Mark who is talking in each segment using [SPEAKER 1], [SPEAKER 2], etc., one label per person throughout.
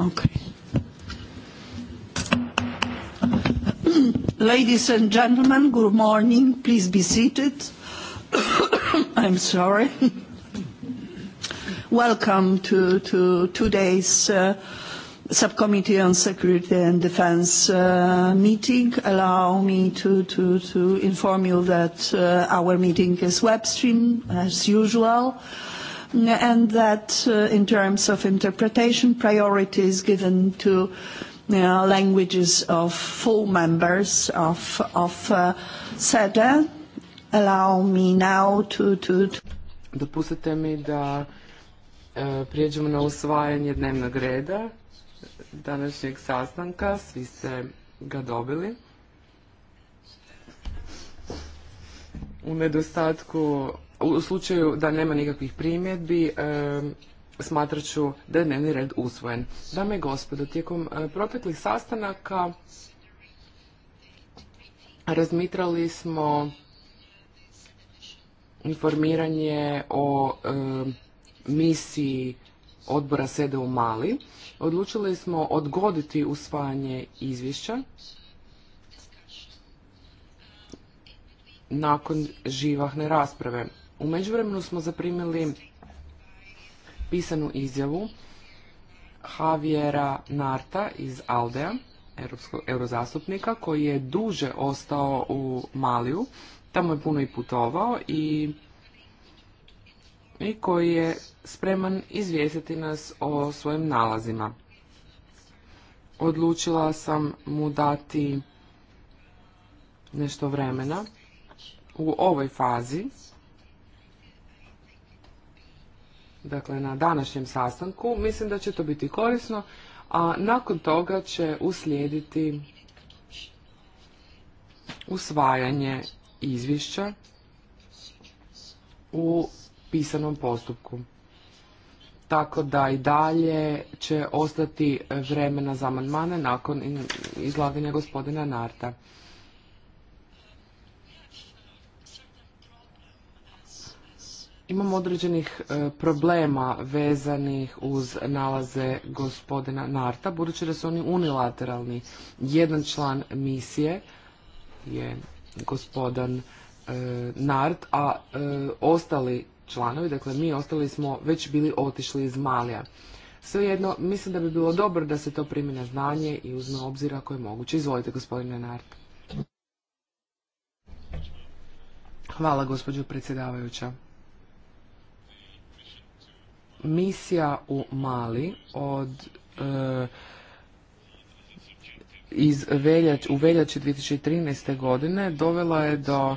[SPEAKER 1] Okay. Ladies and gentlemen, good morning. Please be seated. I'm sorry. Welcome to, to today's uh, Subcommittee on Security and Defence uh, meeting. Allow me to, to, to inform you that uh, our meeting is web stream as usual and that uh, in terms of interpretation priority is given to uh, languages of full members of, of uh, SEDA. Allow me now to,
[SPEAKER 2] Dopustite mi da prijeđemo na usvajanje dnevnog reda današnjeg sastanka. Svi ste ga dobili. U nedostatku u slučaju da nema nikakvih primjedbi, e, smatrat ću da je dnevni red usvojen. Dame i gospodo, tijekom e, proteklih sastanaka razmitrali smo informiranje o e, misiji odbora sede u Mali. Odlučili smo odgoditi usvajanje izvješća nakon živahne rasprave. U međuvremenu smo zaprimili pisanu izjavu Javiera Narta iz Aldea, europskog eurozastupnika, koji je duže ostao u Maliju, tamo je puno i putovao i, i koji je spreman izvijestiti nas o svojim nalazima. Odlučila sam mu dati nešto vremena u ovoj fazi dakle na današnjem sastanku. Mislim da će to biti korisno, a nakon toga će uslijediti usvajanje izvješća u pisanom postupku. Tako da i dalje će ostati vremena za amandmane nakon izlaganja gospodina Narta. Imamo određenih e, problema vezanih uz nalaze gospodina Narta, budući da su oni unilateralni. Jedan član misije je gospodin e, Nart, a e, ostali članovi, dakle mi ostali smo već bili otišli iz Malija. Svejedno, mislim da bi bilo dobro da se to primi na znanje i uzme obzira ako je moguće. Izvolite, gospodine Nart. Hvala, gospođo predsjedavajuća misija u Mali od e, iz veljač, u veljači 2013. godine dovela je do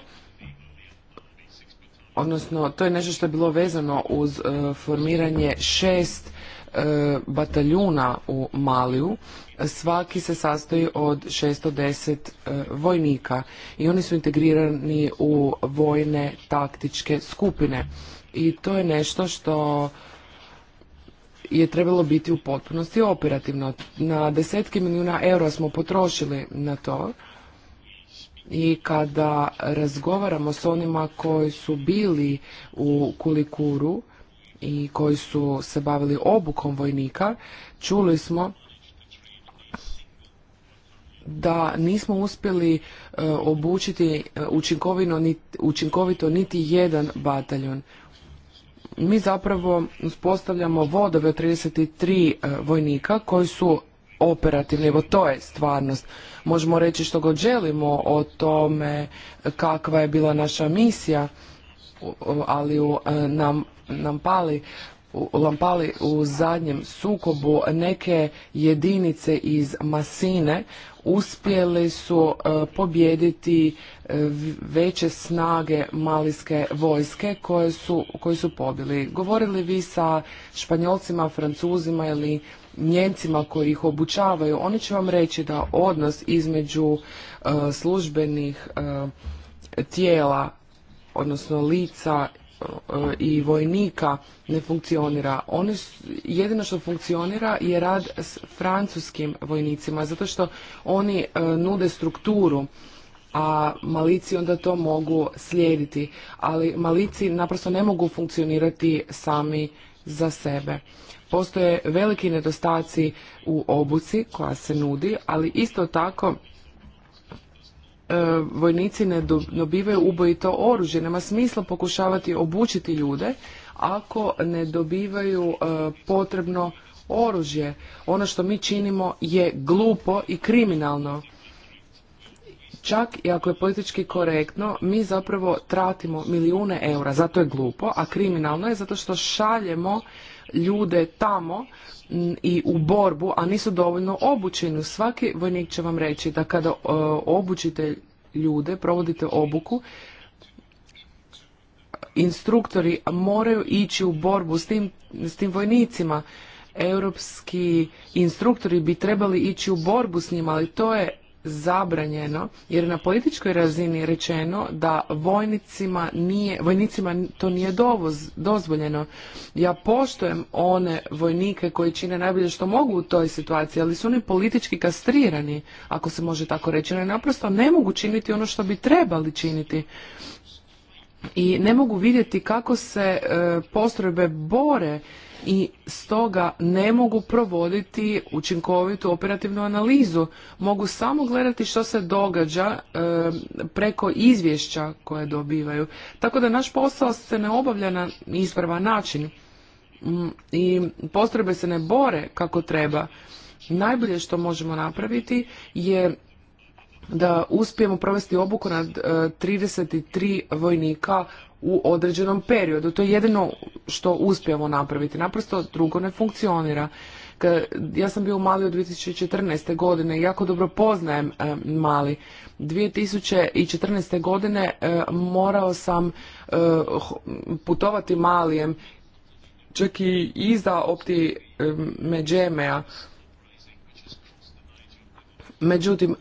[SPEAKER 2] odnosno to je nešto što je bilo vezano uz e, formiranje šest e, bataljuna u Maliju. Svaki se sastoji od 610 e, vojnika i oni su integrirani u vojne taktičke skupine. I to je nešto što je trebalo biti u potpunosti operativno. Na desetke milijuna eura smo potrošili na to i kada razgovaramo s onima koji su bili u Kulikuru i koji su se bavili obukom vojnika, čuli smo da nismo uspjeli e, obučiti e, učinkovito niti jedan bataljon mi zapravo uspostavljamo vodove od 33 e, vojnika koji su operativni, evo to je stvarnost. Možemo reći što god želimo o tome kakva je bila naša misija, ali u e, nam, nam pali Lampali u zadnjem sukobu neke jedinice iz Masine uspjeli su e, pobijediti e, veće snage malijske vojske koje su, koji su pobili. Govorili vi sa španjolcima, francuzima ili Nijemcima koji ih obučavaju, oni će vam reći da odnos između e, službenih tijela, odnosno lica E, i vojnika ne funkcionira. Oni, jedino što funkcionira je rad s francuskim vojnicima, zato što oni e, nude strukturu, a malici onda to mogu slijediti. Ali malici naprosto ne mogu funkcionirati sami za sebe. Postoje veliki nedostaci u obuci koja se nudi, ali isto tako E, vojnici ne dobivaju ubojito oružje. Nema smisla pokušavati obučiti ljude ako ne dobivaju e, potrebno oružje. Ono što mi činimo je glupo i kriminalno. Čak i ako je politički korektno, mi zapravo tratimo milijune eura, zato je glupo, a kriminalno je zato što šaljemo ljude tamo i u borbu, a nisu dovoljno obučeni. Svaki vojnik će vam reći da kada e, obučite ljude, provodite obuku, instruktori moraju ići u borbu s tim, s tim vojnicima. Europski instruktori bi trebali ići u borbu s njima, ali to je zabranjeno jer na političkoj razini rečeno da vojnicima nije, vojnicima to nije dovoz, dozvoljeno. Ja poštujem one vojnike koji čine najbolje što mogu u toj situaciji, ali su oni politički kastrirani, ako se može tako reći. Oni naprosto ne mogu činiti ono što bi trebali činiti i ne mogu vidjeti kako se e, postrojbe bore i stoga ne mogu provoditi učinkovitu operativnu analizu. Mogu samo gledati što se događa e, preko izvješća koje dobivaju. Tako da naš posao se ne obavlja na ispravan način mm, i postrojbe se ne bore kako treba. Najbolje što možemo napraviti je da uspijemo provesti obuku nad 33 e, vojnika u određenom periodu. To je jedino što uspijemo napraviti. Naprosto drugo ne funkcionira. Ja sam bio u Mali od 2014. godine i jako dobro poznajem e, Mali. 2014. godine e, morao sam putovati Malijem čak i iza opti Međemeja. Međutim,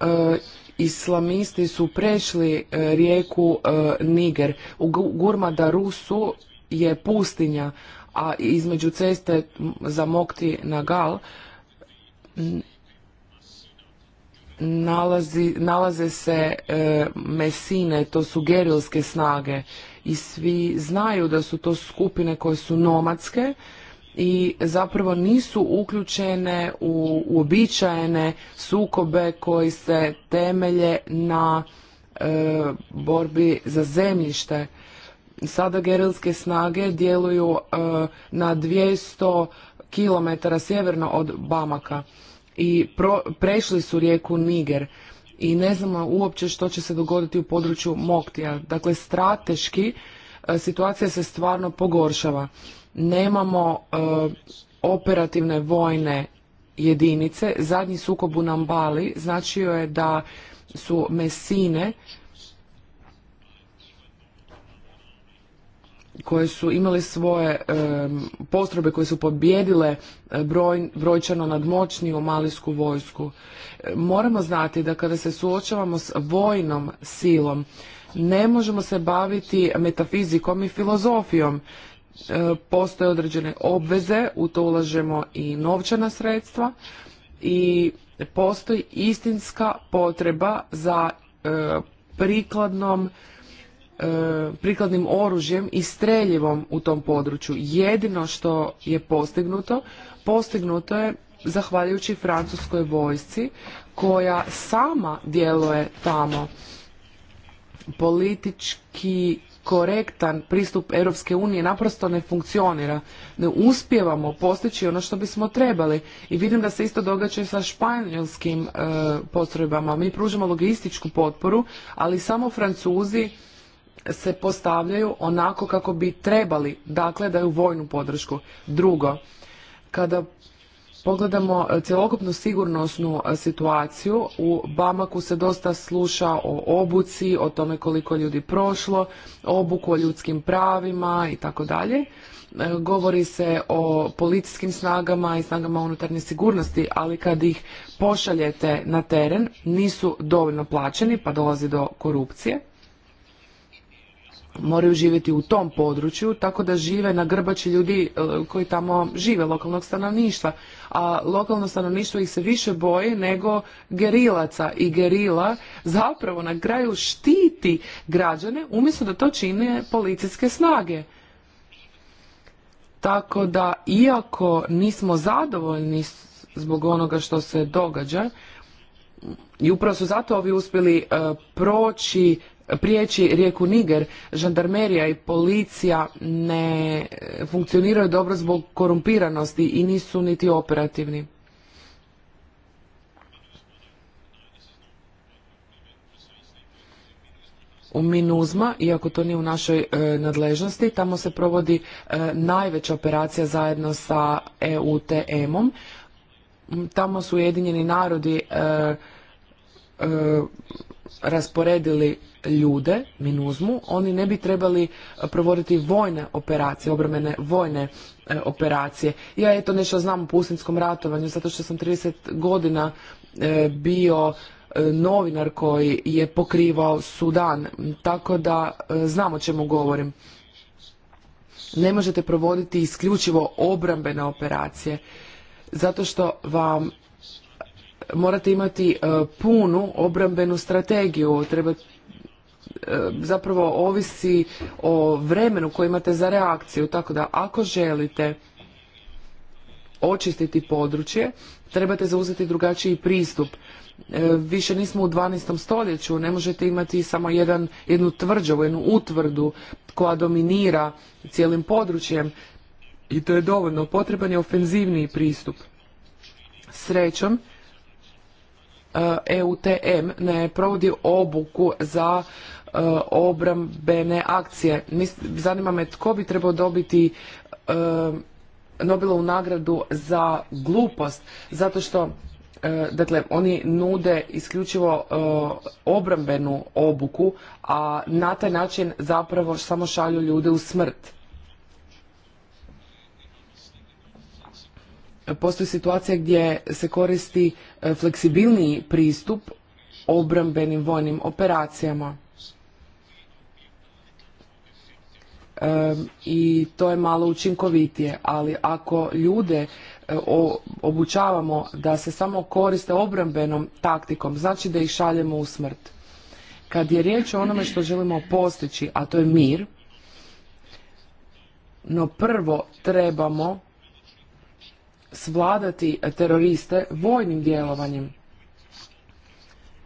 [SPEAKER 2] Islamisti su prešli e, rijeku e, Niger. U Gurmada Rusu je pustinja, a između ceste zamokti Mokti Gal nalaze se e, mesine, to su gerilske snage i svi znaju da su to skupine koje su nomadske, i zapravo nisu uključene u uobičajene sukobe koji se temelje na e, borbi za zemljište. Sada gerilske snage djeluju e, na 200 km sjeverno od Bamaka i prešli su rijeku Niger i ne znamo uopće što će se dogoditi u području Moktija. Dakle, strateški e, situacija se stvarno pogoršava nemamo e, operativne vojne jedinice. Zadnji sukob u Nambali značio je da su mesine koje su imali svoje e, postrobe koje su pobjedile e, brojčano nadmoćniju malijsku vojsku. Moramo znati da kada se suočavamo s vojnom silom, ne možemo se baviti metafizikom i filozofijom E, postoje određene obveze, u to ulažemo i novčana sredstva i postoji istinska potreba za e, prikladnom e, prikladnim oružjem i streljivom u tom području. Jedino što je postignuto, postignuto je zahvaljujući francuskoj vojsci koja sama djeluje tamo. Politički korektan pristup Europske unije naprosto ne funkcionira. Ne uspjevamo postići ono što bismo trebali. I vidim da se isto događa sa španjolskim e, postrojbama. Mi pružamo logističku potporu, ali samo Francuzi se postavljaju onako kako bi trebali, dakle daju vojnu podršku. Drugo, kada pogledamo e, cjelokupnu sigurnosnu e, situaciju, u Bamaku se dosta sluša o obuci, o tome koliko ljudi prošlo, obuku o ljudskim pravima i tako dalje. E, govori se o policijskim snagama i snagama unutarnje sigurnosti, ali kad ih pošaljete na teren nisu dovoljno plaćeni pa dolazi do korupcije moraju živjeti u tom području, tako da žive na grbači ljudi e, koji tamo žive, lokalnog stanovništva. A lokalno stanovništvo ih se više boji nego gerilaca i gerila zapravo na kraju štiti građane umjesto da to čine policijske snage. Tako da, iako nismo zadovoljni zbog onoga što se događa, i upravo su zato ovi uspjeli e, proći prijeći rijeku Niger, žandarmerija i policija ne funkcioniraju dobro zbog korumpiranosti i nisu niti operativni. U Minuzma, iako to nije u našoj e, nadležnosti, tamo se provodi e, najveća operacija zajedno sa EUTM-om. Tamo su Ujedinjeni narodi e, rasporedili ljude, minuzmu, oni ne bi trebali e, provoditi vojne operacije, obramene vojne e, operacije. Ja eto nešto znam o pustinskom ratovanju, zato što sam 30 godina e, bio novinar koji je pokrivao Sudan, tako da znam o čemu govorim. Ne možete provoditi isključivo obrambene operacije, zato što vam morate imati punu obrambenu strategiju, trebate E, zapravo ovisi o vremenu koje imate za reakciju. Tako da ako želite očistiti područje, trebate zauzeti drugačiji pristup. E, više nismo u 12. stoljeću, ne možete imati samo jedan, jednu tvrđavu, jednu utvrdu koja dominira cijelim područjem i to je dovoljno. Potreban je ofenzivniji pristup. Srećom, EUTM e ne provodi obuku za E, obrambene akcije. Zanima me tko bi trebao dobiti e, Nobelovu nagradu za glupost, zato što e, dakle oni nude isključivo obrambenu obuku, a na taj način zapravo samo šalju ljude u smrt. Postoji situacija gdje se koristi fleksibilniji pristup obrambenim vojnim operacijama. i to je malo učinkovitije, ali ako ljude e, obučavamo da se samo koriste obrambenom taktikom, znači da ih šaljemo u smrt. Kad je riječ o onome što želimo postići, a to je mir, no prvo trebamo svladati teroriste vojnim djelovanjem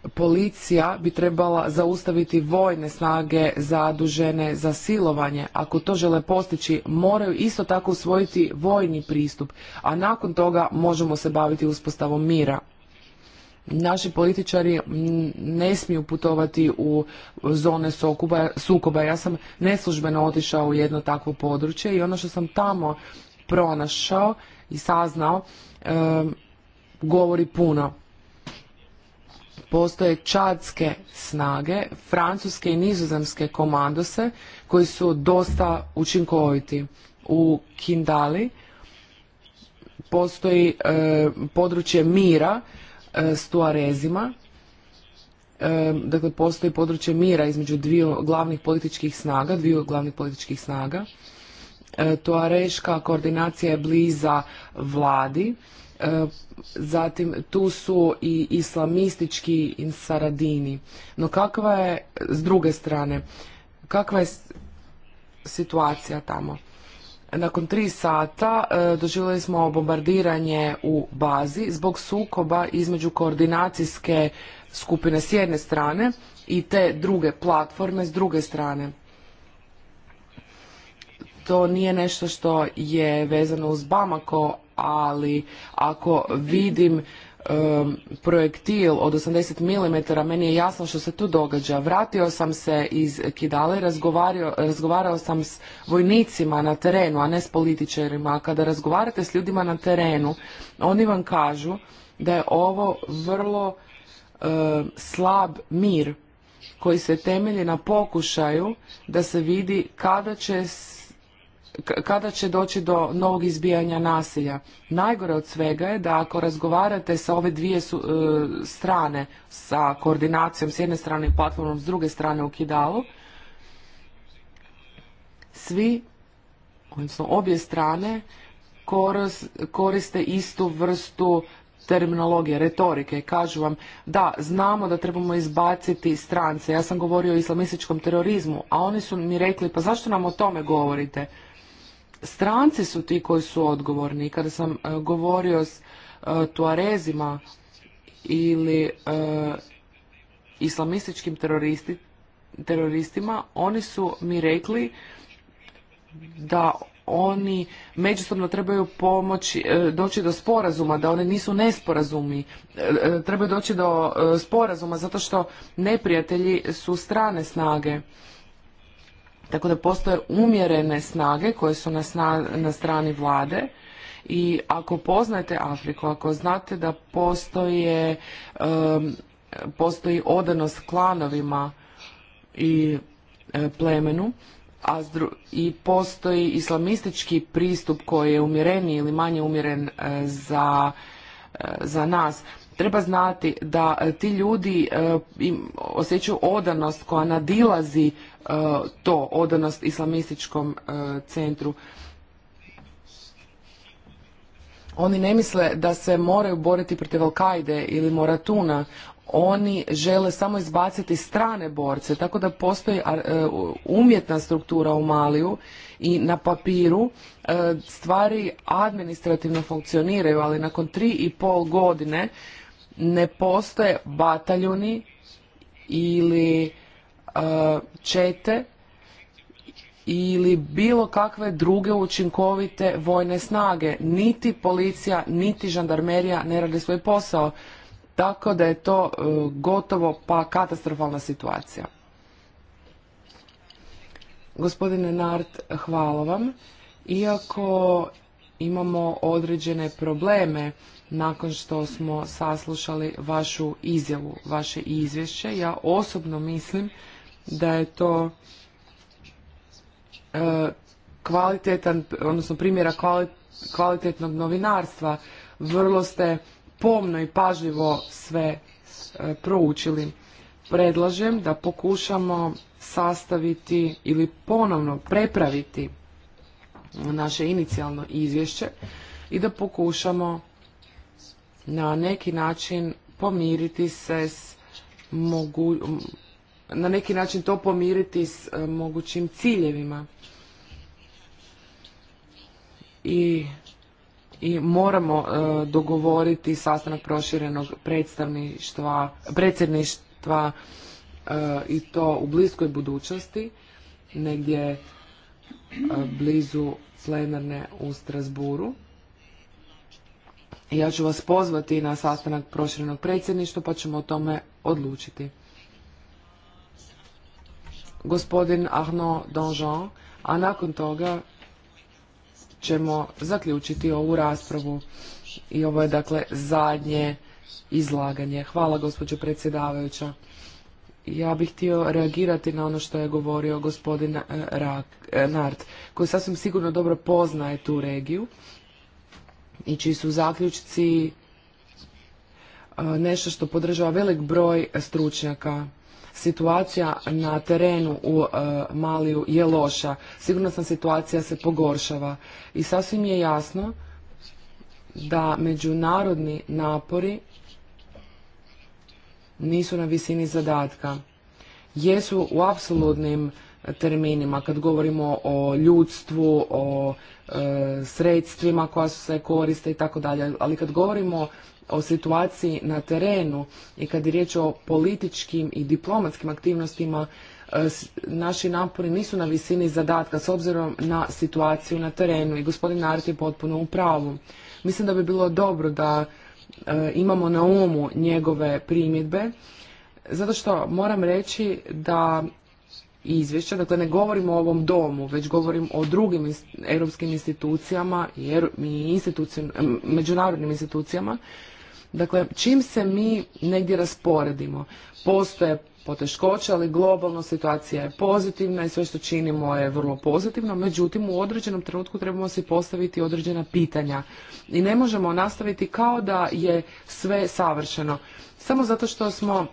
[SPEAKER 2] policija bi trebala zaustaviti vojne snage zadužene za silovanje. Ako to žele postići, moraju isto tako usvojiti vojni pristup, a nakon toga možemo se baviti uspostavom mira. Naši političari ne smiju putovati u zone sukoba. Ja sam neslužbeno otišao u jedno takvo područje i ono što sam tamo pronašao i saznao govori puno postoje čadske snage, francuske i nizozemske komandose koji su dosta učinkoviti. U Kindali postoji e, područje mira e, s tuarezima, e, dakle postoji područje mira između dviju glavnih političkih snaga, dviju glavnih političkih snaga. Tuareška koordinacija je bliza vladi E, zatim tu su i islamistički insaradini. No kakva je, s druge strane, kakva je situacija tamo? Nakon tri sata e, doživjeli smo bombardiranje u bazi zbog sukoba između koordinacijske skupine s jedne strane i te druge platforme s druge strane. To nije nešto što je vezano uz Bamako, ali ako vidim projektil od 80 mm, meni je jasno što se tu događa. Vratio sam se iz Kidale, razgovarao sam s vojnicima na terenu, a ne s političarima. kada razgovarate s ljudima na terenu, oni vam kažu da je ovo vrlo slab mir koji se temelji na pokušaju da se vidi kada će kada će doći do novog izbijanja nasilja. Najgore od svega je da ako razgovarate sa ove dvije e, strane, sa koordinacijom s jedne strane i platformom s druge strane u Kidalu, svi, odnosno obje strane, koriste istu vrstu terminologije, retorike, kažu vam da, znamo da trebamo izbaciti strance, ja sam govorio o islamističkom terorizmu, a oni su mi rekli pa zašto nam o tome govorite? stranci su ti koji su odgovorni. kada sam e, govorio s e, tuarezima ili e, islamističkim teroristima, oni su mi rekli da oni međusobno trebaju pomoći, doći do sporazuma, da oni nisu nesporazumi, trebaju doći do sporazuma zato što neprijatelji su strane snage. Tako da postoje umjerene snage koje su na, na strani vlade i ako poznajete Afriku, ako znate da postoje, postoji odanost klanovima i e, plemenu, a i postoji islamistički pristup koji je umjereniji ili manje umjeren e, za, e, za nas Treba znati da e, ti ljudi e, osjećaju odanost koja nadilazi e, to, odanost islamističkom centru. Oni ne misle da se moraju boriti protiv al ili Moratuna. Oni žele samo izbaciti strane borce, tako da postoji umjetna struktura u Maliju i na papiru stvari administrativno funkcioniraju, ali nakon tri i pol godine ne postoje bataljuni ili e, čete ili bilo kakve druge učinkovite vojne snage. Niti policija, niti žandarmerija ne radi svoj posao. Tako da je to e, gotovo pa katastrofalna situacija. Gospodine Nart, hvala vam. Iako imamo određene probleme nakon što smo saslušali vašu izjavu, vaše izvješće. Ja osobno mislim da je to e, kvalitetan, odnosno primjera kvalitetnog novinarstva. Vrlo ste pomno i pažljivo sve e, proučili. Predlažem da pokušamo sastaviti ili ponovno prepraviti naše inicijalno izvješće i da pokušamo na neki način pomiriti se s mogu, na neki način to pomiriti s e, mogućim ciljevima. I, i moramo e, dogovoriti sastanak proširenog predstavništva, predsjedništva e, i to u bliskoj budućnosti, negdje blizu plenarne u Strasburu. Ja ću vas pozvati na sastanak proširenog predsjedništva pa ćemo o tome odlučiti. Gospodin Arnaud Donjon, a nakon toga ćemo zaključiti ovu raspravu. I ovo je dakle zadnje izlaganje. Hvala gospođo predsjedavajuća. Ja bih htio reagirati na ono što je govorio gospodin eh, eh, Nart, koji sasvim sigurno dobro poznaje tu regiju i čiji su zaključci e, nešto što podržava velik broj stručnjaka. Situacija na terenu u e, Maliju je loša. Sigurnosna situacija se pogoršava. I sasvim je jasno da međunarodni napori nisu na visini zadatka. Jesu u apsolutnim terminima, kad govorimo o ljudstvu, o e, sredstvima koja su se koriste i tako dalje, ali kad govorimo o situaciji na terenu i kad je riječ o političkim i diplomatskim aktivnostima, e, naši napori nisu na visini zadatka s obzirom na situaciju na terenu i gospodin Nart je potpuno u pravu. Mislim da bi bilo dobro da e, imamo na umu njegove primjedbe zato što moram reći da izvješća, dakle ne govorim o ovom domu, već govorim o drugim europskim institucijama i međunarodnim institucijama. Dakle, čim se mi negdje rasporedimo, postoje poteškoće, ali globalno situacija je pozitivna i sve što činimo je vrlo pozitivno, međutim u određenom trenutku trebamo si postaviti određena pitanja i ne možemo nastaviti kao da je sve savršeno. Samo zato što smo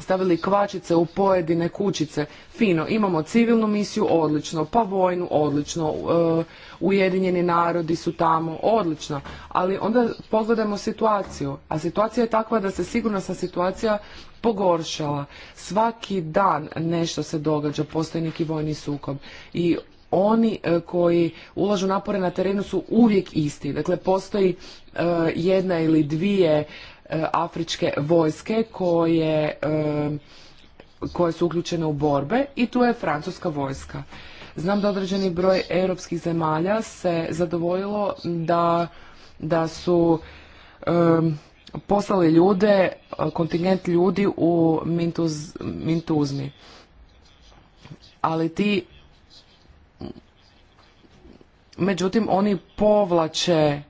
[SPEAKER 2] stavili kvačice u pojedine kućice. Fino, imamo civilnu misiju, odlično, pa vojnu, odlično, e, Ujedinjeni narodi su tamo, odlično, ali onda pogledajmo situaciju, a situacija je takva da se sigurno sa situacija pogoršala. Svaki dan nešto se događa, postoji neki vojni sukob i oni e, koji ulažu napore na terenu su uvijek isti. Dakle, postoji e, jedna ili dvije E, afričke vojske e, koje, su uključene u borbe i tu je francuska vojska. Znam da određeni broj europskih zemalja se zadovoljilo da, su e, poslali ljude, kontingent ljudi u Mintuzmi. Ali ti, međutim, oni povlače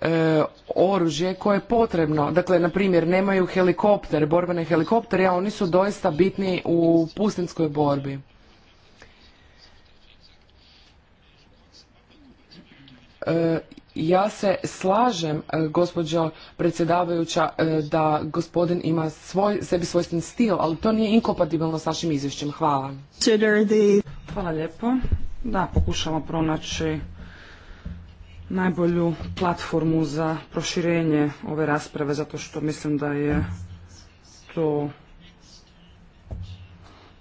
[SPEAKER 2] E, oružje koje je potrebno. Dakle, na primjer, nemaju helikopter, borbene helikoptere, a oni su doista bitni u pustinskoj borbi. E, ja se slažem, e, gospođo predsjedavajuća, da gospodin ima svoj, sebi svojstven stil, ali to nije inkopatibilno s
[SPEAKER 3] našim izvješćem. Hvala. Hvala lijepo. Da, pokušamo pronaći najbolju platformu za proširenje ove rasprave, zato što mislim da je to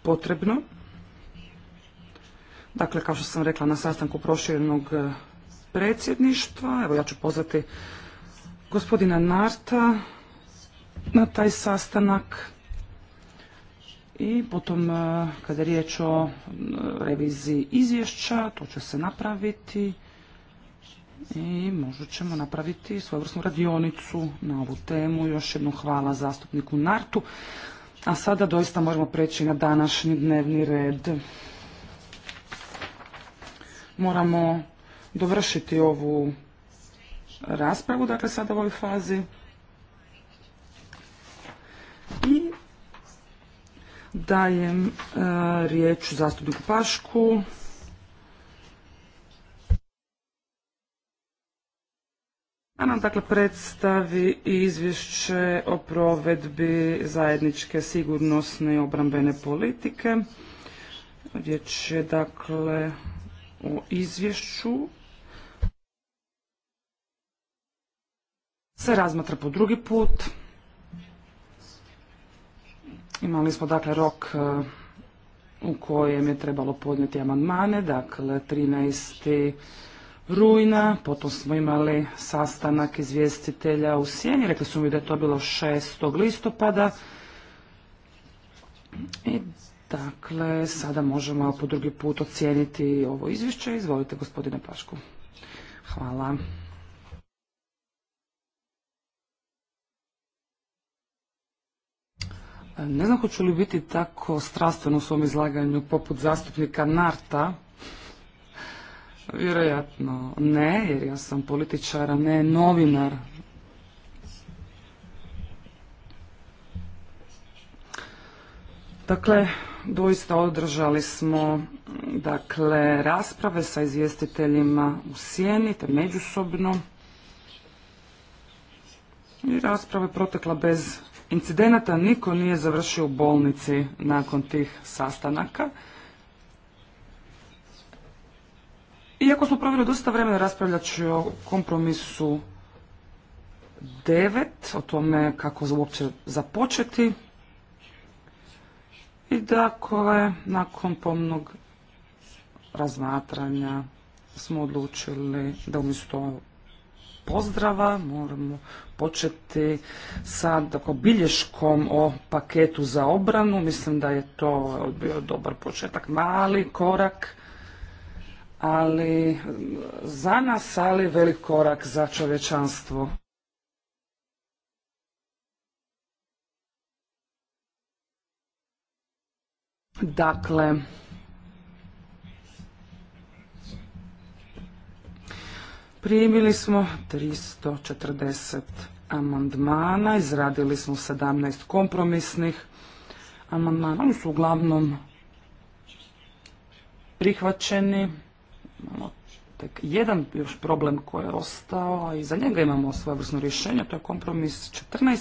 [SPEAKER 3] potrebno. Dakle, kao što sam rekla na sastanku proširenog eh, predsjedništva, evo ja ću pozvati gospodina Narta na taj sastanak i potom eh, kada je riječ o eh, reviziji izvješća, to će se napraviti i možda ćemo napraviti svojevrsnu radionicu na ovu temu. Još jednom hvala zastupniku Nartu. A sada doista možemo preći na današnji dnevni red. Moramo dovršiti ovu raspravu, dakle sada u ovoj fazi. I dajem e, riječ zastupniku Pašku. A nam dakle predstavi izvješće o provedbi zajedničke sigurnosne i obrambene politike. Riječ je dakle o izvješću se razmatra po drugi put. Imali smo dakle rok e, u kojem je trebalo podnijeti amandmane, dakle 13 rujna, potom smo imali sastanak izvjestitelja u Sjeni, rekli su mi da je to bilo 6. listopada. I dakle, sada možemo po drugi put ocijeniti ovo izvješće. Izvolite gospodine Pašku. Hvala. Ne znam hoću li biti tako strastveno u svom izlaganju poput zastupnika Narta, Vjerojatno ne, jer ja sam političar, a ne novinar. Dakle, doista održali smo dakle, rasprave sa izvjestiteljima u sjeni, te međusobno. I rasprava je protekla bez incidenata. Niko nije završio u bolnici nakon tih sastanaka. Iako smo proveli dosta vremena raspravljaći o kompromisu 9, o tome kako uopće započeti. I dakle, nakon pomnog razmatranja smo odlučili da umjesto pozdrava moramo početi sa tako, bilješkom o paketu za obranu. Mislim da je to bio dobar početak, mali korak ali za nas, ali velik korak za čovječanstvo. Dakle, primili smo 340 amandmana, izradili smo 17 kompromisnih amandmana, oni su uglavnom prihvaćeni imamo tek jedan još problem koji je ostao, a i za njega imamo svojevrsno rješenje, to je kompromis 14.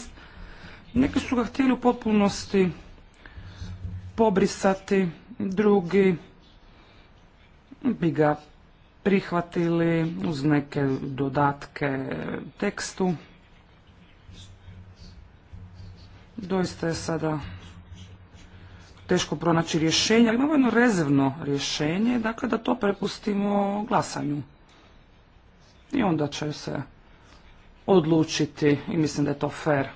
[SPEAKER 3] Neki su ga htjeli u potpunosti pobrisati, drugi bi ga prihvatili uz neke dodatke tekstu. Doista je sada teško pronaći rješenje, ali imamo jedno rezervno rješenje, dakle da to prepustimo glasanju. I onda će se odlučiti i mislim da je to fair.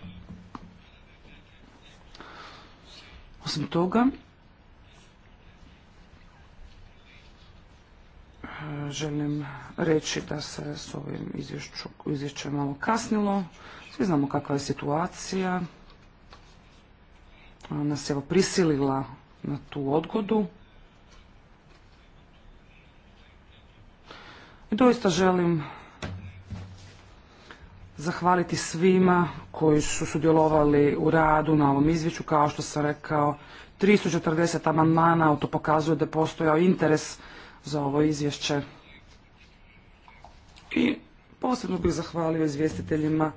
[SPEAKER 3] Osim toga, želim reći da se s ovim izvješćem malo kasnilo. Svi znamo kakva je situacija. Ona se evo prisilila na tu odgodu. I doista želim zahvaliti svima koji su sudjelovali u radu na ovom izvješću. Kao što sam rekao, 340 amandmana, to pokazuje da je postojao interes za ovo izvješće. I posebno bih zahvalio izvjestiteljima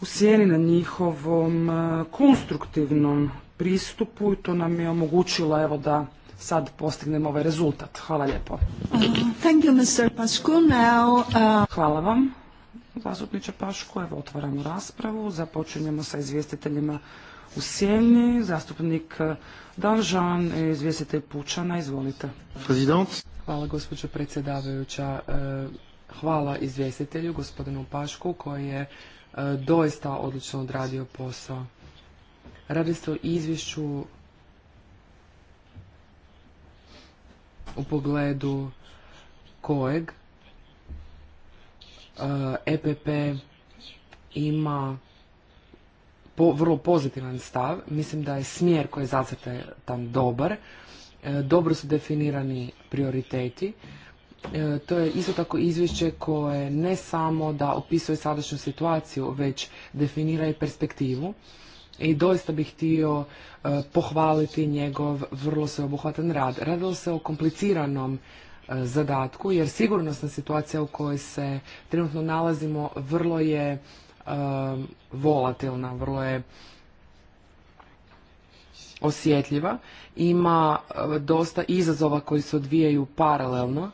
[SPEAKER 3] u sjeni na njihovom e, konstruktivnom pristupu i to nam je omogućilo evo da sad postignemo ovaj rezultat. Hvala lijepo. Uh, uh, hvala vam, zastupniče Pašku. Evo otvaramo raspravu. Započinjemo sa izvjestiteljima u sjeni. Zastupnik e, Danžan, izvjestitelj Pučana, izvolite. Hvala gospođo predsjedavajuća.
[SPEAKER 2] E, hvala izvjestitelju, gospodinu Pašku, koji je E, doista odlično odradio posao. Radi se o izvješću u pogledu kojeg EPP e ima vrlo pozitivan stav. Mislim da je smjer koji je tam dobar. E, dobro su definirani prioriteti E, to je isto tako izvješće koje ne samo da opisuje sadašnju situaciju, već definira i perspektivu. I doista bih htio e, pohvaliti njegov vrlo sveobuhvatan rad. Radilo se o kompliciranom e, zadatku, jer sigurnosna situacija u kojoj se trenutno nalazimo vrlo je volatilna, vrlo je osjetljiva. Ima dosta izazova koji se odvijaju paralelno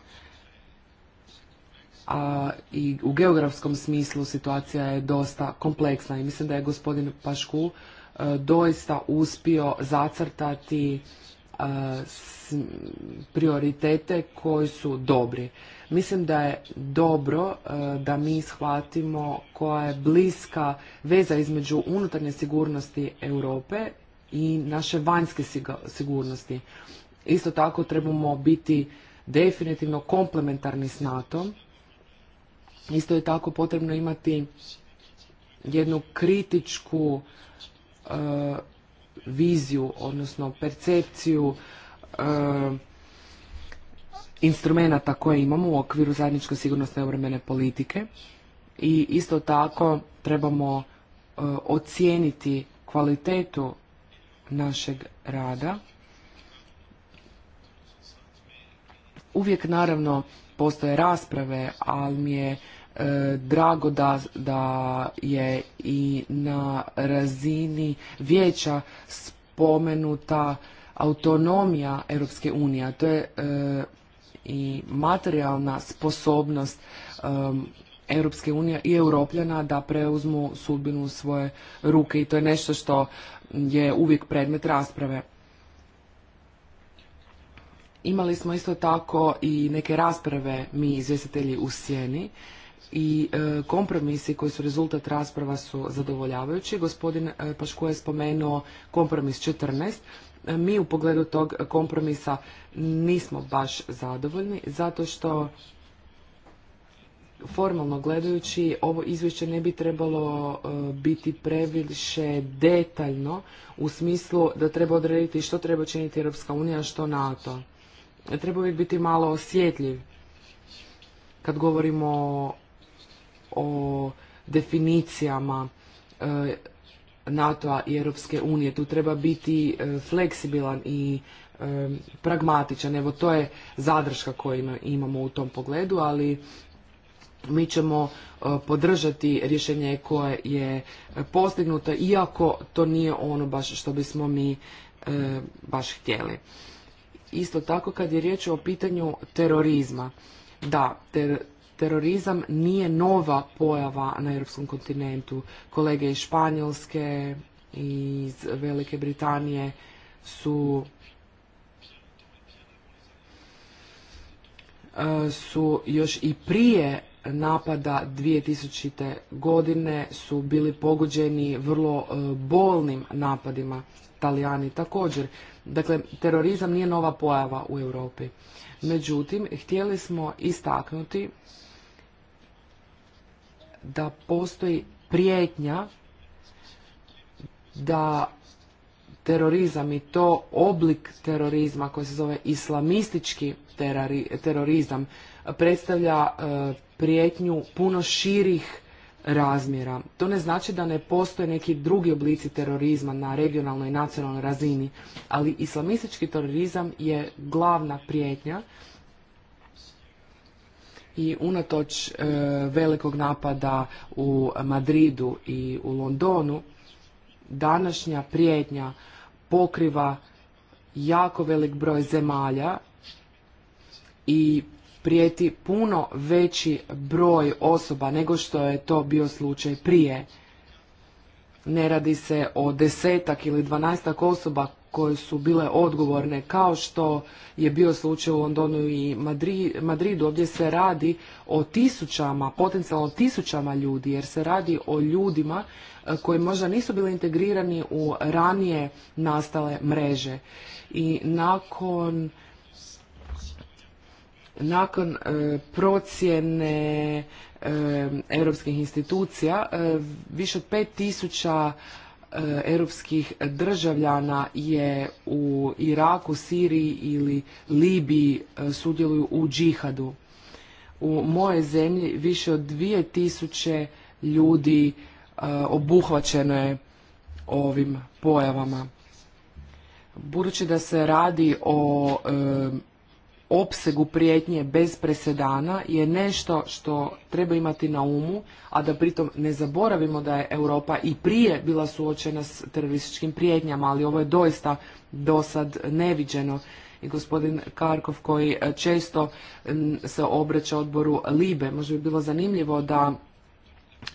[SPEAKER 2] a i u geografskom smislu situacija je dosta kompleksna i mislim da je gospodin Paškul e, doista uspio zacrtati e, prioritete koji su dobri. Mislim da je dobro e, da mi shvatimo koja je bliska veza između unutarnje sigurnosti Europe i naše vanjske sigurnosti. Isto tako trebamo biti definitivno komplementarni s NATO-om Isto je tako potrebno imati jednu kritičku e, viziju, odnosno percepciju e, instrumenta instrumenata koje imamo u okviru zajedničke sigurnosne obrambene politike i isto tako trebamo e, ocijeniti kvalitetu našeg rada. Uvijek naravno postoje rasprave, ali mi je drago da, da je i na razini vijeća spomenuta autonomija Europske unije, to je e, i materijalna sposobnost e, Europske unije i Europljana da preuzmu sudbinu u svoje ruke i to je nešto što je uvijek predmet rasprave. Imali smo isto tako i neke rasprave mi izvjestitelji u sjeni i e, kompromisi koji su rezultat rasprava su zadovoljavajući. Gospodin e, Paško je spomenuo kompromis 14. E, mi u pogledu tog kompromisa nismo baš zadovoljni zato što formalno gledajući ovo izvješće ne bi trebalo biti previše detaljno u smislu da treba odrediti što treba činiti Europska unija, što NATO. Treba uvijek biti malo osjetljiv kad govorimo o definicijama e, NATO-a i Europske unije. Tu treba biti e, fleksibilan i e, pragmatičan. Evo, to je zadrška koju imamo u tom pogledu, ali mi ćemo podržati rješenje koje je postignuto, iako to nije ono baš što bismo mi baš htjeli. Isto tako kad je riječ o pitanju terorizma, da, ter terorizam nije nova pojava na europskom kontinentu. Kolege iz Španjolske, iz Velike Britanije su e, su još i prije napada 2000. godine su bili pogođeni vrlo e, bolnim napadima Talijani također. Dakle, terorizam nije nova pojava u Europi. Međutim, htjeli smo istaknuti da postoji prijetnja da terorizam i to oblik terorizma koji se zove islamistički terorizam predstavlja e, prijetnju puno širih razmjera. To ne znači da ne postoje neki drugi oblici terorizma na regionalnoj i nacionalnoj razini, ali islamistički terorizam je glavna prijetnja i unatoč e, velikog napada u Madridu i u Londonu, današnja prijetnja pokriva jako velik broj zemalja i prijeti puno veći broj osoba nego što je to bio slučaj prije. Ne radi se o desetak ili dvanaestak osoba koje su bile odgovorne, kao što je bio slučaj u Londonu i Madridu. ovdje se radi o tisućama, potencijalno tisućama ljudi, jer se radi o ljudima e, koji možda nisu bili integrirani u ranije nastale mreže. I nakon nakon e, procjene e, europskih institucija, više od tisuća E, europskih državljana je u Iraku, Siriji ili Libiji e, sudjeluju u džihadu. U moje zemlji više od 2000 ljudi e, obuhvaćeno je ovim pojavama. Budući da se radi o opsegu prijetnje bez presedana je nešto što treba imati na umu, a da pritom ne zaboravimo da je Europa i prije bila suočena s terorističkim prijetnjama, ali ovo je doista dosad neviđeno. I gospodin Karkov koji e, često se obraća odboru Libe, možda bi bilo zanimljivo da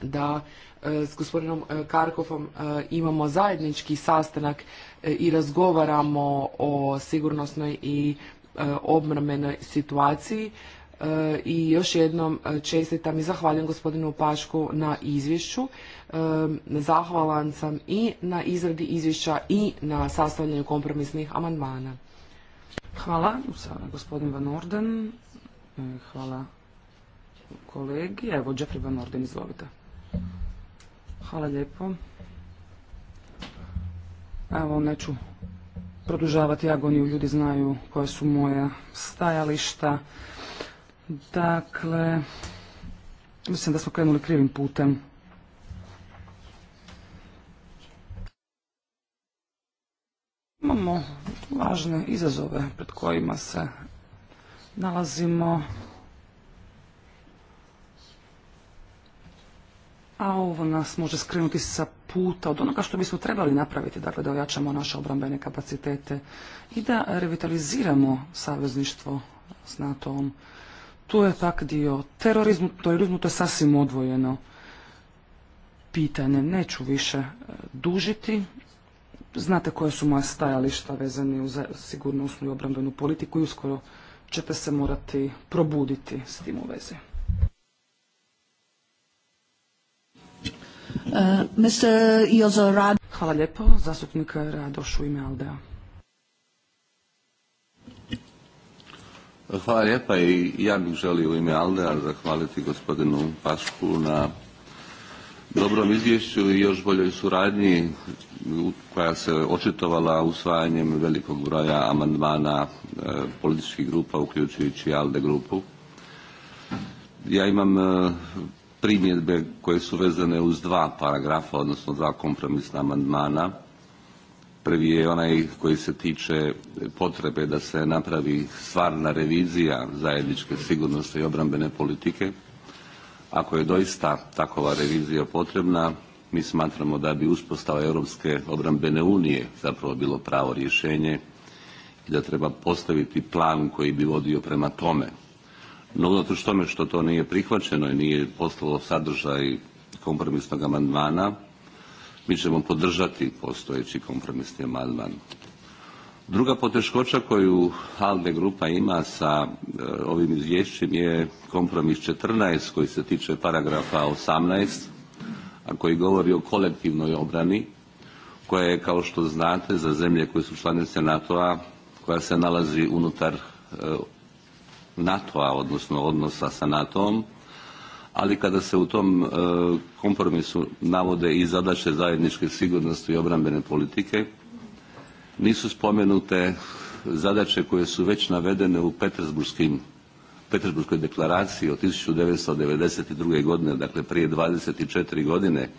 [SPEAKER 2] da e, s gospodinom e, Karkovom imamo zajednički sastanak i razgovaramo o sigurnosnoj i E, obrambenoj situaciji e, i još jednom e, čestitam i zahvaljujem gospodinu Pašku na izvješću. Zahvalan sam i na izradi izvješća i na sastavljanju kompromisnih amandmana.
[SPEAKER 3] Hvala, sada gospodin Van Orden. Hvala kolegi. Evo, Jeffrey Van Orden, izvolite. Hvala lijepo. Evo, neću produžavati agoniju, ljudi znaju koje su moja stajališta. Dakle, mislim da smo krenuli krivim putem. Imamo važne izazove pred kojima se nalazimo a ovo nas može skrenuti sa puta od onoga što bismo trebali napraviti, dakle da ojačamo naše obrambene kapacitete i da revitaliziramo savezništvo s NATO-om. Tu je tak dio terorizmu, to je sasvim odvojeno pitanje. Neću više e, dužiti. Znate koje su moja stajališta vezane uz sigurnosnu i obrambenu politiku i uskoro ćete se morati probuditi s tim u vezi.
[SPEAKER 1] Uh,
[SPEAKER 3] Hvala lijepo. Zastupnik Radoš u ime Aldea.
[SPEAKER 4] Hvala i ja bih želio u ime Aldea zahvaliti gospodinu Pašku na dobrom izvješću i još boljoj suradnji koja se očitovala usvajanjem velikog broja amandmana e, političkih grupa uključujući ALDE grupu. Ja imam e, primjedbe koje su vezane uz dva paragrafa, odnosno dva kompromisna amandmana. Prvi je onaj koji se tiče potrebe da se napravi stvarna revizija zajedničke sigurnosti i obrambene politike. Ako je doista takova revizija potrebna, mi smatramo da bi uspostava Europske obrambene unije zapravo bilo pravo rješenje i da treba postaviti plan koji bi vodio prema tome. No, unatoč tome što to nije prihvaćeno i nije postalo sadržaj kompromisnog amandmana, mi ćemo podržati postojeći kompromisni amandman. Druga poteškoća koju ALDE grupa ima sa e, ovim izvješćem je kompromis 14 koji se tiče paragrafa 18, a koji govori o kolektivnoj obrani, koja je, kao što znate, za zemlje koje su članice NATO-a, koja se nalazi unutar e, NATO-a, odnosno odnosa sa NATO-om, ali kada se u tom e, kompromisu navode i zadaće zajedničke sigurnosti i obrambene politike, nisu spomenute zadaće koje su već navedene u Petersburskim deklaraciji od 1992. godine, dakle prije 24 godine,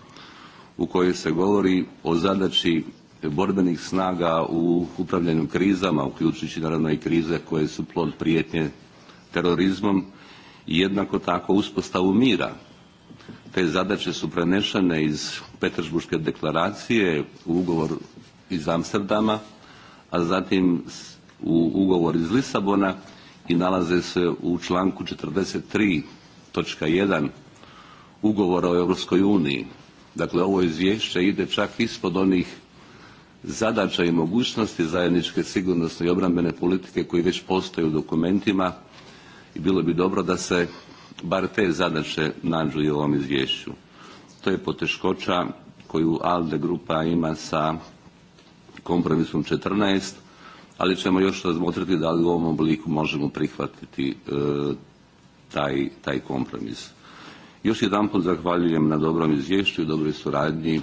[SPEAKER 4] u kojoj se govori o zadaći borbenih snaga u upravljanju krizama, uključujući naravno i krize koje su plod prijetnje terorizmom i jednako tako uspostavu mira. Te zadaće su prenešene iz Petersburgske deklaracije u ugovor iz Amsterdama, a zatim u ugovor iz Lisabona i nalaze se u članku 43.1 ugovora o Europskoj uniji. Dakle, ovo izvješće ide čak ispod onih zadaća i mogućnosti zajedničke sigurnosne i obrambene politike koji već postoje u dokumentima i bilo bi dobro da se bar te zadaće nađu i u ovom izvješću. To je poteškoća koju ALDE grupa ima sa kompromisom 14, ali ćemo još razmotriti da li u ovom obliku možemo prihvatiti e, taj, kompromis. Još jedanput zahvaljujem na dobrom izvješću i dobroj suradnji.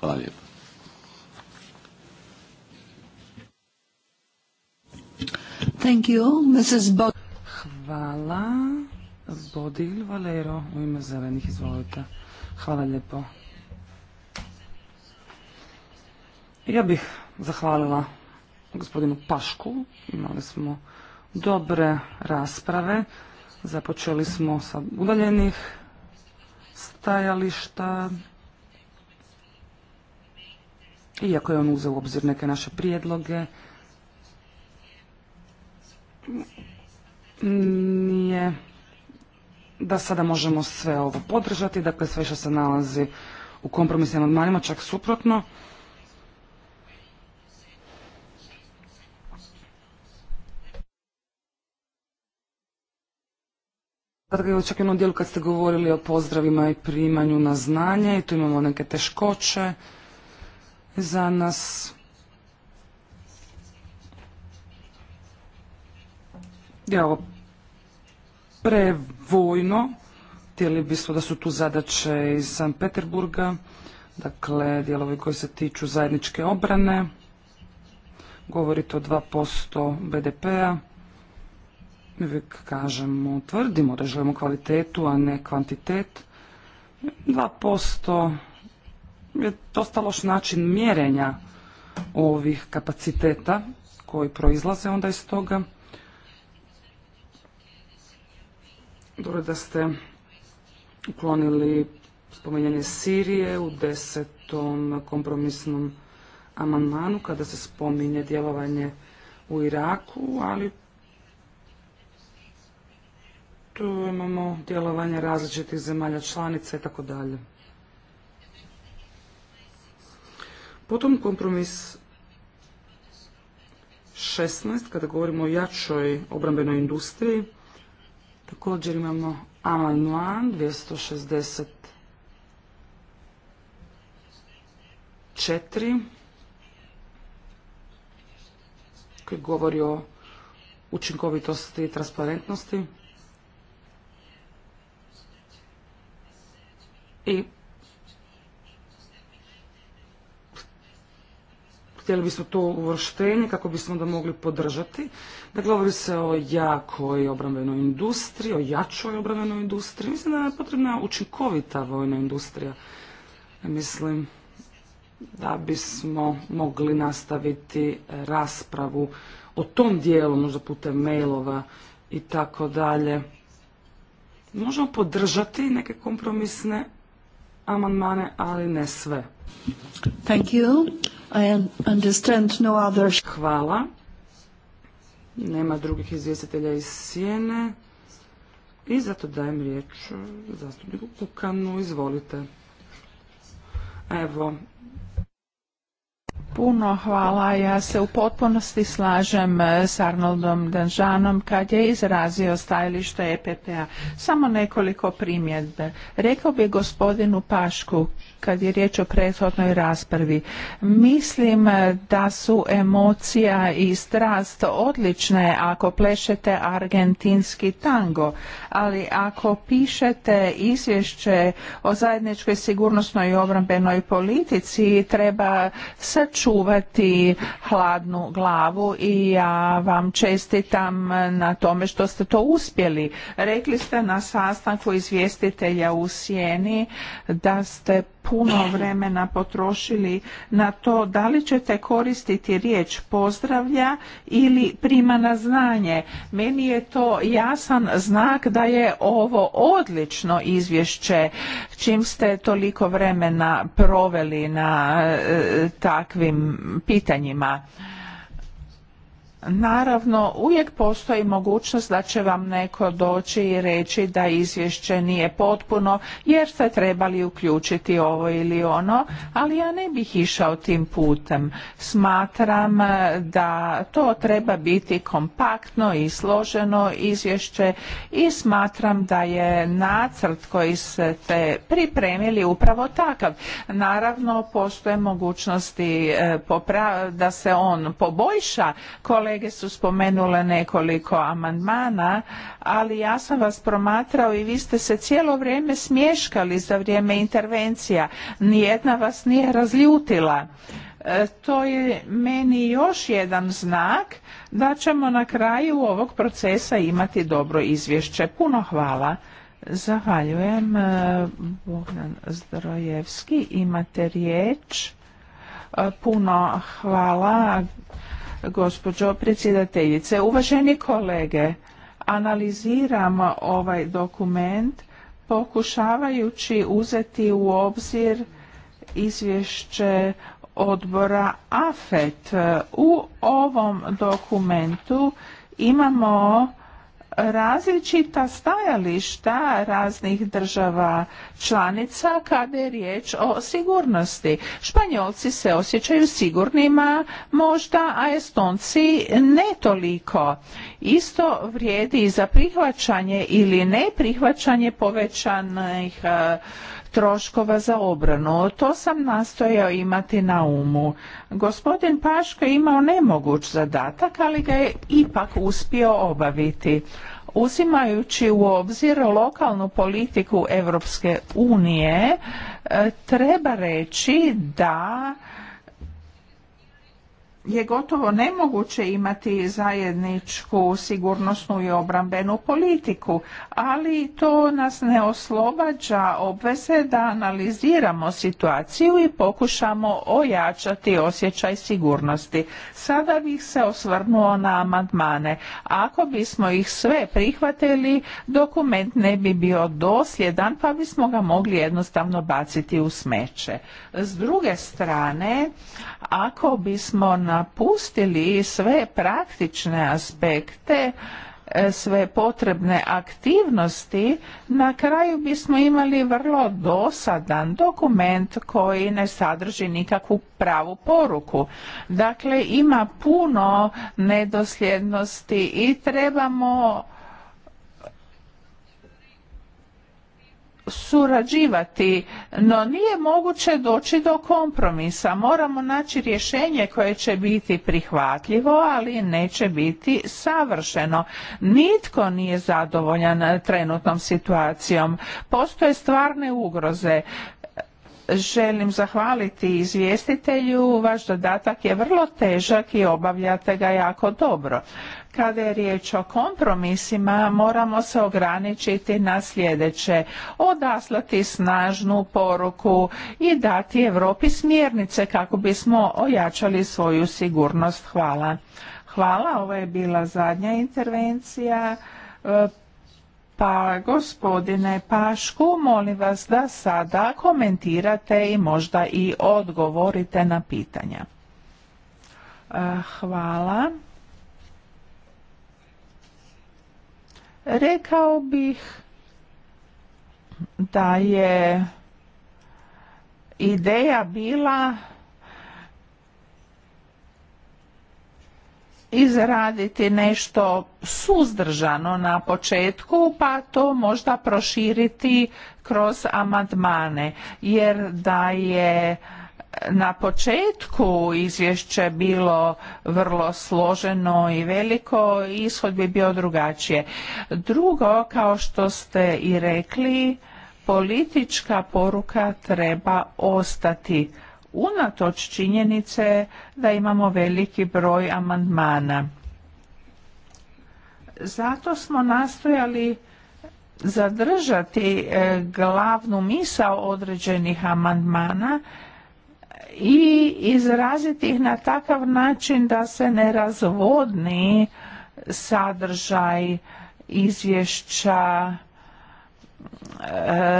[SPEAKER 4] Hvala lijepa.
[SPEAKER 1] Thank you, Hvala.
[SPEAKER 3] Bodil Valero u ime zelenih, izvolite. Hvala lijepo. Ja bih zahvalila gospodinu Pašku. Imali smo dobre rasprave. Započeli smo sa udaljenih stajališta. Iako je on uzeo u obzir neke naše prijedloge, nije da sada možemo sve ovo podržati, dakle sve što se nalazi u kompromisnim amandmanima, čak suprotno. Dakle, čak i onom dijelu kad ste govorili o pozdravima i primanju na znanje i tu imamo neke teškoće za nas. Ja ovo prevojno. Htjeli bismo da su tu zadaće iz San Peterburga, dakle dijelovi koji se tiču zajedničke obrane. Govorite o 2% BDP-a. Mi uvijek kažemo, tvrdimo da želimo kvalitetu, a ne kvantitet. 2% je dosta loš način mjerenja ovih kapaciteta koji proizlaze onda iz toga. Dobro da ste uklonili spominjanje Sirije u desetom kompromisnom amandmanu kada se spominje djelovanje u Iraku, ali tu imamo djelovanje različitih zemalja članica i tako dalje. Potom kompromis 16, kada govorimo o jačoj obrambenoj industriji, Također imamo amandman 264. koji govori o učinkovitosti i transparentnosti. I htjeli bismo to uvrštenje kako bismo da mogli podržati. Dakle, govori se o jakoj obrambenoj industriji, o jačoj obrambenoj industriji. Mislim da je potrebna učinkovita vojna industrija. Mislim da bismo mogli nastaviti raspravu o tom dijelu, možda putem mailova i tako dalje. Možemo podržati neke kompromisne amandmane, ali ne sve. Thank you. I understand no other... Hvala. Nema drugih izvjestitelja iz sjene. I zato dajem riječ zastupniku Kukanu. Izvolite. Evo,
[SPEAKER 1] Puno hvala. Ja se u potpunosti slažem e, s Arnoldom Danžanom kad je izrazio stajalište EPP-a. Samo nekoliko primjedbe. Rekao bi gospodinu Pašku kad je riječ o prethodnoj raspravi. Mislim e, da su emocija i strast odlične ako plešete argentinski tango, ali ako pišete izvješće o zajedničkoj sigurnosnoj i obrambenoj politici treba srč čuvati hladnu glavu i ja vam čestitam na tome što ste to uspjeli. Rekli ste na sastanku izvjestitelja u Sjeni da ste puno vremena potrošili na to da li ćete koristiti riječ pozdravlja ili prima na znanje. Meni je to jasan znak da je ovo odlično izvješće čim ste toliko vremena proveli na e, takvim pitanjima. Naravno, uvijek postoji mogućnost da će vam neko doći i reći da izvješće nije potpuno jer ste trebali uključiti ovo ili ono, ali ja ne bih išao tim putem. Smatram eh, da to treba biti kompaktno i složeno izvješće i smatram da je nacrt koji ste pripremili upravo takav. Naravno, postoje mogućnosti eh, da se on poboljša. kol kolege su spomenule nekoliko amandmana, ali ja sam vas promatrao i vi ste se cijelo vrijeme smješkali za vrijeme intervencija. Nijedna vas nije razljutila. E, to je meni još jedan znak da ćemo na kraju ovog procesa imati dobro izvješće. Puno hvala. Zahvaljujem. E, Bogdan Zdrojevski, imate riječ. E, puno hvala gospođo predsjedateljice. Uvaženi kolege, analiziram ovaj dokument pokušavajući uzeti u obzir izvješće odbora AFET. U ovom dokumentu imamo različita stajališta raznih država članica kada je riječ o sigurnosti. Španjolci se osjećaju sigurnima možda, a Estonci ne toliko. Isto vrijedi i za prihvaćanje ili ne prihvaćanje povećanih troškova za obranu. To sam nastojao imati na umu. Gospodin Paško je imao nemoguć zadatak, ali ga je ipak uspio obaviti. Uzimajući u obzir lokalnu politiku Europske unije, e, treba reći da je gotovo nemoguće imati zajedničku sigurnosnu i obrambenu politiku, ali to nas ne oslobađa obveze da analiziramo situaciju i pokušamo ojačati osjećaj sigurnosti. Sada bih se osvrnuo na amandmane. Ako bismo ih sve prihvatili, dokument ne bi bio dosljedan, pa bismo ga mogli jednostavno baciti u smeće. S druge strane, ako bismo na napustili sve praktične aspekte e, sve potrebne aktivnosti, na kraju bismo imali vrlo dosadan dokument koji ne sadrži nikakvu pravu poruku. Dakle, ima puno nedosljednosti i trebamo surađivati, no nije moguće doći do kompromisa. Moramo naći rješenje koje će biti prihvatljivo, ali neće biti savršeno. Nitko nije zadovoljan trenutnom situacijom. Postoje stvarne ugroze. Želim zahvaliti izvjestitelju, vaš dodatak je vrlo težak i obavljate ga jako dobro. Kada je riječ o kompromisima, moramo se ograničiti na sljedeće. Odaslati snažnu poruku i dati Europi smjernice kako bismo ojačali svoju sigurnost. Hvala. Hvala, ovo je bila zadnja intervencija. E, pa gospodine Pašku, molim vas da sada komentirate i možda i odgovorite na pitanja. E, hvala. Rekao bih da je ideja bila izraditi nešto suzdržano na početku pa to možda proširiti kroz amandmane jer da je na početku izvješće bilo vrlo složeno i veliko, ishod bi bio drugačije. Drugo, kao što ste i rekli, politička poruka treba ostati unatoč činjenice da imamo veliki broj amandmana. Zato smo nastojali zadržati e, glavnu misao određenih amandmana i izraziti ih na takav način da se ne razvodni sadržaj izvješća e,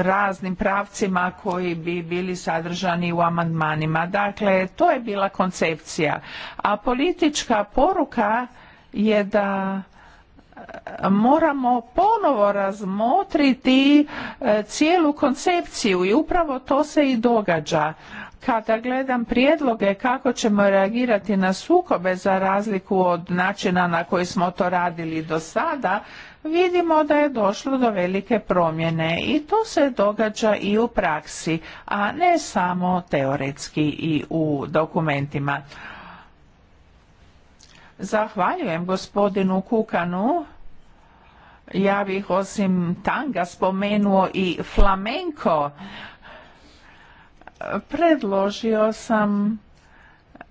[SPEAKER 1] raznim pravcima koji bi bili sadržani u amandmanima. Dakle, to je bila koncepcija. A politička poruka je da e, moramo ponovo razmotriti e, cijelu koncepciju i upravo to se i događa. Kada gledam prijedloge kako ćemo reagirati na sukobe za razliku od načina na koji smo to radili do sada, vidimo da je došlo do velike promjene i to se događa i u praksi, a ne samo teoretski i u dokumentima. Zahvaljujem gospodinu Kukanu. Ja bih osim tanga spomenuo i flamenko Predložio sam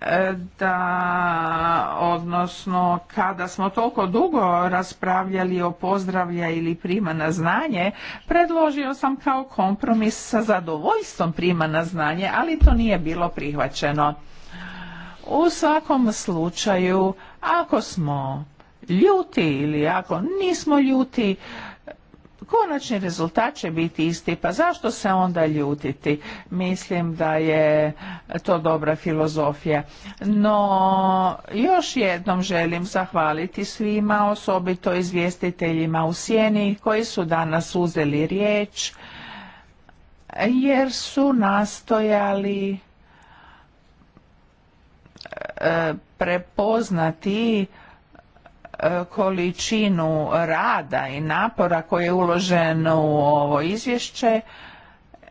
[SPEAKER 1] e, da, odnosno kada smo toliko dugo raspravljali o pozdravlja ili prima na znanje, predložio sam kao kompromis sa zadovoljstvom prima na znanje, ali to nije bilo prihvaćeno. U svakom slučaju, ako smo ljuti ili ako nismo ljuti, konačni rezultat će biti isti, pa zašto se onda ljutiti? Mislim da je to dobra filozofija. No, još jednom želim zahvaliti svima, osobito izvjestiteljima u sjeni koji su danas uzeli riječ, jer su nastojali e, prepoznati E, količinu rada i napora koji je uložen u ovo izvješće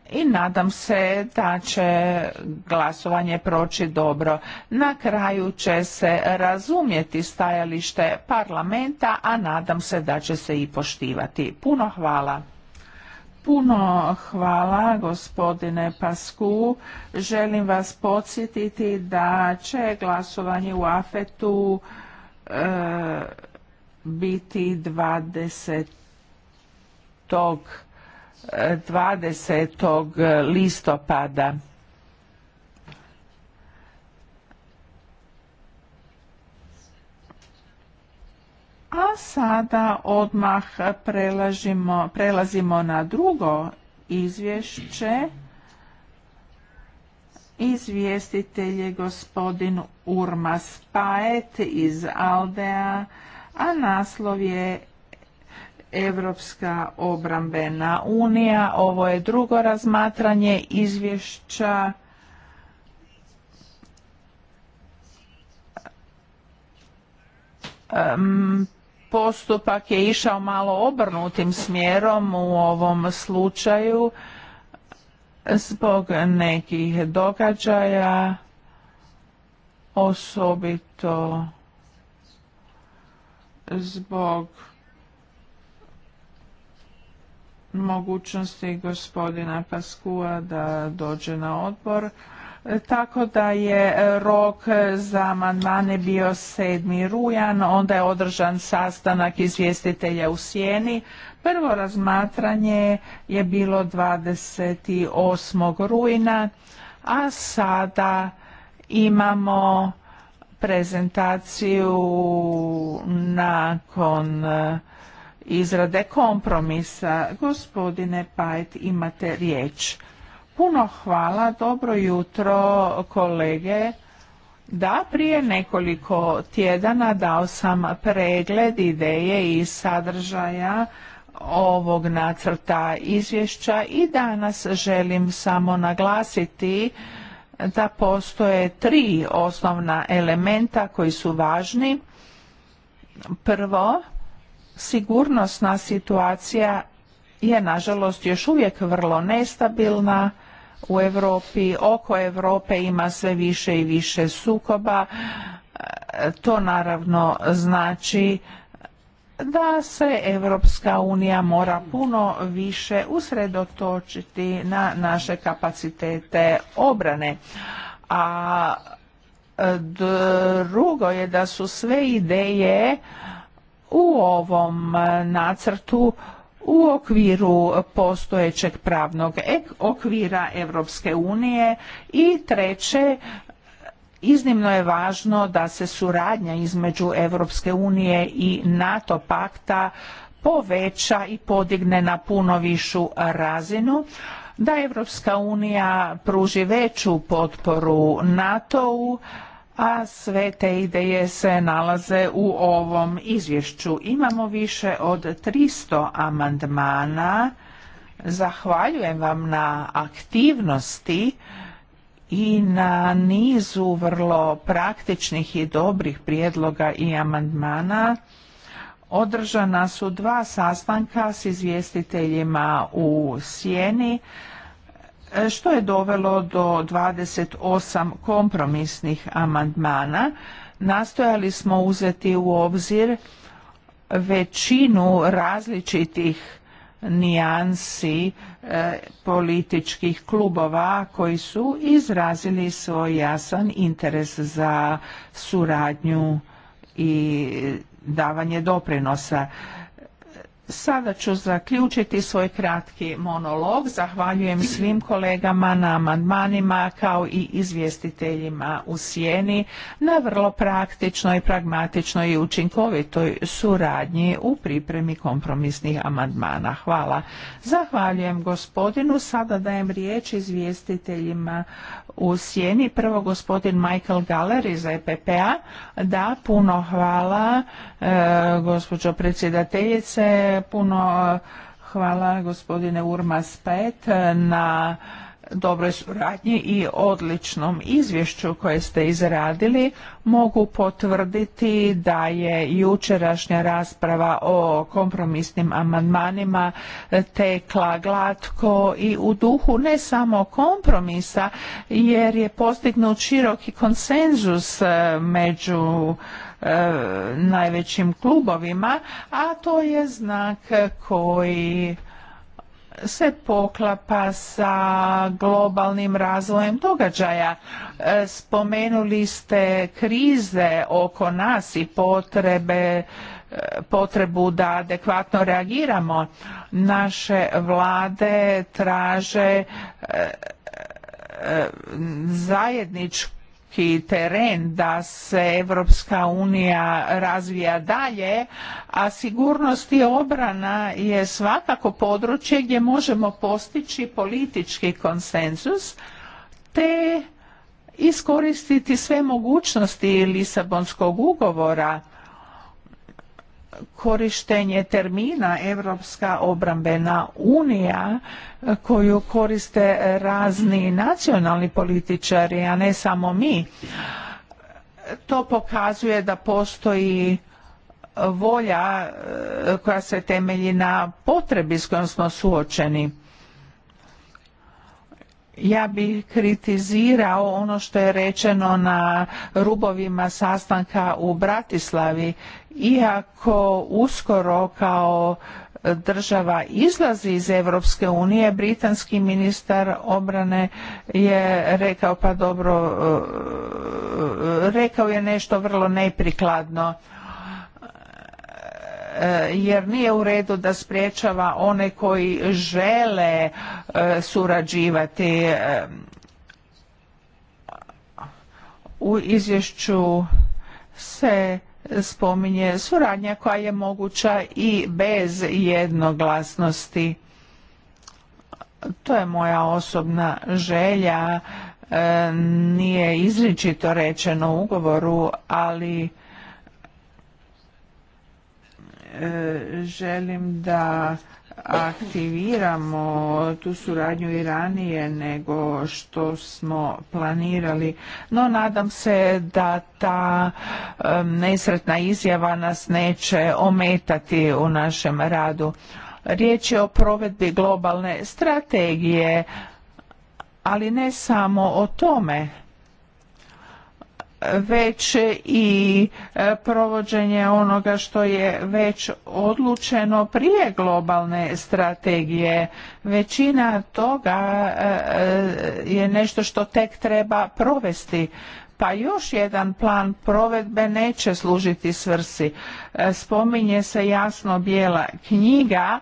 [SPEAKER 1] i nadam se da će glasovanje proći dobro. Na kraju će se razumjeti stajalište parlamenta, a nadam se da će se i poštivati. Puno hvala. Puno hvala gospodine Pasku. Želim vas podsjetiti da će glasovanje u afetu biti 20. 20. listopada. A sada odmah prelazimo na drugo izvješće Izvjestitelj je gospodin Urmas Paet iz Aldea, a naslov je Evropska obrambena unija. Ovo je drugo razmatranje izvješća postupak je išao malo obrnutim smjerom u ovom slučaju zbog nekih događaja, osobito zbog mogućnosti gospodina Paskua da dođe na odbor. Tako da je e, rok za amandmane bio 7. rujan, onda je održan sastanak izvjestitelja u Sjeni. Prvo razmatranje je bilo 28. rujna, a sada imamo prezentaciju nakon e, izrade kompromisa. Gospodine Pajt, imate riječ. Puno hvala, dobro jutro kolege. Da, prije nekoliko tjedana dao sam pregled ideje i sadržaja ovog nacrta izvješća i danas želim samo naglasiti da postoje tri osnovna elementa koji su važni. Prvo, sigurnosna situacija je nažalost još uvijek vrlo nestabilna u Europi, oko Europe ima sve više i više sukoba. E, to naravno znači da se Europska unija mora puno više usredotočiti na naše kapacitete obrane. A e, drugo je da su sve ideje u ovom nacrtu u okviru postojećeg pravnog okvira Europske unije i treće Iznimno je važno da se suradnja između Europske unije i NATO pakta poveća i podigne na puno višu razinu, da Europska unija pruži veću potporu NATO-u a sve te ideje se nalaze u ovom izvješću. Imamo više od 300 amandmana. Zahvaljujem vam na aktivnosti i na nizu vrlo praktičnih i dobrih prijedloga i amandmana. Održana su dva sastanka s izvjestiteljima u Sjeni E, što je dovelo do 28 kompromisnih amandmana. Nastojali smo uzeti u obzir većinu različitih nijansi e, političkih klubova koji su izrazili svoj jasan interes za suradnju i davanje doprinosa. Sada ću zaključiti svoj kratki monolog. Zahvaljujem svim kolegama na amandmanima kao i izvjestiteljima u sjeni na vrlo praktičnoj, pragmatičnoj i učinkovitoj suradnji u pripremi kompromisnih amandmana. Hvala. Zahvaljujem gospodinu. Sada dajem riječ izvjestiteljima u sjeni. Prvo gospodin Michael Galler iz EPPA. Da, puno hvala e, gospođo predsjedateljice puno eh, hvala gospodine Urmas Pet eh, na dobroj suradnji i odličnom izvješću koje ste izradili mogu potvrditi da je jučerašnja rasprava o kompromisnim amandmanima eh, tekla glatko i u duhu ne samo kompromisa jer je postignut široki konsenzus među E, najvećim klubovima, a to je znak koji se poklapa sa globalnim razvojem događaja. E, spomenuli ste krize oko nas i potrebe e, potrebu da adekvatno reagiramo. Naše vlade traže zajedničku politički teren da se Europska unija razvija dalje, a sigurnost i obrana je svakako područje gdje možemo postići politički konsenzus te iskoristiti sve mogućnosti Lisabonskog ugovora korištenje termina Europska obrambena unija koju koriste razni nacionalni političari, a ne samo mi. To pokazuje da postoji volja e, koja se temelji na potrebi s kojom smo suočeni. Ja bih kritizirao ono što je rečeno na rubovima sastanka u Bratislavi iako uskoro kao država izlazi iz Europske unije, britanski ministar obrane je rekao pa dobro, eh, rekao je nešto vrlo neprikladno eh, jer nije u redu da spriječava one koji žele eh, surađivati. U izvješću se spominje suradnja koja je moguća i bez jednoglasnosti. To je moja osobna želja, e, nije izričito rečeno u ugovoru, ali e, želim da aktiviramo tu suradnju i ranije nego što smo planirali. No nadam se da ta nesretna izjava nas neće ometati u našem radu. Riječ je o provedbi globalne strategije, ali ne samo o tome već i e, provođenje onoga što je već odlučeno prije globalne strategije. Većina toga e, e, je nešto što tek treba provesti. Pa još jedan plan provedbe neće služiti svrsi. Spominje se jasno bijela knjiga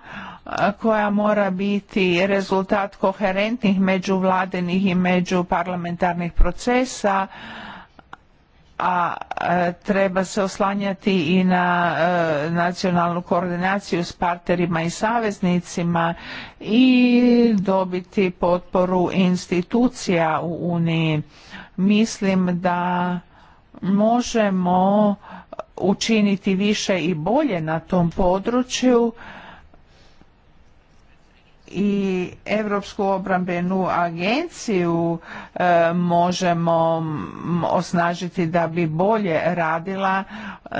[SPEAKER 1] koja mora biti rezultat koherentnih međuvladinih i međuparlamentarnih procesa a treba se oslanjati i na e, nacionalnu koordinaciju s partnerima i saveznicima i dobiti potporu institucija u Uniji. Mislim da možemo učiniti više i bolje na tom području i Europsku obrambenu agenciju e, možemo osnažiti da bi bolje radila.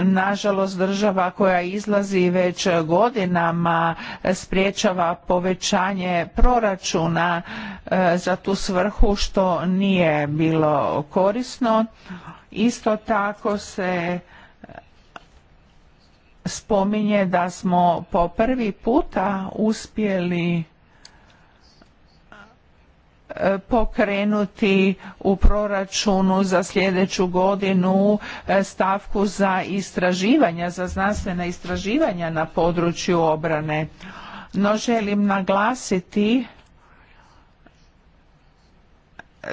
[SPEAKER 1] Nažalost, država koja izlazi već godinama spriječava povećanje proračuna e, za tu svrhu što nije bilo korisno. Isto tako se spominje da smo po prvi puta uspjeli pokrenuti u proračunu za sljedeću godinu e, stavku za istraživanja, za znanstvena istraživanja na području obrane. No želim naglasiti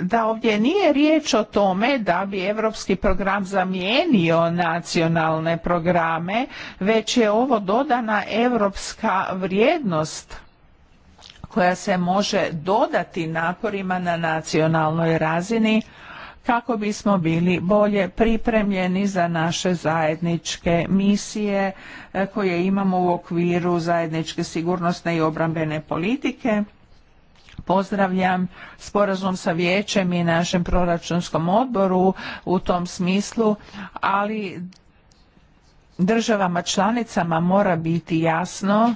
[SPEAKER 1] da ovdje nije riječ o tome da bi europski program zamijenio nacionalne programe, već je ovo dodana europska vrijednost koja se može dodati naporima na nacionalnoj razini kako bismo bili bolje pripremljeni za naše zajedničke misije e, koje imamo u okviru zajedničke sigurnosne i obrambene politike. Pozdravljam sporazum sa vijećem i našem proračunskom odboru u tom smislu, ali državama članicama mora biti jasno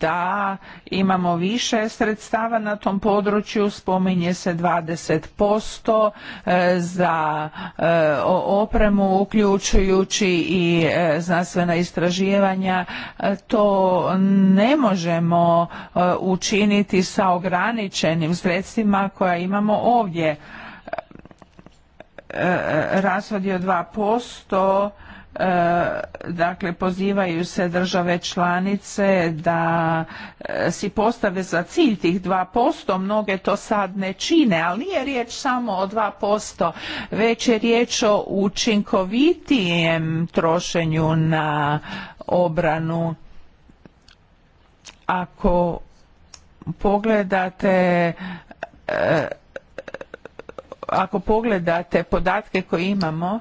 [SPEAKER 1] da imamo više sredstava na tom području, spominje se 20% e, za e, opremu uključujući i e, znanstvena istraživanja. To ne možemo učiniti sa ograničenim sredstvima koja imamo ovdje. Razvod je 2%, E, dakle pozivaju se države članice da e, si postave za cilj tih 2%, mnoge to sad ne čine, ali nije riječ samo o 2%, već je riječ o učinkovitijem trošenju na obranu. Ako pogledate e, ako pogledate podatke koje imamo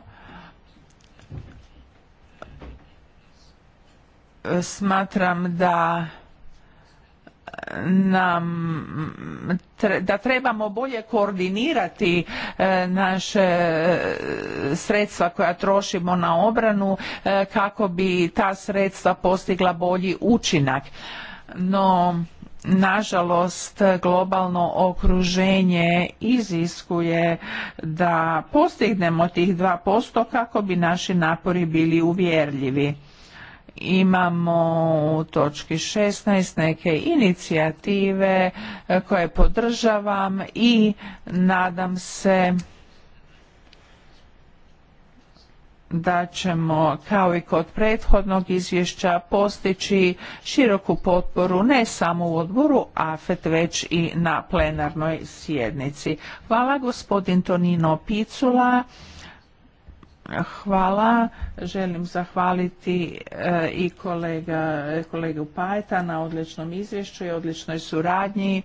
[SPEAKER 1] smatram da nam da trebamo bolje koordinirati e, naše e, sredstva koja trošimo na obranu e, kako bi ta sredstva postigla bolji učinak no nažalost globalno okruženje iziskuje da postignemo tih 2% kako bi naši napori bili uvjerljivi imamo u točki 16 neke inicijative e, koje podržavam i nadam se da ćemo kao i kod prethodnog izvješća postići široku potporu ne samo u odboru AFET već i na plenarnoj sjednici. Hvala gospodin Tonino Picula. Hvala. Želim zahvaliti e, i kolega, kolegu Pajta na odličnom izvješću i odličnoj suradnji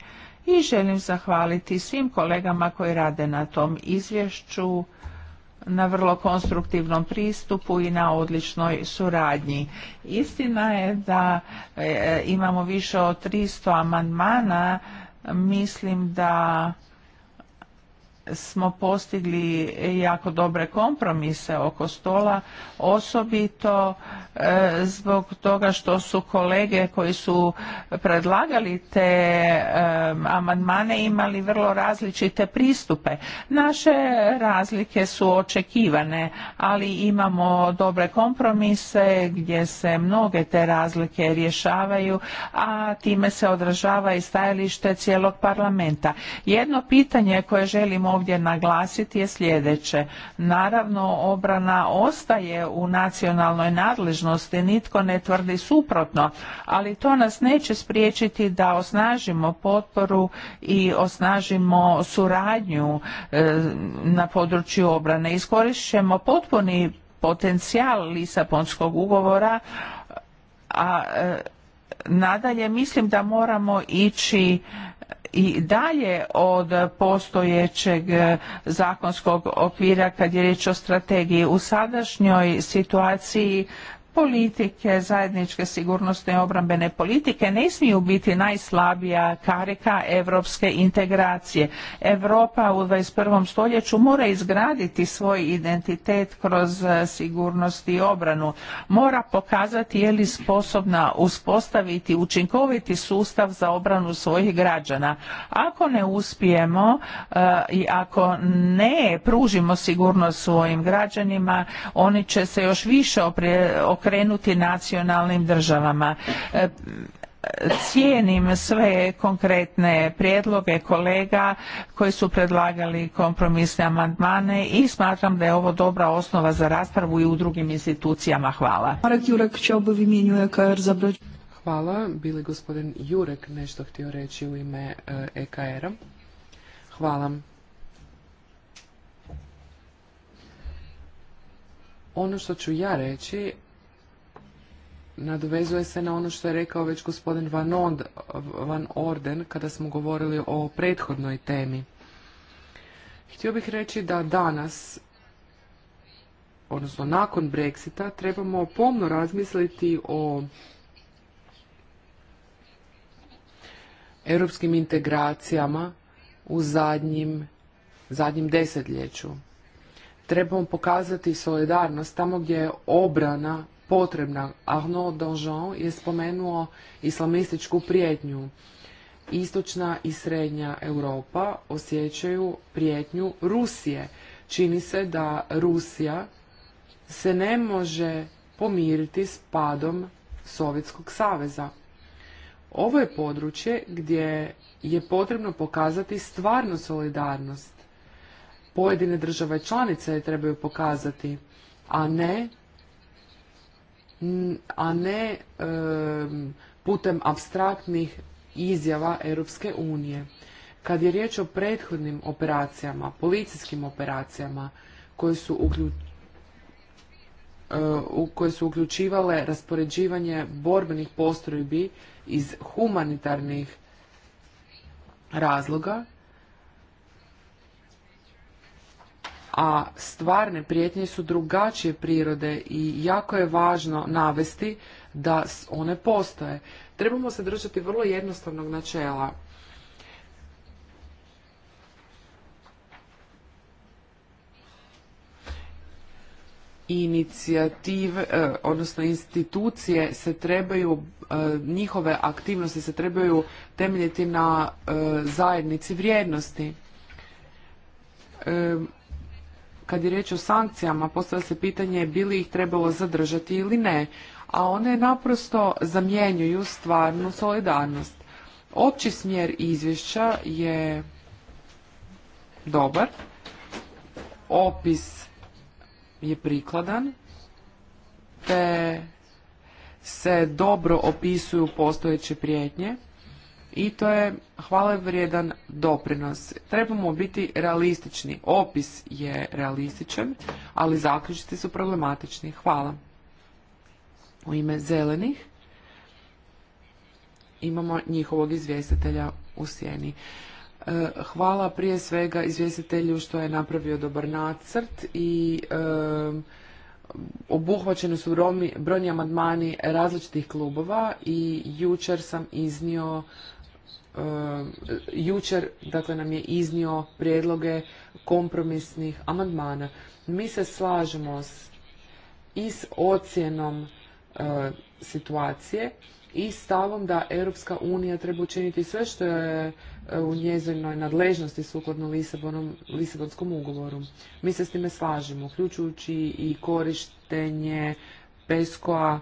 [SPEAKER 1] i želim zahvaliti svim kolegama koji rade na tom izvješću na vrlo konstruktivnom pristupu i na odličnoj suradnji. Istina je da e, imamo više od 300 amandmana. Mislim da smo postigli jako dobre kompromise oko stola, osobito e, zbog toga što su kolege koji su predlagali te e, amandmane imali vrlo različite pristupe. Naše razlike su očekivane, ali imamo dobre kompromise gdje se mnoge te razlike rješavaju, a time se odražava i stajalište cijelog parlamenta. Jedno pitanje koje želimo ovdje naglasiti je sljedeće. Naravno, obrana ostaje u nacionalnoj nadležnosti, nitko ne tvrdi suprotno, ali to nas neće spriječiti da osnažimo potporu i osnažimo suradnju e, na području obrane. Iskoristit ćemo potpuni potencijal Lisabonskog ugovora, a e, nadalje mislim da moramo ići i dalje od postojećeg e, zakonskog okvira kad je riječ o strategiji. U sadašnjoj situaciji politike zajedničke sigurnosne i obrambene politike ne smiju biti najslabija karika europske integracije. Europa u 21. stoljeću mora izgraditi svoj identitet kroz e, sigurnost i obranu. Mora pokazati je li sposobna uspostaviti učinkoviti sustav za obranu svojih građana. Ako ne uspijemo e, i ako ne pružimo sigurnost svojim građanima, oni će se još više okrenuti okrenuti nacionalnim državama e, cijenim sve konkretne prijedloge kolega koji su predlagali kompromisne amandmane i smatram da je ovo dobra osnova za raspravu i u drugim institucijama. Hvala. E
[SPEAKER 2] Hvala. Bili gospodin Jurek nešto htio reći u ime EKR-a. E Hvala. Ono što ću ja reći nadovezuje se na ono što je rekao već gospodin Van, Van Orden kada smo govorili o prethodnoj temi. Htio bih reći da danas, odnosno nakon Brexita, trebamo pomno razmisliti o europskim integracijama u zadnjim, zadnjim desetljeću. Trebamo pokazati solidarnost tamo gdje je obrana potrebna. Arnaud Donjon je spomenuo islamističku prijetnju. Istočna i srednja Europa osjećaju prijetnju Rusije. Čini se da Rusija se ne može pomiriti s padom Sovjetskog saveza. Ovo je područje gdje je potrebno pokazati stvarnu solidarnost. Pojedine države članice je trebaju pokazati, a ne a ne putem abstraktnih izjava Europske unije. Kad je riječ o prethodnim operacijama, policijskim operacijama koje su, e, koje su uključivale raspoređivanje borbenih postrojbi iz humanitarnih razloga, a stvarne prijetnje su drugačije prirode i jako je važno navesti da one postoje. Trebamo se držati vrlo jednostavnog načela. inicijative, e, odnosno institucije se trebaju, e, njihove aktivnosti se trebaju temeljiti na e, zajednici vrijednosti. Kad je riječ o sankcijama, postavlja se pitanje bi li ih trebalo zadržati ili ne, a one naprosto zamjenjuju stvarnu solidarnost. Opći smjer izvješća je dobar, opis je prikladan, te se dobro opisuju postojeće prijetnje i to je hvale vrijedan doprinos. Trebamo biti realistični. Opis je realističan, ali zaključiti su problematični. Hvala. U ime zelenih imamo njihovog izvjestitelja u sjeni. E, hvala prije svega izvjestitelju što je napravio dobar nacrt i e, obuhvaćeni su brojni amandmani različitih klubova i jučer sam iznio E, jučer dakle nam je iznio prijedloge kompromisnih amandmana. Mi se slažemo s, i s ocjenom e, situacije i stavom da Europska unija treba učiniti sve što je e, u njezinoj nadležnosti sukladno Lisabonskom ugovoru. Mi se s time slažemo, uključujući i korištenje peskoa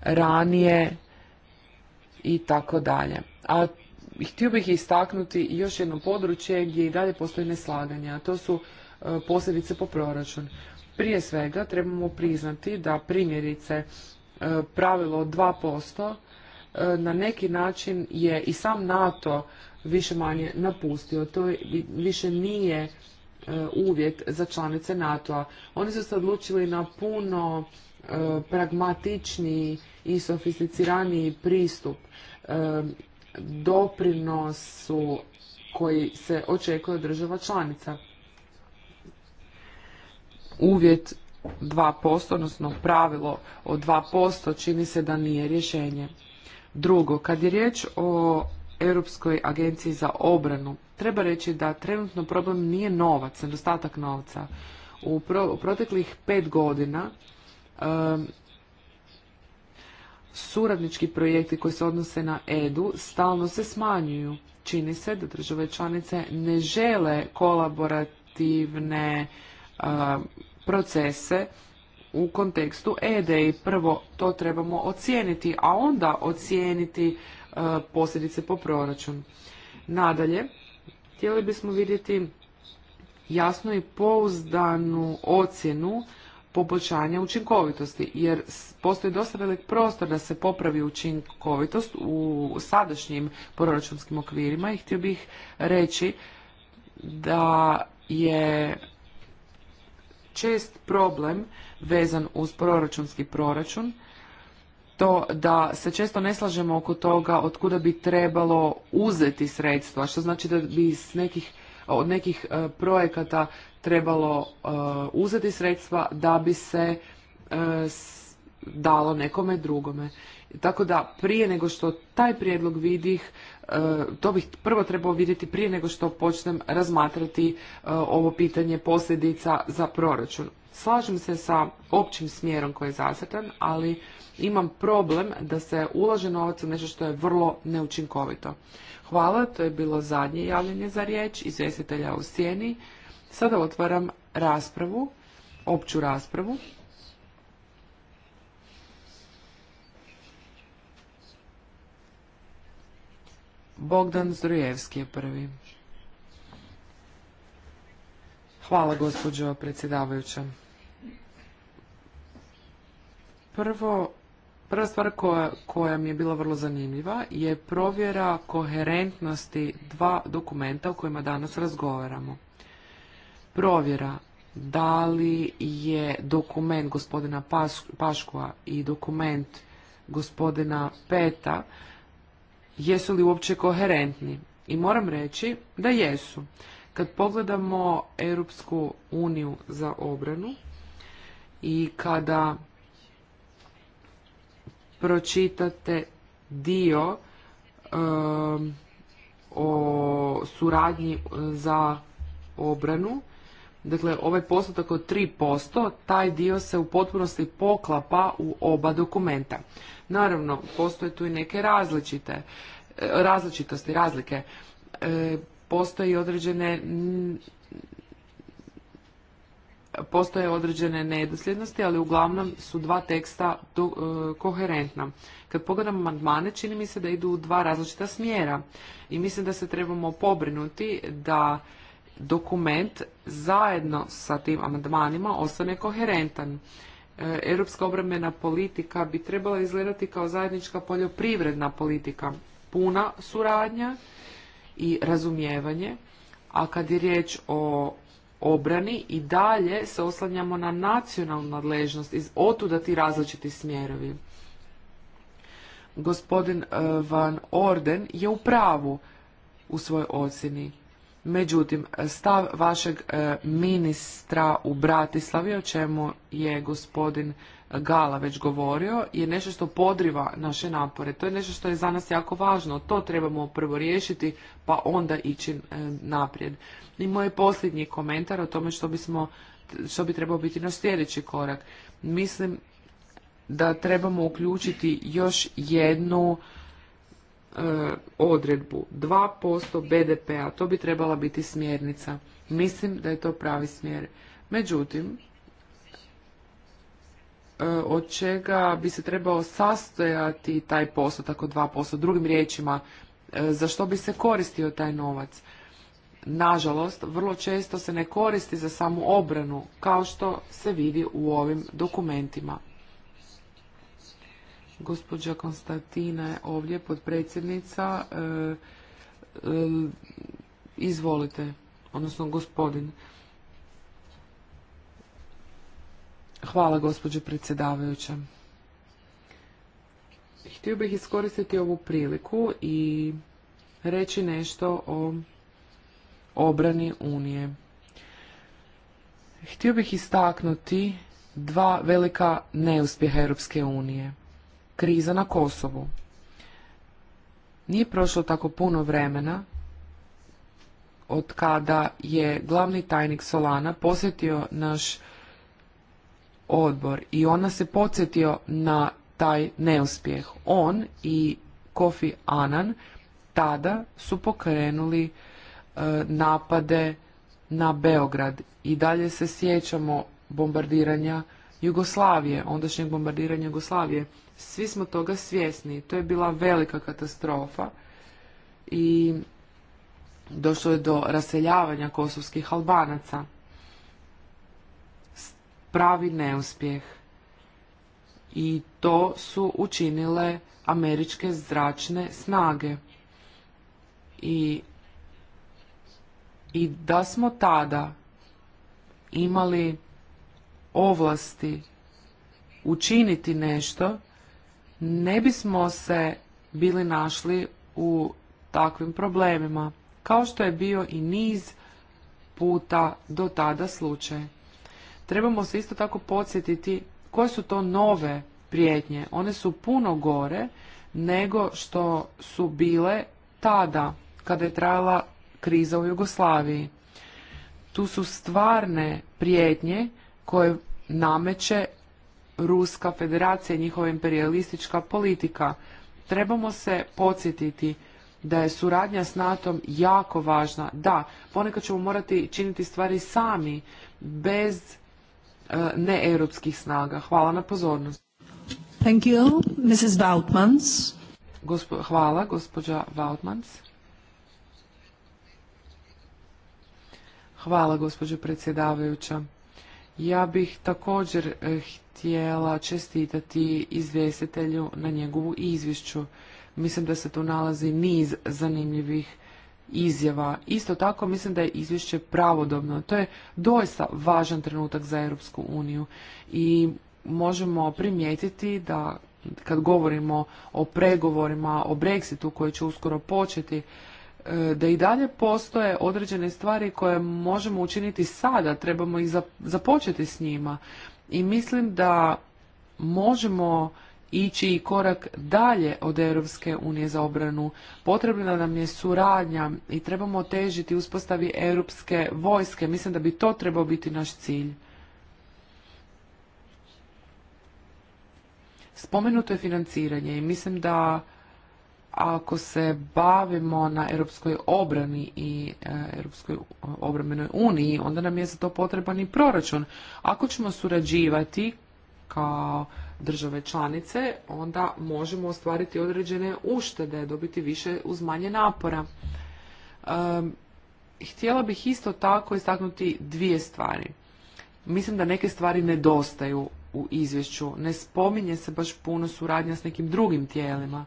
[SPEAKER 2] ranije i tako dalje. A htio bih istaknuti još jedno područje gdje i dalje postoje neslaganja, a to su e, posljedice po proračun. Prije svega trebamo priznati da primjerice e, pravilo 2% e, na neki način je i sam NATO više manje napustio. To više nije uvjet za članice NATO-a. Oni su se odlučili na puno pragmatičniji i sofisticiraniji pristup doprinosu koji se očekuje od država članica. Uvjet 2%, odnosno pravilo od 2% čini se da nije rješenje. Drugo, kad je riječ o Europskoj agenciji za obranu, treba reći da trenutno problem nije novac, nedostatak novca. U, proteklih pet godina suradnički projekti koji se odnose na edu stalno se smanjuju. Čini se da države članice ne žele kolaborativne procese u kontekstu ede i prvo to trebamo ocijeniti, a onda ocijeniti posljedice po proračun. Nadalje, htjeli bismo vidjeti jasnu i pouzdanu ocjenu poboljšanja učinkovitosti, jer postoji dosta velik prostor da se popravi učinkovitost u sadašnjim proračunskim okvirima i htio bih reći da je čest problem vezan uz proračunski proračun, to da se često ne slažemo oko toga od kuda bi trebalo uzeti sredstva, što znači da bi iz nekih, od nekih e, projekata trebalo e, uzeti sredstva da bi se e, dalo nekome drugome. Tako da prije nego što taj prijedlog vidih, e, to bih prvo trebao vidjeti prije nego što počnem razmatrati ovo pitanje posljedica za proračun. Slažem se sa općim smjerom koji je zacrtan, ali imam problem da se ulaže novac u nešto što je vrlo neučinkovito. Hvala, to je bilo zadnje javljanje za riječ, izvjestitelja u sjeni. Sada otvaram raspravu, opću raspravu. Bogdan Zdrujevski je prvi. Hvala, gospođo predsjedavajuća. Prvo, prva stvar koja, koja mi je bila vrlo zanimljiva je provjera koherentnosti dva dokumenta o kojima danas razgovaramo provjera da li je dokument gospodina Paškova i dokument gospodina Peta jesu li uopće koherentni. I moram reći da jesu. Kad pogledamo Europsku uniju za obranu i kada pročitate dio um, o suradnji za obranu Dakle, ovaj postotak od 3%, taj dio se u potpunosti poklapa u oba dokumenta. Naravno, postoje tu i neke različite, e, različitosti, razlike. E, postoje određene postoje određene nedosljednosti, ali uglavnom su dva teksta e, koherentna. Kad pogledam amandmane, čini mi se da idu u dva različita smjera i mislim da se trebamo pobrinuti da dokument zajedno sa tim amandmanima ostane koherentan. E, Europska obrambena politika bi trebala izgledati kao zajednička poljoprivredna politika, puna suradnja i razumijevanje, a kad je riječ o obrani i dalje se oslanjamo na nacionalnu nadležnost, iz otuda ti različiti smjerovi. Gospodin e, Van Orden je u pravu u svojoj ocjeni. Međutim, stav vašeg e, ministra u Bratislavi, o čemu je gospodin Gala već govorio, je nešto što podriva naše napore. To je nešto što je za nas jako važno. To trebamo prvo riješiti, pa onda ići e, naprijed. I moj posljednji komentar o tome što, bismo, što bi trebao biti naš sljedeći korak. Mislim da trebamo uključiti još jednu E, odredbu 2% BDP-a, to bi trebala biti smjernica. Mislim da je to pravi smjer. Međutim, e, od čega bi se trebao sastojati taj postotak od 2%, drugim riječima, e, za što bi se koristio taj novac. Nažalost, vrlo često se ne koristi za samu obranu, kao što se vidi u ovim dokumentima. Gospođa Konstantina je ovdje, podpredsjednica. E, e, izvolite, odnosno gospodin. Hvala, gospođo predsjedavajuća. Htio bih iskoristiti ovu priliku i reći nešto o obrani Unije. Htio bih istaknuti dva velika neuspjeha Europske unije kriza na Kosovu. Nije prošlo tako puno vremena od kada je glavni tajnik Solana posjetio naš odbor i ona se podsjetio na taj neuspjeh. On i Kofi Anan tada su pokrenuli e, napade na Beograd i dalje se sjećamo bombardiranja Jugoslavije, ondašnjeg bombardiranja Jugoslavije svi smo toga svjesni. To je bila velika katastrofa i došlo je do raseljavanja kosovskih albanaca. Pravi neuspjeh. I to su učinile američke zračne snage. I, i da smo tada imali ovlasti učiniti nešto, ne bismo se bili našli u takvim problemima, kao što je bio i niz puta do tada slučaj. Trebamo se isto tako podsjetiti koje su to nove prijetnje. One su puno gore nego što su bile tada kada je trajala kriza u Jugoslaviji. Tu su stvarne prijetnje koje nameće Ruska federacija i njihova imperialistička politika. Trebamo se podsjetiti da je suradnja s NATO-om jako važna. Da, ponekad ćemo morati činiti stvari sami, bez e, neeuropskih snaga. Hvala na pozornost. hvala, gospođa Vautmans. Hvala, gospođo predsjedavajuća. Ja bih također eh, htjela čestitati izvjestitelju na njegovu izvješću. Mislim da se tu nalazi niz zanimljivih izjava. Isto tako mislim da je izvješće pravodobno. To je doista važan trenutak za Europsku uniju i možemo primijetiti da kad govorimo o pregovorima, o Brexitu koji će uskoro početi, E, da i dalje postoje određene stvari koje možemo učiniti sada, trebamo ih započeti s njima. I mislim da možemo ići i korak dalje od Europske unije za obranu. Potrebna nam je suradnja i trebamo težiti uspostavi europske vojske. Mislim da bi to trebao biti naš cilj. Spomenuto je financiranje i mislim da ako se bavimo na europskoj obrani i e, europskoj e, obrambenoj uniji, onda nam je za to potreban i proračun. Ako ćemo surađivati kao države članice, onda možemo ostvariti određene uštede, dobiti više uz manje napora. htjela bih isto tako istaknuti dvije stvari. Mislim da neke stvari nedostaju u izvješću. Ne spominje se baš puno suradnja s nekim drugim tijelima.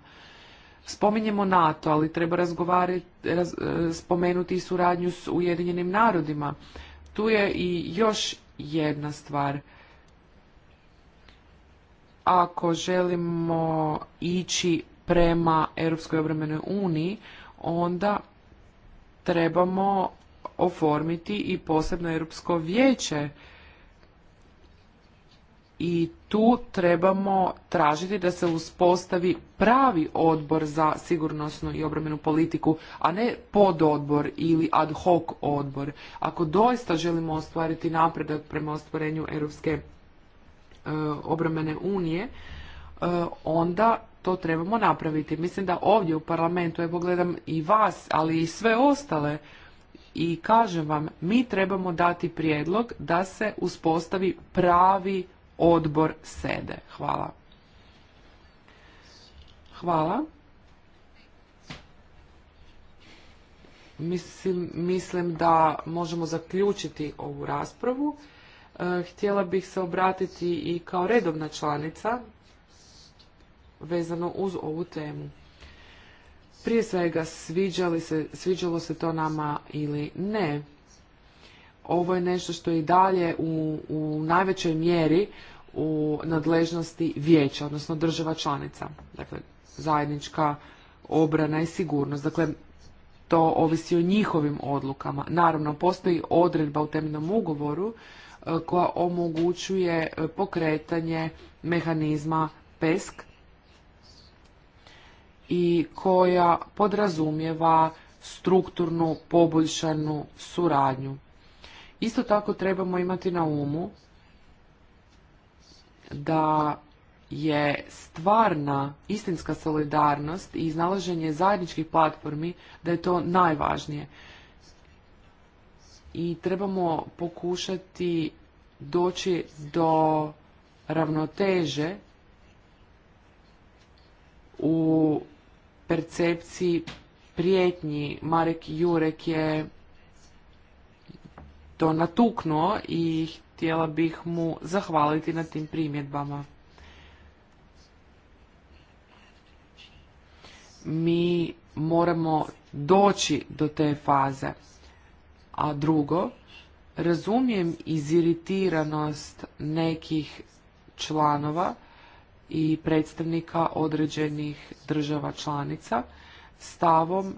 [SPEAKER 2] Spominjemo NATO, ali treba razgovarati, e, spomenuti i suradnju s Ujedinjenim narodima. Tu je i još jedna stvar. Ako želimo ići prema Europskoj obrambenoj uniji, onda trebamo oformiti i posebno Europsko vijeće i tu trebamo tražiti da se uspostavi pravi odbor za sigurnosnu i obrambenu politiku, a ne pododbor ili ad hoc odbor. Ako doista želimo ostvariti napredak prema ostvarenju Europske e, obrambene unije, e, onda to trebamo napraviti. Mislim da ovdje u parlamentu, evo gledam i vas, ali i sve ostale, i kažem vam, mi trebamo dati prijedlog da se uspostavi pravi odbor sede. Hvala. Hvala. Mislim, mislim da možemo zaključiti ovu raspravu. E, htjela bih se obratiti i kao redovna članica vezano uz ovu temu. Prije svega, sviđali se, sviđalo se to nama ili ne, ovo je nešto što je i dalje u, u najvećoj mjeri u nadležnosti vijeća, odnosno država članica. Dakle, zajednička obrana i sigurnost. Dakle, to ovisi o njihovim odlukama. Naravno, postoji odredba u temeljnom ugovoru e, koja omogućuje e, pokretanje mehanizma PESK i koja podrazumijeva strukturnu poboljšanu suradnju Isto tako trebamo imati na umu da je stvarna istinska solidarnost i iznalaženje zajedničkih platformi da je to najvažnije. I trebamo pokušati doći do ravnoteže u percepciji prijetnji. Marek Jurek je to natuknuo i htjela bih mu zahvaliti na tim primjedbama. Mi moramo doći do te faze. A drugo, razumijem iziritiranost nekih članova i predstavnika određenih država članica stavom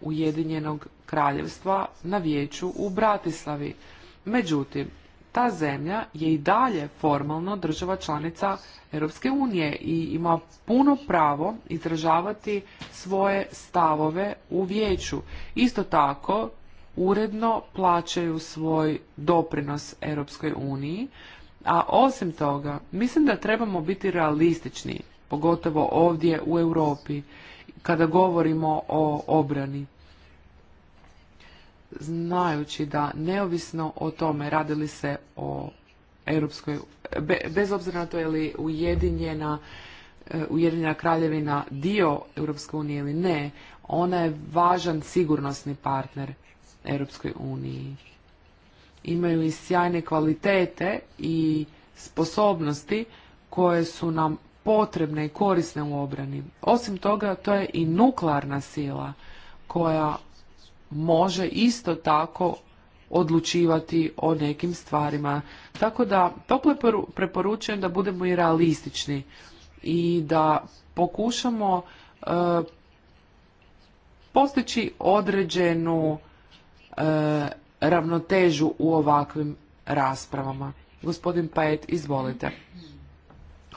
[SPEAKER 2] Ujedinjenog kraljevstva na vijeću u Bratislavi. Međutim, ta zemlja je i dalje formalno država članica Europske unije i ima puno pravo izražavati svoje stavove u vijeću. Isto tako, uredno plaćaju svoj doprinos Europskoj uniji, a osim toga, mislim da trebamo biti realistični, pogotovo ovdje u Europi, kada govorimo o obrani znajući da neovisno o tome radili se o europskoj, bez obzira na to je li ujedinjena e, Ujedinjena kraljevina dio Europske unije ili ne, ona je važan sigurnosni partner Europskoj uniji. Imaju i sjajne kvalitete i sposobnosti koje su nam potrebne i korisne u obrani. Osim toga, to je i nuklearna sila koja može isto tako odlučivati o nekim stvarima. Tako da to preporučujem da budemo i realistični i da pokušamo e, postići određenu e, ravnotežu u ovakvim raspravama. Gospodin Pajet, izvolite.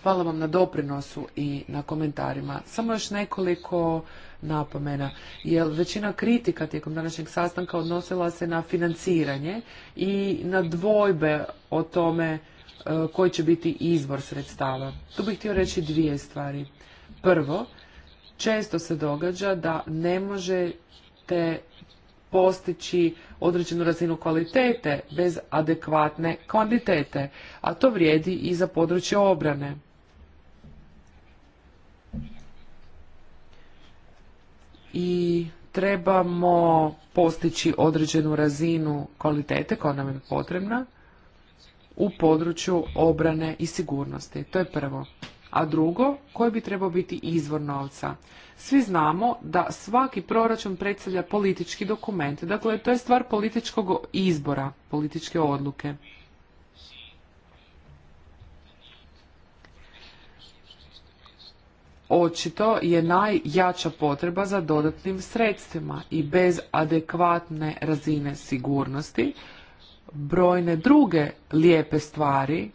[SPEAKER 2] Hvala vam na doprinosu i na komentarima. Samo još nekoliko napomena, jer većina kritika tijekom današnjeg sastanka odnosila se na financiranje i na dvojbe o tome e, koji će biti izvor sredstava. Tu bih htio reći dvije stvari. Prvo, često se događa da ne možete postići određenu razinu kvalitete bez adekvatne kvantitete, a to vrijedi i za područje obrane. i trebamo postići određenu razinu kvalitete koja nam je potrebna u području obrane i sigurnosti. To je prvo. A drugo, koji bi trebao biti izvor novca? Svi znamo da svaki proračun predstavlja politički dokument. Dakle, to je stvar političkog izbora, političke odluke. očito je najjača potreba za dodatnim sredstvima i bez adekvatne razine sigurnosti brojne druge lijepe stvari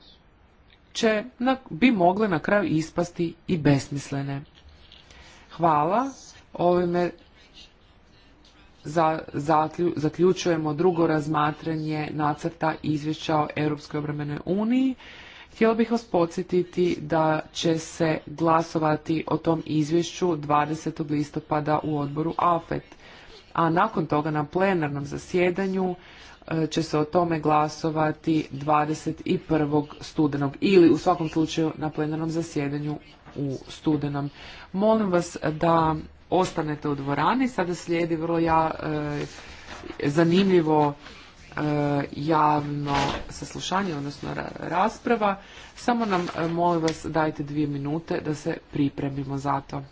[SPEAKER 2] će, bi mogle na kraju ispasti i besmislene. Hvala. Ovime za, zaključujemo drugo razmatranje nacrta izvješća o Europskoj obrambenoj uniji. Htjela bih vas podsjetiti da će se glasovati o tom izvješću 20. listopada u odboru AFET, a nakon toga na plenarnom zasjedanju e, će se o tome glasovati 21. studenog ili u svakom slučaju na plenarnom zasjedanju u studenom. Molim vas da ostanete u dvorani, sada slijedi vrlo ja, e, zanimljivo E, javno saslušanje, odnosno rasprava. Samo nam, e, molim vas, dajte dvije minute da se pripremimo za to.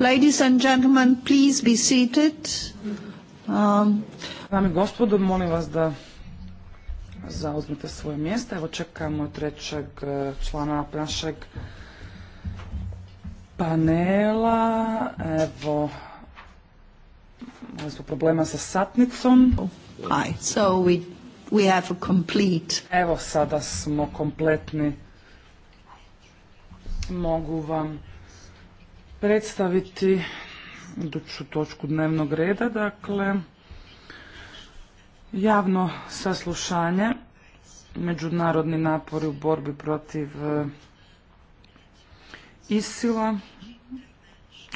[SPEAKER 1] Ladies and gentlemen, please be seated. Um, Dame
[SPEAKER 3] i gospodo, molim vas da zauzmite svoje mjesta. Evo čekamo trećeg e, člana našeg panela. Evo, imali smo problema sa satnicom. Hi, so we, Evo sada smo kompletni. Mogu vam predstaviti iduću točku dnevnog reda, dakle javno saslušanje, međunarodni napori u borbi protiv e, Isila,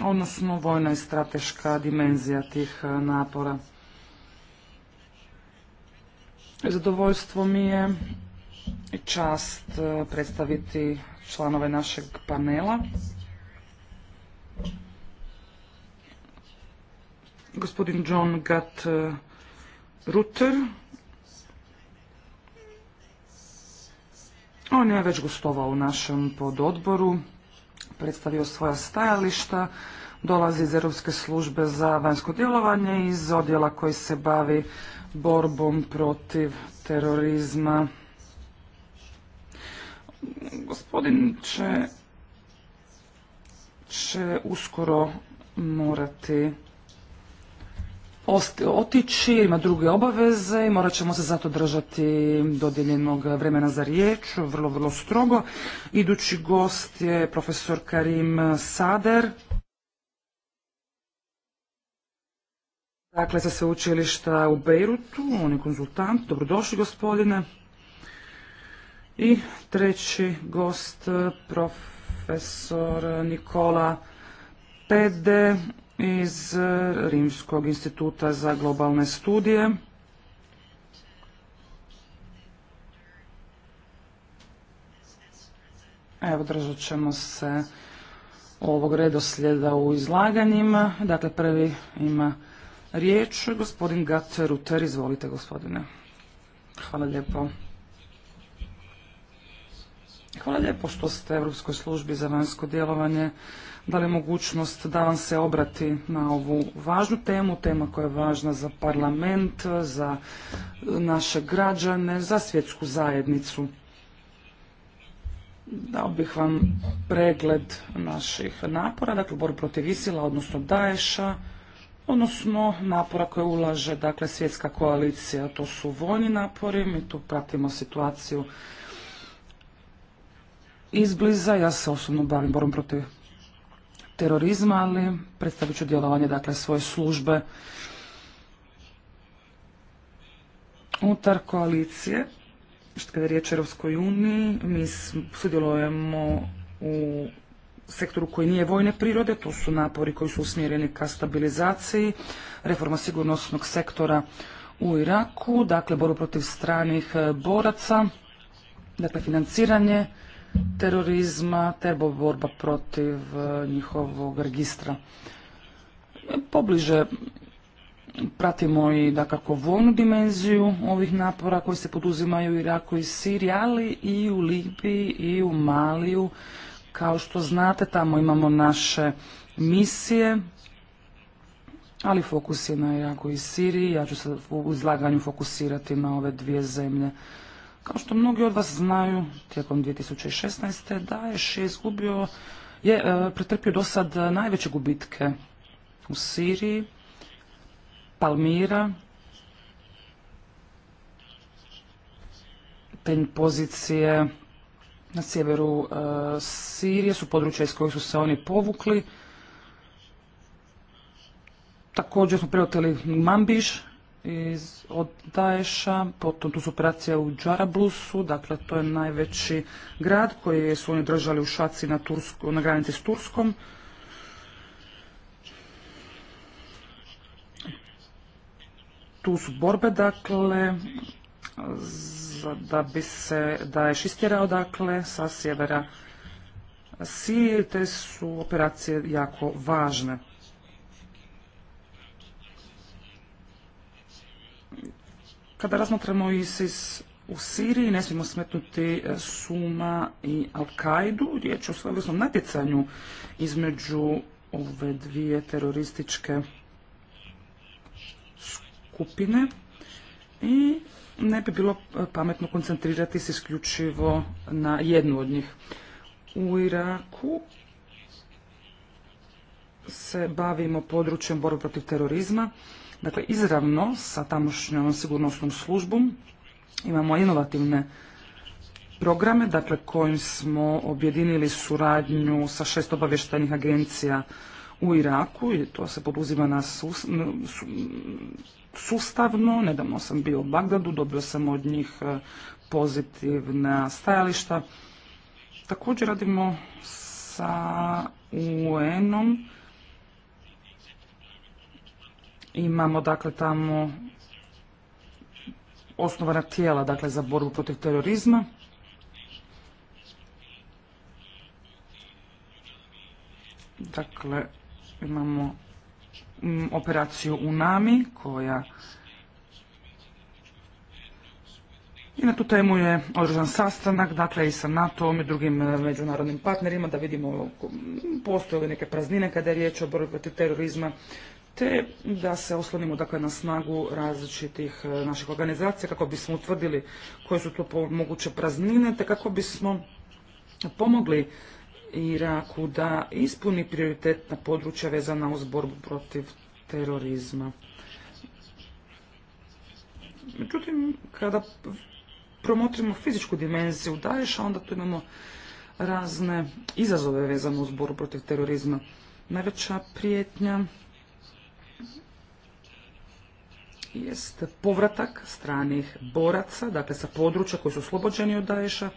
[SPEAKER 3] odnosno vojna i strateška dimenzija tih e, napora. Zadovoljstvo mi je čast e, predstaviti članove našeg panela. gospodin John Gat Rutter. On je već gostovao u našem pododboru, predstavio svoja stajališta, dolazi iz Europske službe za vanjsko djelovanje, iz odjela koji se bavi borbom protiv terorizma. Gospodin će, će uskoro morati otići, ima druge obaveze i morat ćemo se zato držati dodijeljenog vremena za riječ, vrlo, vrlo strogo. Idući gost je profesor Karim Sader. Dakle, sa sveučilišta u Beirutu, on je konzultant. Dobrodošli, gospodine. I treći gost, profesor Nikola Pede, iz e, Rimskog instituta za globalne studije. Evo, držat ćemo se ovog redoslijeda u izlaganjima. Dakle, prvi ima riječ gospodin Gatter Ruter. Izvolite, gospodine. Hvala lijepo. Hvala lijepo što ste Europskoj službi za vanjsko djelovanje dali mogućnost da vam se obrati na ovu važnu temu, tema koja je važna za parlament, za naše građane, za svjetsku zajednicu. Dao bih vam pregled naših napora, dakle bor protiv Isila, odnosno Daesha, odnosno napora koje ulaže dakle, svjetska koalicija. To su vojni napori, mi tu pratimo situaciju izbliza. Ja se osobno bavim borom protiv terorizma, ali predstavit ću djelovanje dakle, svoje službe unutar koalicije. Što kada je riječ o Europskoj uniji, mi sudjelujemo u sektoru koji nije vojne prirode, to su napori koji su usmjereni ka stabilizaciji, reforma sigurnosnog sektora u Iraku, dakle boru protiv stranih boraca, dakle financiranje terorizma te borba protiv e, njihovog registra. Pobliže pratimo i dakako vojnu dimenziju ovih napora koji se poduzimaju u Iraku i Siriji, ali i u Libiji i u Maliju. Kao što znate, tamo imamo naše misije, ali fokus je na Iraku i Siriji. Ja ću se u izlaganju fokusirati na ove dvije zemlje. Kao što mnogi od vas znaju, tijekom 2016. da je izgubio, je e, pretrpio do sad najveće gubitke u Siriji, Palmira, te pozicije na sjeveru e, Sirije su područja iz kojih su se oni povukli. Također smo preoteli Mambiš, iz, od Daesha, potom tu su operacije u Džarablusu, dakle to je najveći grad koji su oni držali u šaci na, na granici s Turskom. Tu su borbe, dakle, da bi se Daesh istjerao, dakle, sa sjevera Sirije, te su operacije jako važne. Kada razmatramo ISIS u Siriji, ne smijemo smetnuti e, Suma i Al-Kaidu. Riječ je o svojevrsnom natjecanju između ove dvije terorističke skupine i ne bi bilo e, pametno koncentrirati se isključivo na jednu od njih. U Iraku se bavimo područjem borbe protiv terorizma Dakle, izravno sa tamošnjom sigurnosnom službom imamo inovativne programe, dakle kojim smo objedinili suradnju sa šest obavještajnih agencija u Iraku i to se poduzima na sustavno. Nedavno sam bio u Bagdadu, dobio sam od njih e, pozitivna stajališta. Također radimo sa UN-om Imamo dakle tamo osnovana tijela dakle za borbu protiv terorizma. Dakle, imamo mm, operaciju UNAMI koja i na tu temu je održan sastanak, dakle i sa NATO-om i drugim e, međunarodnim partnerima da vidimo mm, postoje li neke praznine kada je riječ o borbi protiv terorizma, te da se oslonimo dakle, na snagu različitih e, naših organizacija kako bismo utvrdili koje su to moguće praznine te kako bismo pomogli Iraku da ispuni prioritetna područja vezana uz borbu protiv terorizma. Međutim, kada promotrimo fizičku dimenziju daješa onda tu imamo razne izazove vezano uz borbu protiv terorizma. Najveća prijetnja jest povratak stranih boraca, dakle sa područja koji su oslobođeni od Daješa.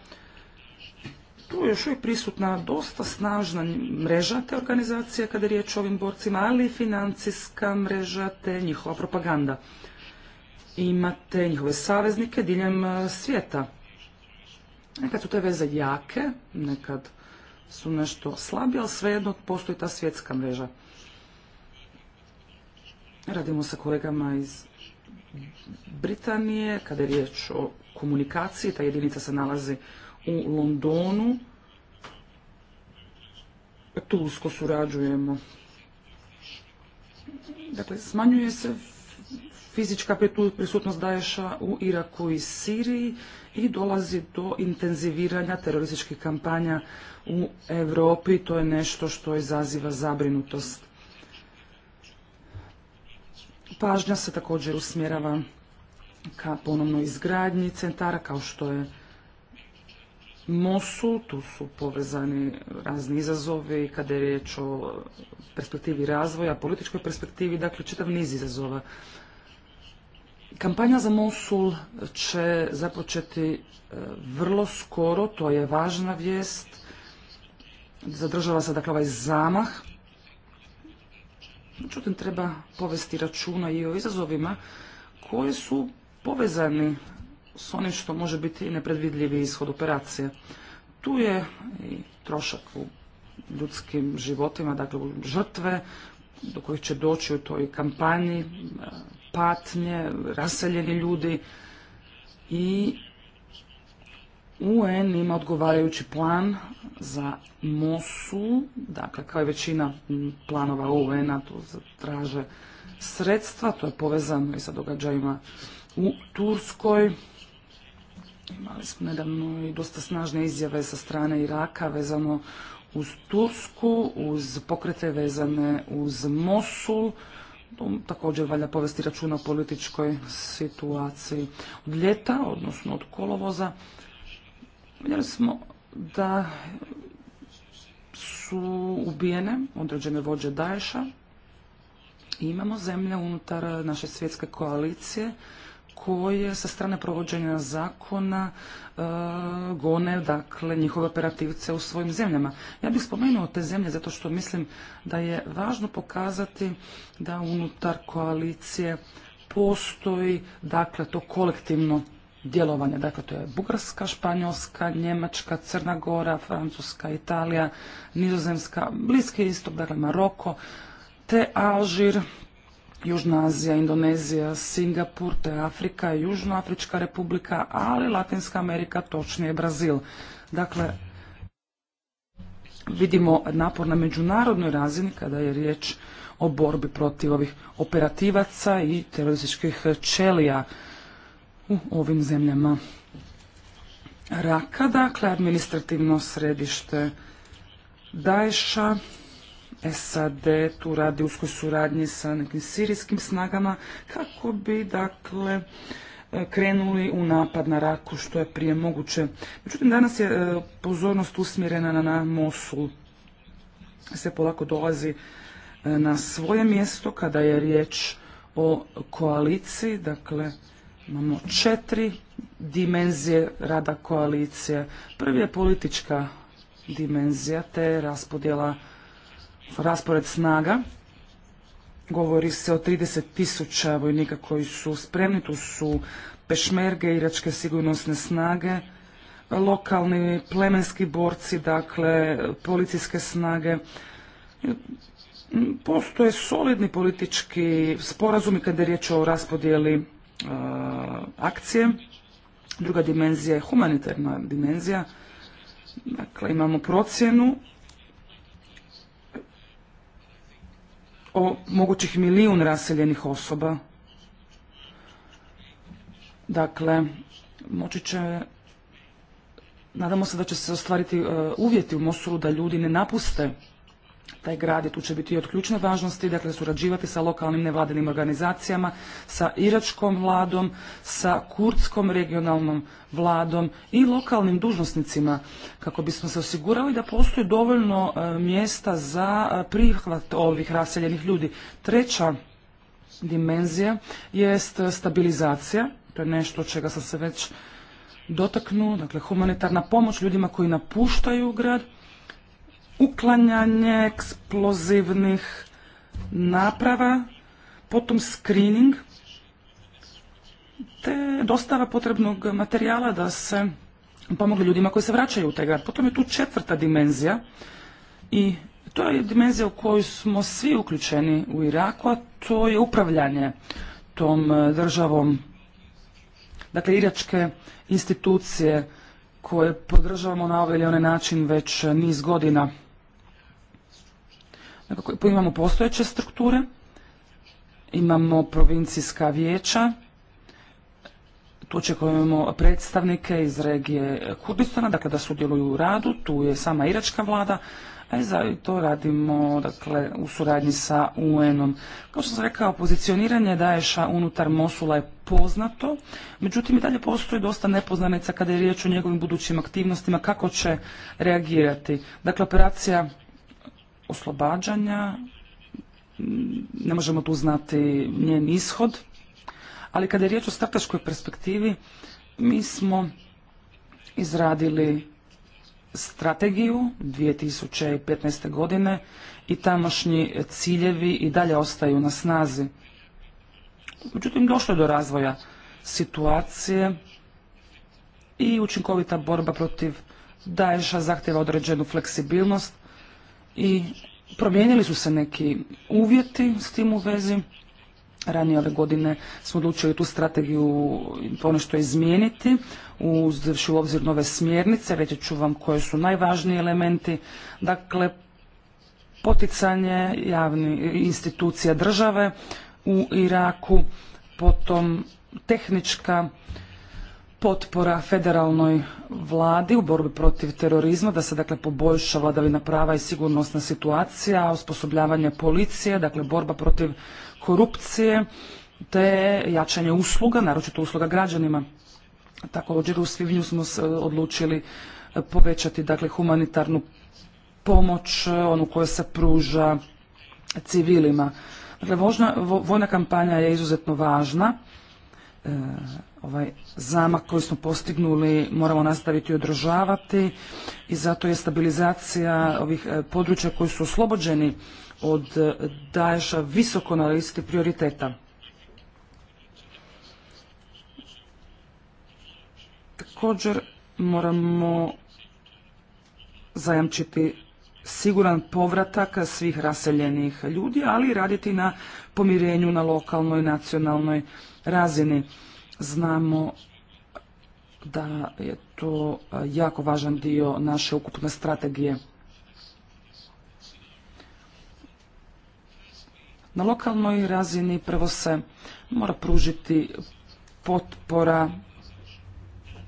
[SPEAKER 3] Tu je još uvijek prisutna dosta snažna mreža te organizacije kada je riječ o ovim borcima, ali i financijska mreža te njihova propaganda. Imate njihove saveznike diljem e, svijeta. Nekad su te veze jake, nekad su nešto slabije, ali svejedno postoji ta svjetska mreža. Radimo sa kolegama iz Britanije, kada je riječ o komunikaciji, ta jedinica se nalazi u Londonu. Tu surađujemo. Dakle, smanjuje se fizička prisutnost Daješa u Iraku i Siriji i dolazi do intenziviranja terorističkih kampanja u Europi. To je nešto što izaziva zabrinutost. Pažnja se također usmjerava ka ponovnoj izgradnji centara kao što je Mosul, tu su povezani razni izazovi kada je riječ o perspektivi razvoja, političkoj perspektivi, dakle čitav niz izazova. Kampanja za Mosul će započeti e, vrlo skoro, to je važna vijest. Zadržava se dakle ovaj zamah Međutim, treba povesti računa i o izazovima koji su povezani s onim što može biti i nepredvidljivi ishod operacije. Tu je i trošak u ljudskim životima, dakle žrtve do kojih će doći u toj kampanji, e, patnje, raseljeni ljudi i UN ima odgovarajući plan za Mosu, dakle kao i većina planova UN-a tu traže sredstva, to je povezano i sa događajima u Turskoj. Imali smo nedavno i dosta snažne izjave sa strane Iraka vezano uz Tursku, uz pokrete vezane uz Mosul. Također valja povesti računa o političkoj situaciji od ljeta, odnosno od kolovoza. Vidjeli smo da su ubijene određene vođe Daesha. Imamo zemlje unutar naše svjetske koalicije koje sa strane provođenja zakona e, gone dakle njihove operativce u svojim zemljama. Ja bih spomenuo te zemlje zato što mislim da je važno pokazati da unutar koalicije postoji dakle to kolektivno djelovanja, Dakle, to je Bugarska, Španjolska, Njemačka, Crna Gora, Francuska, Italija, Nizozemska, Bliski istok, dakle Maroko, te Alžir, Južna Azija, Indonezija, Singapur, te Afrika, Južnoafrička republika, ali Latinska Amerika, točnije Brazil. Dakle, vidimo napor na međunarodnoj razini kada je riječ o borbi protiv ovih operativaca i terorističkih čelija u ovim zemljama Raka, dakle administrativno središte Daješa, SAD tu radi uskoj suradnji sa nekim sirijskim snagama kako bi dakle krenuli u napad na Raku što je prije moguće. Međutim, danas je e, pozornost usmjerena na Mosul. Se polako dolazi e, na svoje mjesto kada je riječ o koaliciji, dakle Imamo četiri dimenzije rada koalicije. Prvi je politička dimenzija te raspodjela, raspored snaga. Govori se o 30 tisuća vojnika koji su spremni, tu su pešmerge, iračke sigurnosne snage, lokalni plemenski borci, dakle policijske snage. Postoje solidni politički sporazumi kada je riječ o raspodjeli Eh, akcije. Druga dimenzija je humanitarna dimenzija. Dakle, imamo procjenu o mogućih milijun raseljenih osoba. Dakle, moći će, nadamo se da će se ostvariti eh, uvjeti u Mosulu da ljudi ne napuste taj grad i tu će biti od ključne važnosti, dakle surađivati sa lokalnim nevladinim organizacijama, sa iračkom vladom, sa kurdskom regionalnom vladom i lokalnim dužnosnicima kako bismo se osigurali da postoji dovoljno e, mjesta za e, prihvat ovih raseljenih ljudi. Treća dimenzija jest stabilizacija, to je nešto čega sam se već dotaknuo, dakle humanitarna pomoć ljudima koji napuštaju grad, uklanjanje eksplozivnih naprava, potom screening, te dostava potrebnog materijala da se pomogli ljudima koji se vraćaju u taj Potom je tu četvrta dimenzija i to je dimenzija u kojoj smo svi uključeni u Iraku, a to je upravljanje tom e, državom. Dakle, iračke institucije koje podržavamo na ovaj ili onaj način već niz godina. Dakle, imamo postojeće strukture, imamo provincijska vijeća, tu očekujemo predstavnike iz regije Kurdistana, dakle da sudjeluju u radu, tu je sama iračka vlada, a i za to radimo dakle, u suradnji sa UN-om. Kao što sam rekao, pozicioniranje Daješa unutar Mosula je poznato, međutim i dalje postoji dosta nepoznanica kada je riječ o njegovim budućim aktivnostima, kako će reagirati. Dakle, operacija oslobađanja, ne možemo tu znati njen ishod, ali kada je riječ o strateškoj perspektivi, mi smo izradili strategiju 2015. godine i tamošnji ciljevi i dalje ostaju na snazi. Međutim, došlo je do razvoja situacije i učinkovita borba protiv Daješa zahtjeva određenu fleksibilnost, i promijenili su se neki uvjeti s tim u vezi. Ranije ove godine smo odlučili tu strategiju ponešto izmijeniti, uz u obzir nove smjernice, reći ću vam koje su najvažniji elementi. Dakle, poticanje javnih institucija države u Iraku, potom tehnička potpora federalnoj vladi u borbi protiv terorizma, da se dakle poboljša vladavina prava i sigurnosna situacija, osposobljavanje policije, dakle borba protiv korupcije, te jačanje usluga, naročito usluga građanima. Također u svibnju smo se odlučili povećati dakle humanitarnu pomoć, onu koja se pruža civilima. Dakle, vojna kampanja je izuzetno važna E, ovaj zamak koji smo postignuli moramo nastaviti održavati i zato je stabilizacija ovih e, područja koji su oslobođeni od e, daješa visoko na listi prioriteta. Također moramo zajamčiti siguran povratak svih raseljenih ljudi, ali i raditi na pomirenju na lokalnoj, nacionalnoj razini. Znamo da je to jako važan dio naše ukupne strategije. Na lokalnoj razini prvo se mora pružiti potpora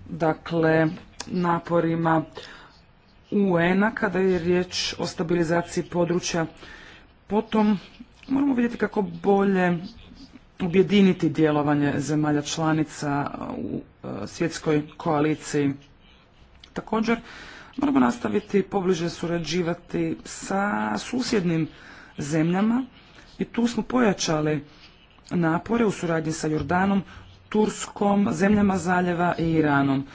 [SPEAKER 3] dakle naporima UN-a kada je riječ o stabilizaciji područja. Potom moramo vidjeti kako bolje objediniti djelovanje zemalja članica u e, svjetskoj koaliciji. Također, moramo nastaviti pobliže surađivati sa susjednim zemljama i tu smo pojačali napore u suradnji sa Jordanom, Turskom, zemljama zaljeva i Iranom.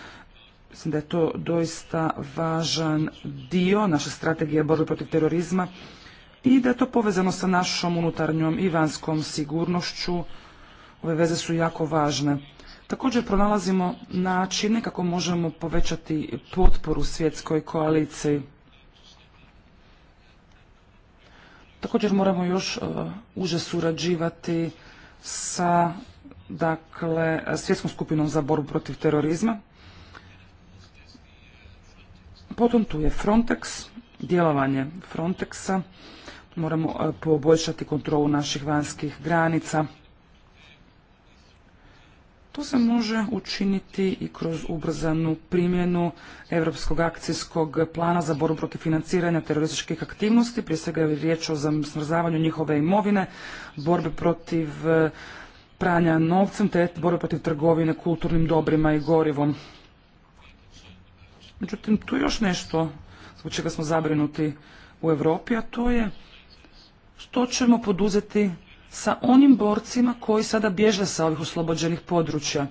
[SPEAKER 3] Mislim da je to doista važan dio naše strategije borbe protiv terorizma i da je to povezano sa našom unutarnjom i vanjskom sigurnošću. Ove veze su jako važne. Također pronalazimo načine kako možemo povećati potporu svjetskoj koaliciji. Također moramo još e, uže surađivati sa dakle, svjetskom skupinom za borbu protiv terorizma. Potom tu je Frontex, djelovanje Frontexa moramo e, poboljšati kontrolu naših vanjskih granica. To se može učiniti i kroz ubrzanu primjenu Europskog akcijskog plana za borbu protiv financiranja terorističkih aktivnosti, prije svega je riječ o zamrzavanju njihove imovine, borbe protiv e, pranja novcem te borbe protiv trgovine kulturnim dobrima i gorivom. Međutim, tu je još nešto zbog čega smo zabrinuti u Europi, a to je što ćemo poduzeti sa onim borcima koji sada bježe sa ovih oslobođenih područja.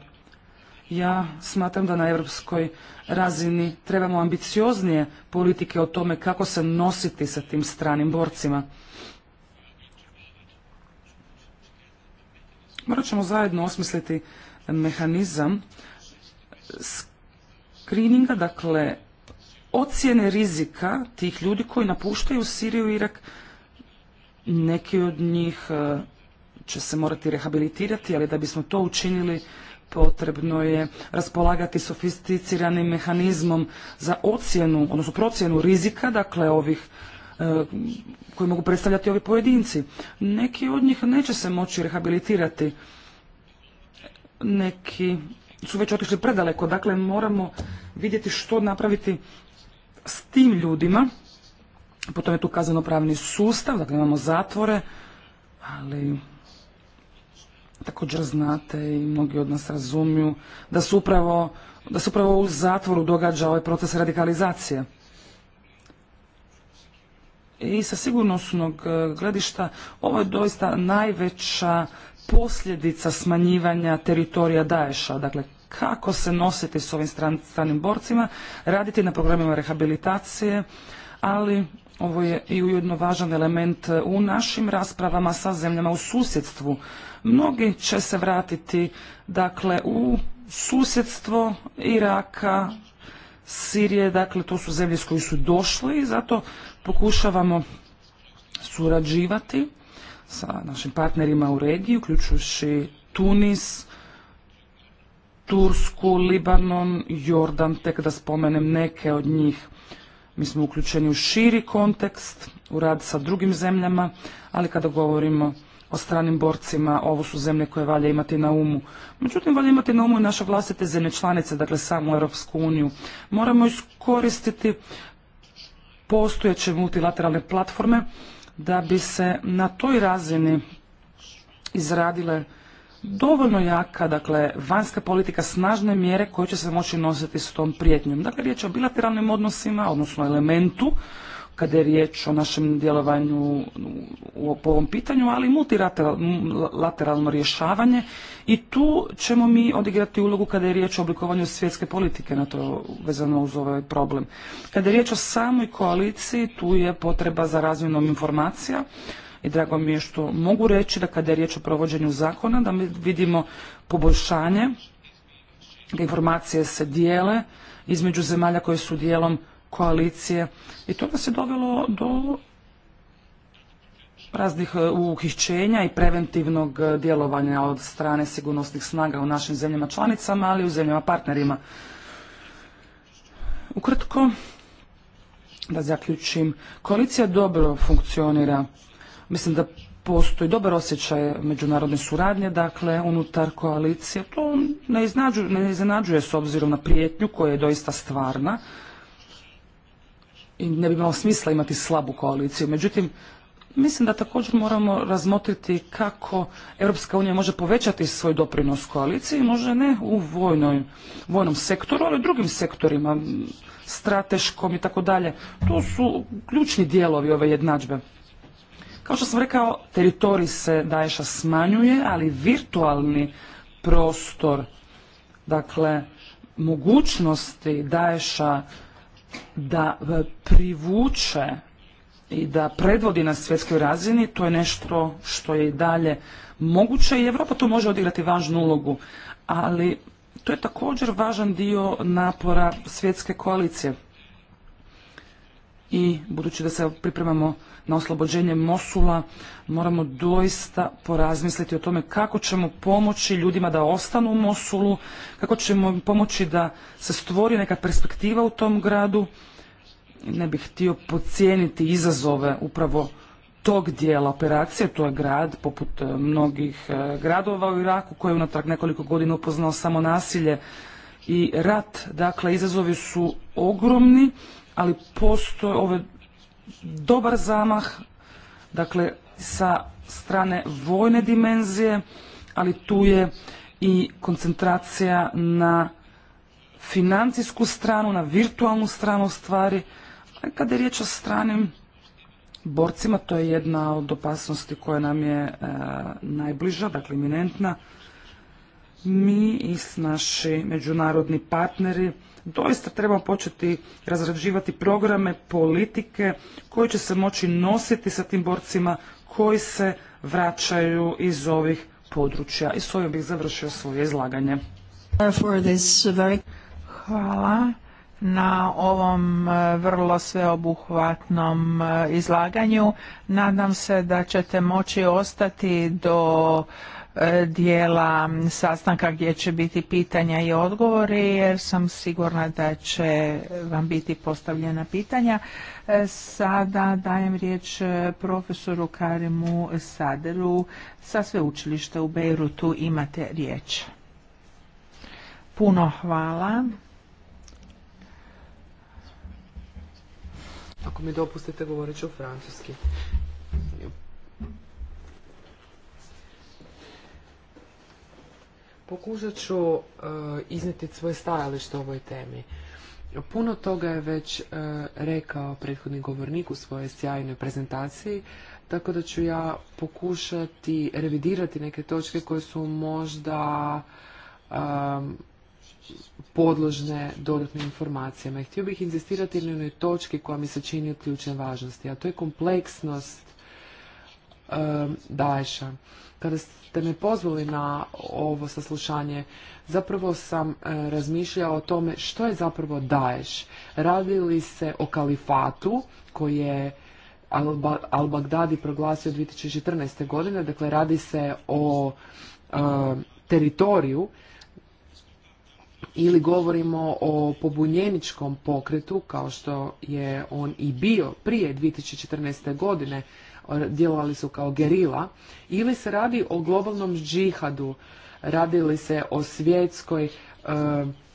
[SPEAKER 3] Ja smatram da na europskoj razini trebamo ambicioznije politike o tome kako se nositi sa tim stranim borcima. Morat ćemo zajedno osmisliti mehanizam screeninga, dakle ocjene rizika tih ljudi koji napuštaju Siriju i Irak neki od njih e, će se morati rehabilitirati, ali da bismo to učinili potrebno je raspolagati sofisticiranim mehanizmom za ocjenu, odnosno procjenu rizika, dakle ovih e, koji mogu predstavljati ovi pojedinci. Neki od njih neće se moći rehabilitirati, neki su već otišli predaleko, dakle moramo vidjeti što napraviti s tim ljudima Potom je tu pravni sustav, dakle imamo zatvore, ali također znate i mnogi od nas razumiju da su upravo, da se upravo u zatvoru događa ovaj proces radikalizacije. I sa sigurnosnog e, gledišta ovo je doista najveća posljedica smanjivanja teritorija Daesha, dakle kako se nositi s ovim stranim borcima, raditi na programima rehabilitacije, ali ovo je i ujedno važan element e, u našim raspravama sa zemljama u susjedstvu. Mnogi će se vratiti dakle u susjedstvo Iraka, Sirije, dakle to su zemlje s koji su došli i zato pokušavamo surađivati sa našim partnerima u regiji, uključujući Tunis, Tursku, Libanon, Jordan, tek da spomenem neke od njih. Mi smo uključeni u širi kontekst, u rad sa drugim zemljama, ali kada govorimo o stranim borcima, ovo su zemlje koje valja imati na umu. Međutim, valja imati na umu i naše vlastite zemlje članice, dakle samu Europsku uniju. Moramo iskoristiti postojeće multilateralne platforme da bi se na toj razini izradile dovoljno jaka, dakle, vanjska politika, snažne mjere koje će se moći nositi s tom prijetnjom. Dakle, riječ je o bilateralnim odnosima, odnosno elementu, kada je riječ o našem djelovanju po ovom pitanju, ali multilateralno rješavanje i tu ćemo mi odigrati ulogu kada je riječ o oblikovanju svjetske politike na to vezano uz ovaj problem. Kada je riječ o samoj koaliciji, tu je potreba za razmjenom informacija, i drago mi je što mogu reći da kada je riječ o provođenju zakona da mi vidimo poboljšanje, da informacije se dijele između zemalja koje su dijelom koalicije i to nas je dovelo do raznih e, uhišćenja i preventivnog e, djelovanja od strane sigurnosnih snaga u našim zemljama članicama, ali i u zemljama partnerima. Ukratko, da zaključim, koalicija dobro funkcionira Mislim da postoji dobar osjećaj međunarodne suradnje, dakle, unutar koalicije. To ne, iznenađuje s obzirom na prijetnju koja je doista stvarna i ne bi imalo smisla imati slabu koaliciju. Međutim, mislim da također moramo razmotriti kako Europska unija može povećati svoj doprinos koaliciji, može ne u vojnom sektoru, ali u drugim sektorima, strateškom i tako dalje. To su ključni dijelovi ove jednadžbe. Kao što sam rekao, teritorij se Daješa smanjuje, ali virtualni prostor, dakle, mogućnosti Daješa da e, privuče i da predvodi na svjetskoj razini, to je nešto što je i dalje moguće i Europa tu može odigrati važnu ulogu, ali to je također važan dio napora svjetske koalicije i budući da se pripremamo na oslobođenje Mosula, moramo doista porazmisliti o tome kako ćemo pomoći ljudima da ostanu u Mosulu, kako ćemo pomoći da se stvori neka perspektiva u tom gradu. Ne bih htio podcijeniti izazove upravo tog dijela operacije, to je grad poput e, mnogih e, gradova u Iraku koji je unatrag nekoliko godina upoznao samo nasilje i rat. Dakle, izazovi su ogromni ali postoje ovaj dobar zamah, dakle sa strane vojne dimenzije, ali tu je i koncentracija na financijsku stranu, na virtualnu stranu stvari. A kada je riječ o stranim borcima, to je jedna od opasnosti koja nam je e, najbliža, dakle iminentna. Mi i naši međunarodni partneri doista treba početi razrađivati programe, politike koji će se moći nositi sa tim borcima koji se vraćaju iz ovih područja. I s ovim bih završio svoje
[SPEAKER 1] izlaganje. Hvala na ovom e, vrlo sveobuhvatnom e, izlaganju. Nadam se da ćete moći ostati do E, dijela sastanka gdje će biti pitanja i odgovori jer sam sigurna da će vam biti postavljena pitanja. E, sada dajem riječ e, profesoru Karimu Saderu sa sveučilišta u Beirutu. Imate riječ. Puno hvala.
[SPEAKER 2] Ako mi dopustite, govorit ću francuski. Pokušat ću e, iznijeti svoje stajalište o ovoj temi. Puno toga je već e, rekao prethodni govornik u svojoj sjajnoj prezentaciji, tako da ću ja pokušati revidirati neke točke koje su možda e, podložne dodatnim informacijama. I htio bih insistirati na jednoj točki koja mi se čini od ključne važnosti, a to je kompleksnost um, kada ste me pozvali na ovo saslušanje, zapravo sam e, razmišljao o tome što je zapravo Daješ. Radi li se o kalifatu koji je Al-Baghdadi proglasio 2014. godine, dakle radi se o e, teritoriju ili govorimo o pobunjeničkom pokretu kao što je on i bio prije 2014. godine djelovali su kao gerila, ili se radi o globalnom džihadu, radi li se o svjetskoj eh,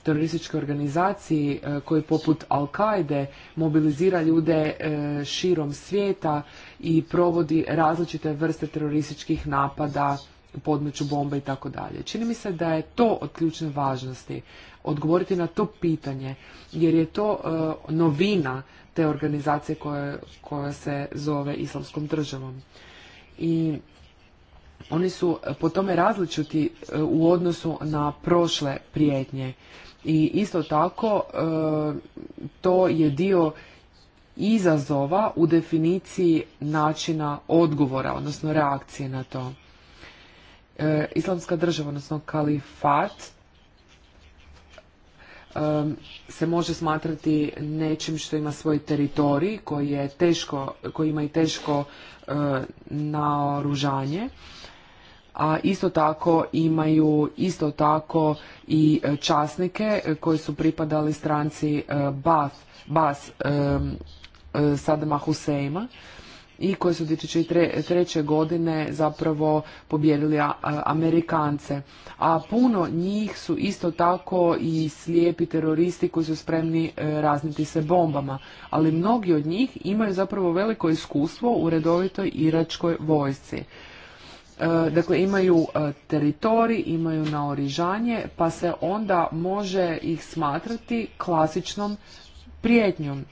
[SPEAKER 2] terorističkoj organizaciji e, koji poput Al-Kaide mobilizira ljude eh, širom svijeta i provodi različite vrste terorističkih napada podmeću bombe i tako dalje. Čini mi se da je to od ključne važnosti, odgovoriti na to pitanje, jer je to e, novina te organizacije koja, se zove Islamskom državom. I oni su po tome različiti e, u odnosu na prošle prijetnje. I isto tako e, to je dio izazova u definiciji načina odgovora, odnosno reakcije na to. E, islamska država, odnosno kalifat, se može smatrati nečim što ima svoj teritorij koji je teško, koji ima i teško e, naoružanje, a isto tako imaju isto tako i časnike koji su pripadali stranci e, Bas, Bas Sadama Huseima i koji su 2003. godine zapravo pobijedili Amerikance. A puno njih su isto tako i slijepi teroristi koji su spremni e, razniti se bombama. Ali mnogi od njih imaju zapravo veliko iskustvo u redovitoj iračkoj vojsci. E, dakle, imaju e, teritorij, imaju naorižanje, pa se onda može ih smatrati klasičnom prijetnjom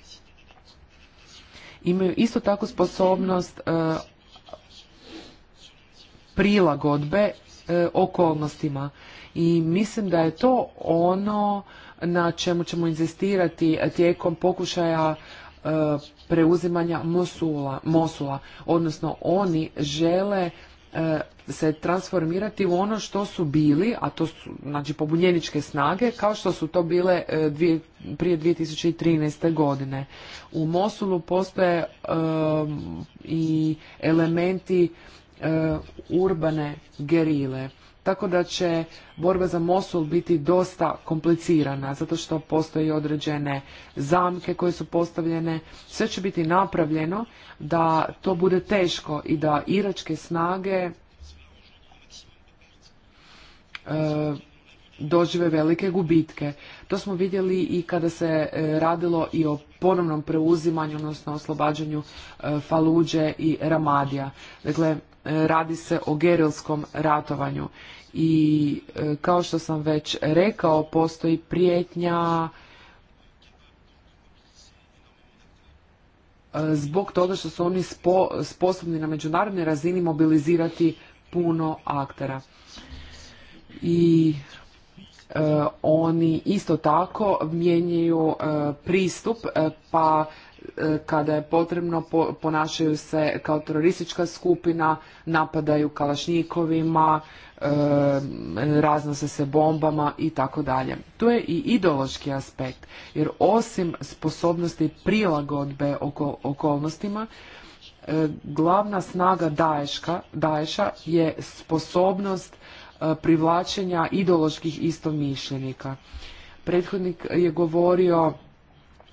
[SPEAKER 2] imaju isto tako sposobnost e, prilagodbe e, okolnostima i mislim da je to ono na čemu ćemo inzistirati tijekom pokušaja e, preuzimanja Mosula, Mosula. Odnosno, oni žele se transformirati u ono što su bili, a to su znači pobunjeničke snage, kao što su to bile e, dvije, prije 2013. godine. U Mosulu postoje i elementi e, urbane gerile tako da će borba za Mosul biti dosta komplicirana, zato što postoje određene zamke koje su postavljene. Sve će biti napravljeno da to bude teško i da iračke snage E, dožive velike gubitke. To smo vidjeli i kada se e, radilo i o ponovnom preuzimanju, odnosno oslobađanju e, Faluđe i Ramadija. Dakle, radi se o gerilskom ratovanju. I kao što sam već rekao, postoji prijetnja zbog toga što su oni sposobni na međunarodnoj razini mobilizirati puno aktera i e, oni isto tako mijenjaju e, pristup e, pa kada je potrebno ponašaju se kao teroristička skupina, napadaju kalašnjikovima, raznose se bombama i tako dalje. to je i ideološki aspekt jer osim sposobnosti prilagodbe oko, okolnostima glavna snaga Daeška, Daesha je sposobnost E, privlačenja ideoloških istomišljenika. Prethodnik je govorio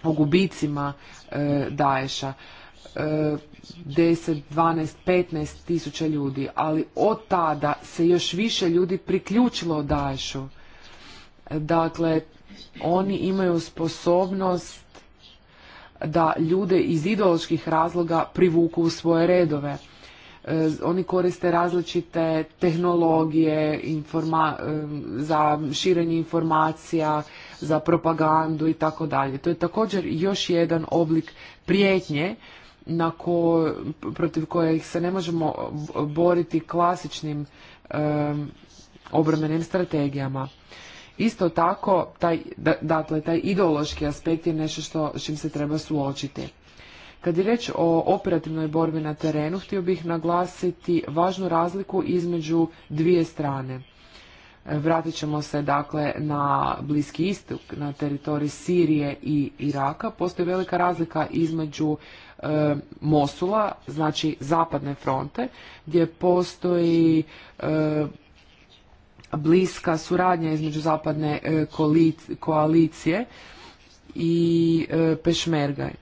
[SPEAKER 2] o gubicima e, Daesha. 10, 12, 15 tisuća ljudi, ali od tada se još više ljudi priključilo Daješu. Dakle, oni imaju sposobnost da ljude iz ideoloških razloga privuku u svoje redove. E, oni koriste različite tehnologije informa za širenje informacija, za propagandu i tako dalje. To je također još jedan oblik prijetnje na ko, protiv kojeg se ne možemo boriti klasičnim um, obrambenim strategijama. Isto tako, taj, dakle, taj ideološki aspekt je nešto što, s čim se treba suočiti. Kad je riječ o operativnoj borbi na terenu, htio bih naglasiti važnu razliku između dvije strane. Vratit ćemo se dakle na Bliski istok, na teritoriji Sirije i Iraka. Postoji velika razlika između e, Mosula, znači zapadne fronte, gdje postoji e, bliska suradnja između zapadne e, koalicije i pešmergaj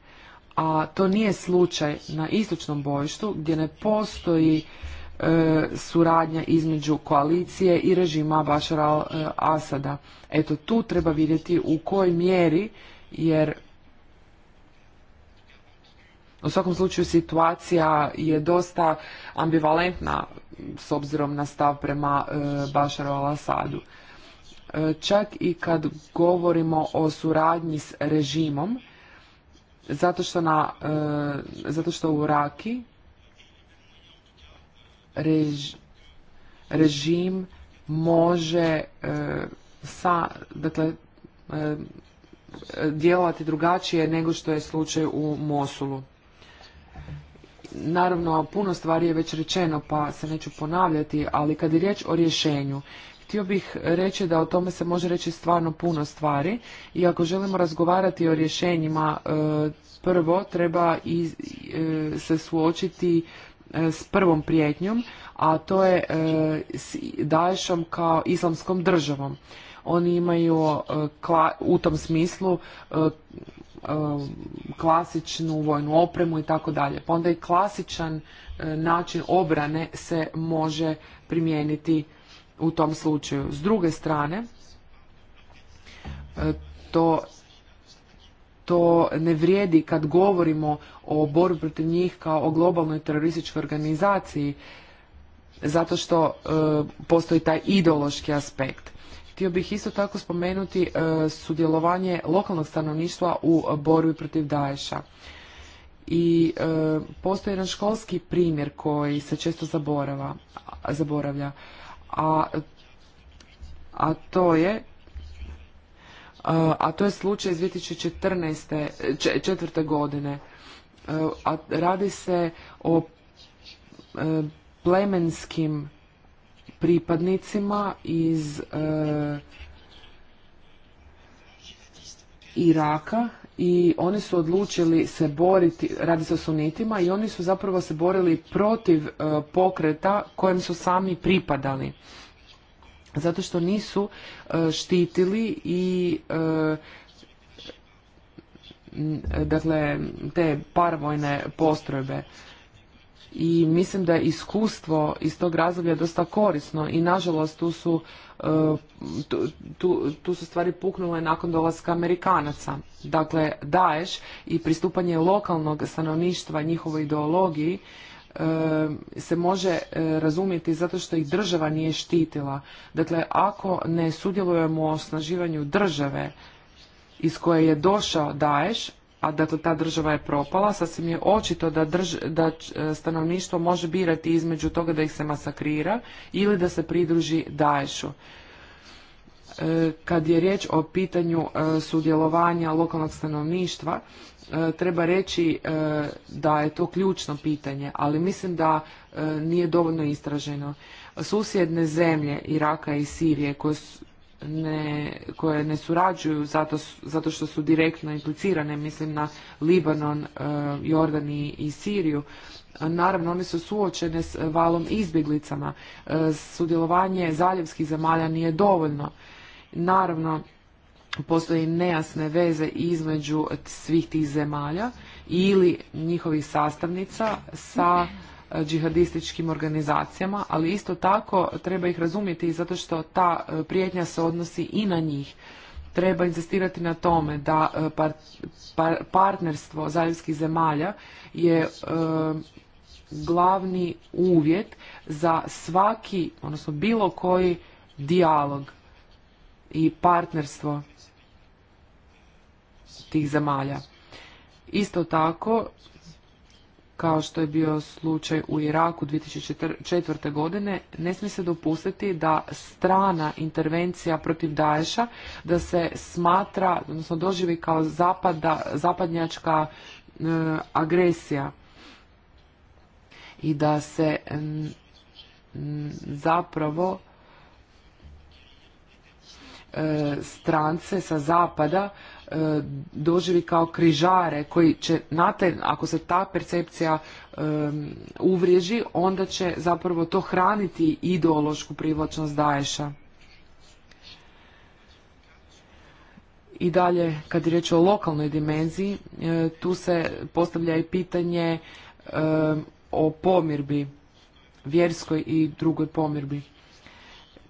[SPEAKER 2] a to nije slučaj na istočnom bojištu gdje ne postoji e, suradnja između koalicije i režima Bašara e, asada Eto tu treba vidjeti u kojoj mjeri jer u svakom slučaju situacija je dosta ambivalentna s obzirom na stav prema e, al-Asadu. E, čak i kad govorimo o suradnji s režimom, zato što, na, e, zato što u Raki režim može e, sa, dakle, e, djelovati drugačije nego što je slučaj u Mosulu. Naravno, puno stvari je već rečeno, pa se neću ponavljati, ali kad je riječ o rješenju, Htio bih reći da o tome se može reći stvarno puno stvari i ako želimo razgovarati o rješenjima, e, prvo treba e, se suočiti e, s prvom prijetnjom, a to je s kao islamskom državom. Oni imaju u tom smislu klasičnu vojnu opremu i tako dalje. Pa onda i klasičan način obrane se može primijeniti u tom slučaju. S druge strane, e, to, to ne vrijedi kad govorimo o borbi protiv njih kao o globalnoj terorističkoj organizaciji, zato što e, postoji taj ideološki aspekt. Htio bih isto tako spomenuti e, sudjelovanje lokalnog stanovništva u borbi protiv Daesha. I e, postoji jedan školski primjer koji se često zaborava, zaboravlja a, a to je a to je slučaj iz 2014. četvrte godine. E, a radi se o e, plemenskim pripadnicima iz e, Iraka i oni su odlučili se boriti, radi se o sunitima, i oni su zapravo se borili protiv e, pokreta kojem su sami pripadali. Zato što nisu e, štitili i e, dakle te parvojne postrojbe i mislim da je iskustvo iz tog razdoblja dosta korisno i nažalost tu su, e, tu, tu, su stvari puknule nakon dolaska Amerikanaca. Dakle, Daesh i pristupanje lokalnog stanovništva njihovoj ideologiji e, se može e, razumjeti zato što ih država nije štitila. Dakle, ako ne sudjelujemo u osnaživanju države iz koje je došao Daesh, a dakle ta država je propala, sasvim je očito da, da e, stanovništvo može birati između toga da ih se masakrira ili da se pridruži Daješu. E, kad je riječ o pitanju e, sudjelovanja lokalnog stanovništva, treba reći da je to ključno pitanje, ali mislim da nije dovoljno istraženo. Susjedne zemlje Iraka i Sirije koje su ne, koje ne surađuju zato, zato što su direktno implicirane, mislim na Libanon, e, Jordan i Siriju, Naravno, one su suočene s valom izbjeglicama. E, sudjelovanje zaljevskih zemalja nije dovoljno. Naravno, postoji nejasne veze između svih tih zemalja ili njihovih sastavnica sa džihadističkim organizacijama, ali isto tako treba ih razumjeti zato što ta e, prijetnja se odnosi i na njih. Treba inzistirati na tome da e, partnerstvo zaljevskih zemalja je e, glavni uvjet za svaki, odnosno bilo koji dijalog i partnerstvo tih zemalja. Isto tako kao što je bio slučaj u Iraku 2004. godine, ne smije se dopustiti da strana intervencija protiv Daesha da se smatra, odnosno doživi kao zapada, zapadnjačka e, agresija i da se zapravo e, strance sa zapada E, doživi kao križare koji će na taj, ako se ta percepcija um, uvriježi, onda će zapravo to hraniti ideološku privlačnost Daješa. I dalje, kad je riječ o lokalnoj dimenziji, e, tu se postavlja i pitanje o pomirbi, vjerskoj i drugoj pomirbi.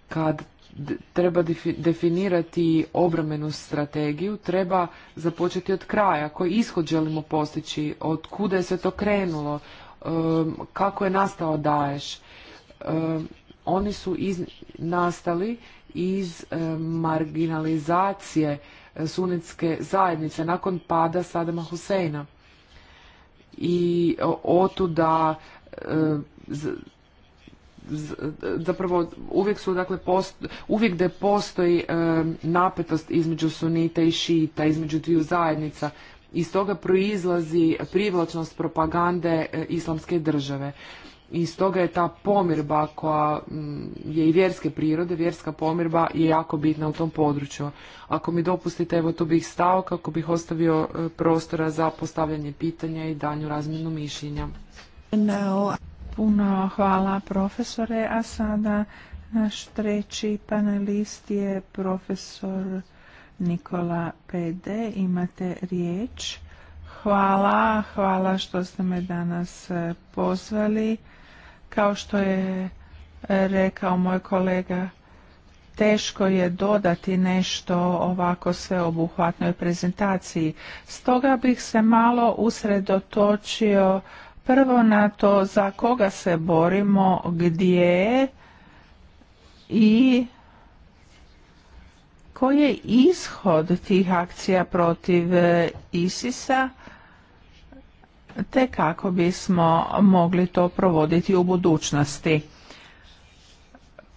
[SPEAKER 2] Kad treba definirati obramenu strategiju, treba započeti od kraja, koji ishod želimo postići, od kuda je sve to krenulo, kako je nastao Daješ. Oni su nastali iz marginalizacije eh, sunetske zajednice nakon pada Sadama Huseina. I otuda eh, zapravo uvijek su dakle post, uvijek gdje postoji e, napetost između sunita i šita, između dviju zajednica, iz toga proizlazi privlačnost propagande e, islamske države. I stoga je ta pomirba koja je i vjerske prirode, vjerska pomirba je jako bitna u tom području. Ako mi dopustite, evo tu bih stao kako bih ostavio e, prostora za postavljanje pitanja i danju razmjenu mišljenja.
[SPEAKER 1] Puno hvala profesore, a sada naš treći panelist je profesor Nikola Pede. Imate riječ. Hvala, hvala što ste me danas e, pozvali. Kao što je e, rekao moj kolega, teško je dodati nešto ovako sveobuhvatnoj prezentaciji. Stoga bih se malo usredotočio prvo na to za koga se borimo, gdje i koji je ishod tih akcija protiv Isisa, te kako bismo mogli to provoditi u budućnosti.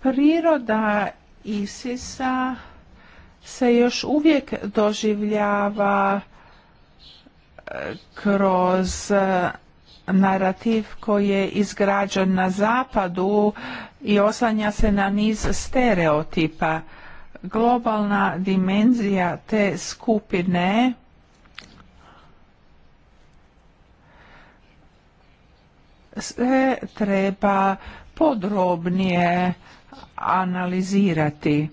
[SPEAKER 1] Priroda Isisa se još uvijek doživljava kroz narativ koji je izgrađen na zapadu i oslanja se na niz stereotipa. Globalna dimenzija te skupine se treba podrobnije analizirati.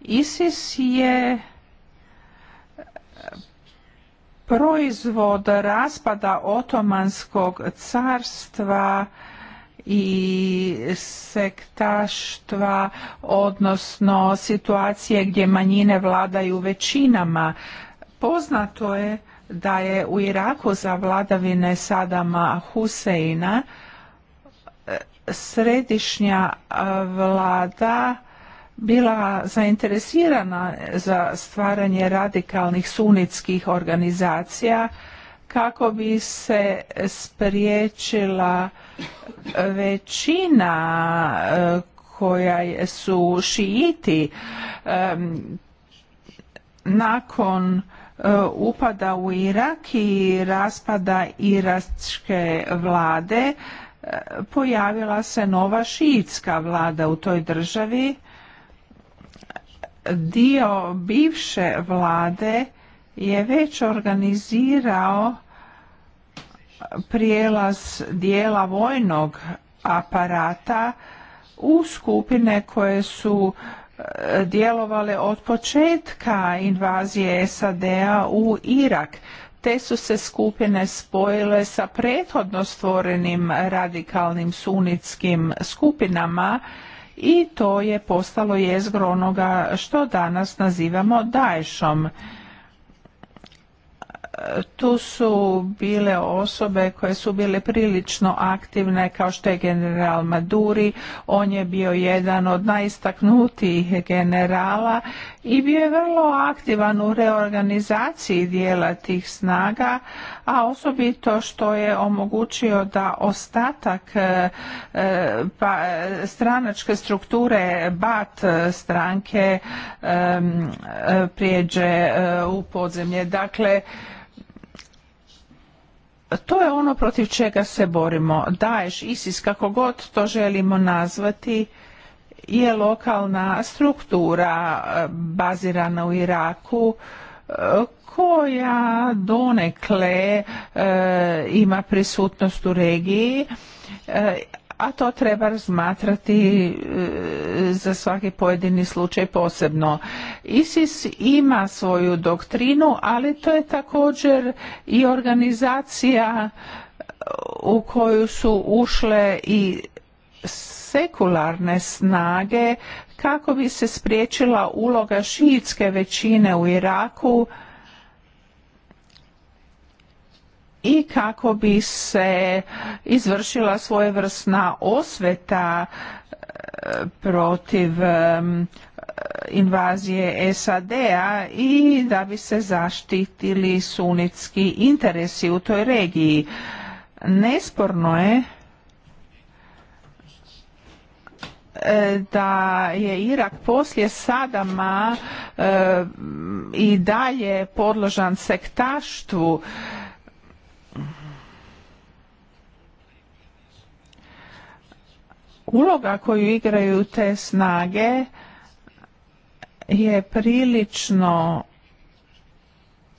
[SPEAKER 1] ISIS je proizvod raspada otomanskog carstva i sektaštva, odnosno situacije gdje manjine vladaju većinama. Poznato je da je u Iraku za vladavine Sadama Huseina e, središnja vlada bila zainteresirana za stvaranje radikalnih sunitskih organizacija kako bi se spriječila većina e, koja su šijiti e, nakon e, upada u Irak i raspada iračke vlade pojavila se nova šiitska vlada u toj državi dio bivše vlade je već organizirao prijelaz dijela vojnog aparata u skupine koje su e, djelovale od početka invazije SAD-a u Irak. Te su se skupine spojile sa prethodno stvorenim radikalnim sunitskim skupinama i to je postalo jezgro onoga što danas nazivamo Daješom. E, tu su bile osobe koje su bile prilično aktivne kao što je general Maduri, on je bio jedan od najistaknutijih generala i bio je vrlo aktivan u reorganizaciji dijela tih snaga, a osobito što je omogućio da ostatak e, e, pa, stranačke strukture bat stranke e, prijeđe u podzemlje. Dakle, to je ono protiv čega se borimo. Daješ, ISIS, kako god to želimo nazvati, je lokalna struktura e, bazirana u Iraku e, koja donekle e, ima prisutnost u regiji a to treba razmatrati za svaki pojedini slučaj posebno. ISIS ima svoju doktrinu, ali to je također i organizacija u koju su ušle i sekularne snage kako bi se spriječila uloga šiitske većine u Iraku i kako bi se izvršila svojevrsna osveta e, protiv e, invazije SAD-a i da bi se zaštitili sunitski interesi u toj regiji. Nesporno je E, da je Irak poslije Sadama e, i dalje podložan sektaštvu uloga koju igraju te snage je prilično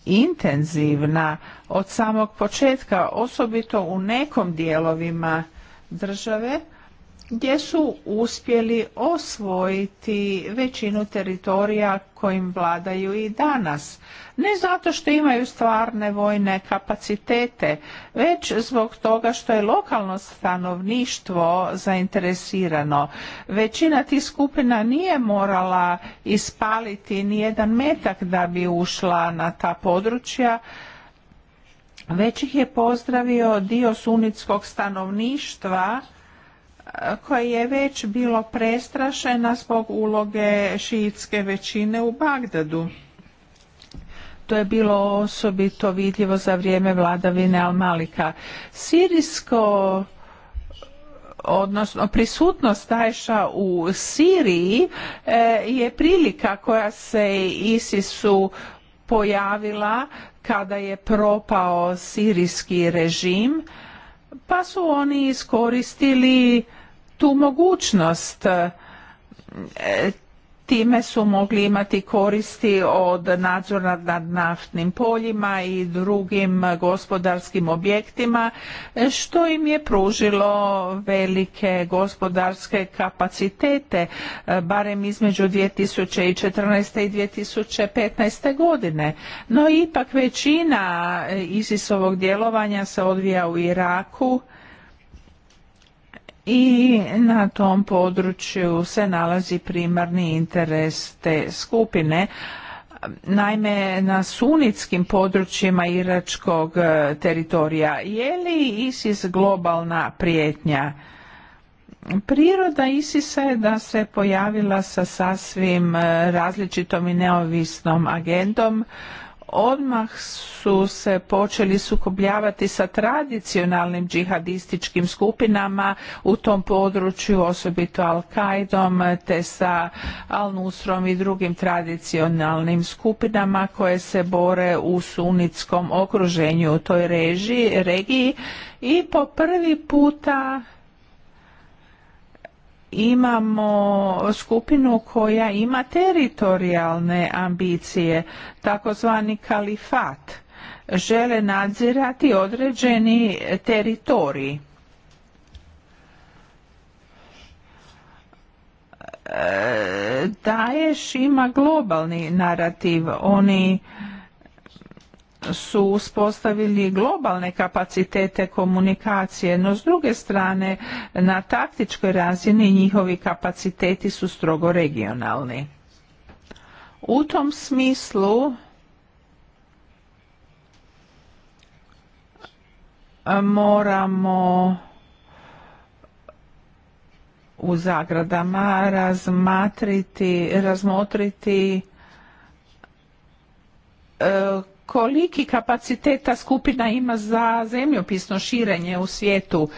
[SPEAKER 1] intenzivna od samog početka osobito u nekom dijelovima države gdje su uspjeli osvojiti većinu teritorija kojim vladaju i danas. Ne zato što imaju stvarne vojne kapacitete, već zbog toga što je lokalno stanovništvo zainteresirano. Većina tih skupina nije morala ispaliti nijedan metak da bi ušla na ta područja, već ih je pozdravio dio sunitskog stanovništva koje je već bilo prestrašena zbog uloge šiitske većine u Bagdadu. To je bilo osobito vidljivo za vrijeme vladavine Al-Malika. Sirijsko odnosno prisutnost Tajša u Siriji e, je prilika koja se ISIS-u pojavila kada je propao sirijski režim pa su oni iskoristili tu mogućnost. E, time su mogli imati koristi od nadzora nad naftnim poljima i drugim gospodarskim objektima, što im je pružilo velike gospodarske kapacitete, e, barem između 2014. i 2015. godine. No ipak većina e, ISIS-ovog djelovanja se odvija u Iraku, i na tom području se nalazi primarni interes te skupine. Naime, na sunitskim područjima iračkog e, teritorija je li ISIS globalna prijetnja? Priroda Isisa je da se pojavila sa sasvim e, različitom i neovisnom agendom odmah su se počeli sukobljavati sa tradicionalnim džihadističkim skupinama u tom području, osobito Al-Qaidom te sa Al-Nusrom i drugim tradicionalnim skupinama koje se bore u sunitskom okruženju u toj regiji i po prvi puta imamo skupinu koja ima teritorijalne ambicije, takozvani kalifat. Žele nadzirati određeni teritoriji. E, Daješ ima globalni narativ. Oni su uspostavili globalne kapacitete komunikacije, no s druge strane na taktičkoj razini njihovi kapaciteti su strogo regionalni. U tom smislu moramo u zagradama razmotriti e, koliki kapaciteta skupina ima za zemljopisno širenje u svijetu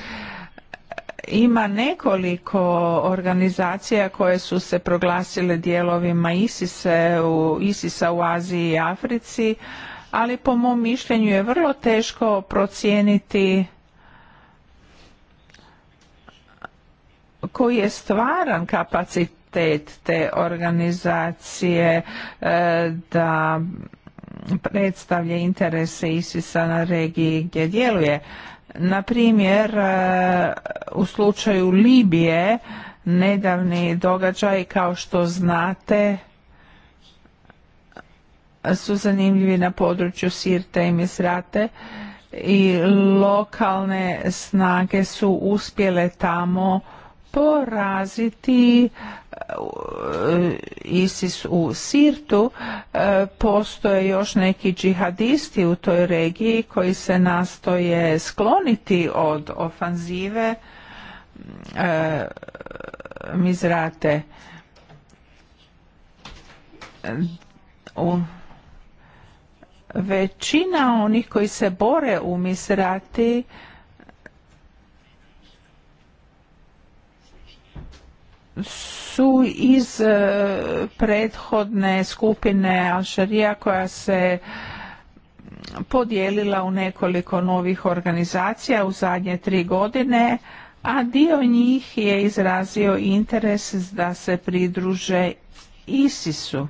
[SPEAKER 1] ima nekoliko organizacija koje su se proglasile dijelovima ISIS-a u, ISIS u Aziji i Africi, ali po mom mišljenju je vrlo teško procijeniti koji je stvaran kapacitet te organizacije e, da predstavlja interese ISIS-a na regiji gdje djeluje. Na primjer, e, u slučaju Libije, nedavni događaj, kao što znate, su zanimljivi na području Sirte i Misrate i lokalne snage su uspjele tamo poraziti E, ISIS u Sirtu e, postoje još neki džihadisti u toj regiji koji se nastoje skloniti od ofanzive e, Mizrate većina onih koji se bore u Mizrati su iz e, prethodne skupine Alšarija koja se podijelila u nekoliko novih organizacija u zadnje tri godine, a dio njih je izrazio interes da se pridruže ISIS-u.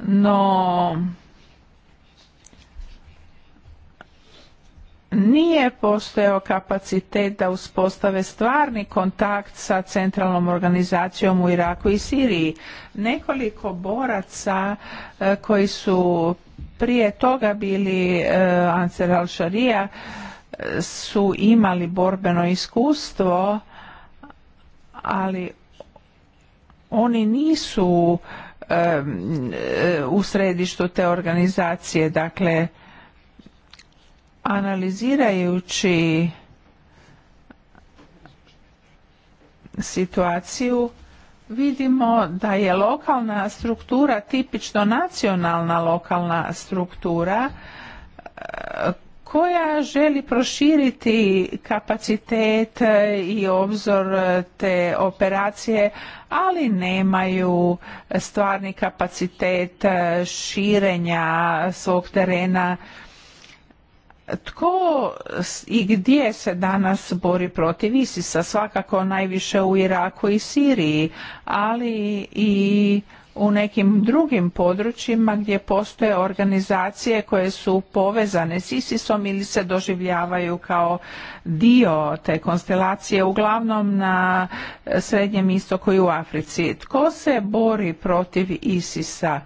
[SPEAKER 1] No, nije postojao kapacitet da uspostave stvarni kontakt sa centralnom organizacijom u Iraku i Siriji. Nekoliko boraca e, koji su prije toga bili e, Ansar al-Sharia e, su imali borbeno iskustvo, ali oni nisu u središtu te organizacije, dakle Analizirajući situaciju vidimo da je lokalna struktura tipično nacionalna lokalna struktura e, koja želi proširiti kapacitet i obzor te operacije, ali nemaju stvarni kapacitet širenja svog terena tko i gdje se danas bori protiv Isisa? Svakako najviše u Iraku i Siriji, ali i u nekim drugim područjima gdje postoje organizacije koje su povezane s ISISom ili se doživljavaju kao dio te konstelacije, uglavnom na Srednjem istoku i u Africi. Tko se bori protiv ISISA?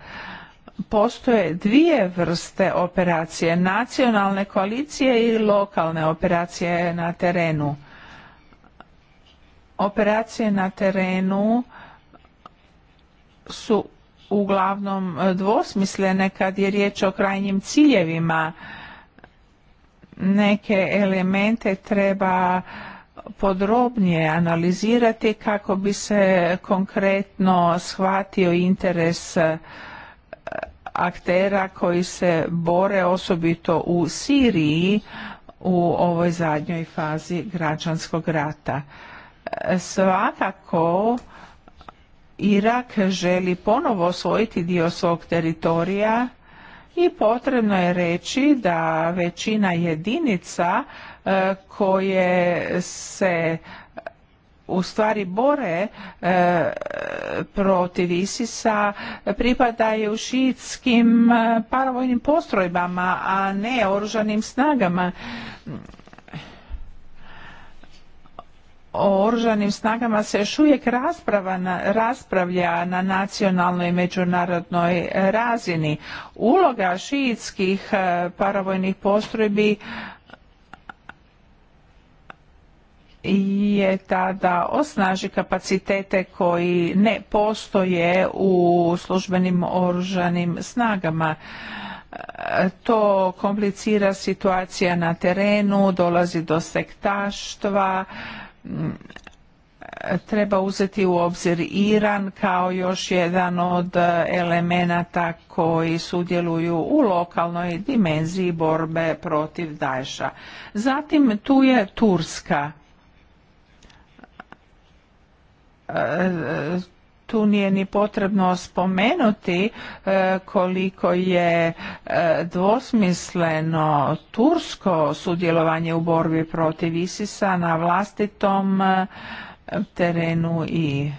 [SPEAKER 1] postoje dvije vrste operacije, nacionalne koalicije i lokalne operacije na terenu. Operacije na terenu su uglavnom dvosmislene kad je riječ o krajnjim ciljevima. Neke elemente treba podrobnije analizirati kako bi se konkretno shvatio interes aktera koji se bore osobito u Siriji u ovoj zadnjoj fazi građanskog rata. Svakako Irak želi ponovo osvojiti dio svog teritorija i potrebno je reći da većina jedinica e, koje se u stvari bore e, protiv Isisa pripadaju šiitskim e, paravojnim postrojbama, a ne oružanim snagama. O oružanim snagama se još uvijek na, raspravlja na nacionalnoj i međunarodnoj razini. Uloga šiitskih e, paravojnih postrojbi je tada osnaži kapacitete koji ne postoje u službenim oružanim snagama. E, to komplicira situacija na terenu, dolazi do sektaštva, mm, treba uzeti u obzir Iran kao još jedan od elemenata koji sudjeluju u lokalnoj dimenziji borbe protiv Daesha. Zatim tu je Turska tu nije ni potrebno spomenuti e, koliko je e, dvosmisleno tursko sudjelovanje u borbi protiv Isisa na vlastitom e, terenu i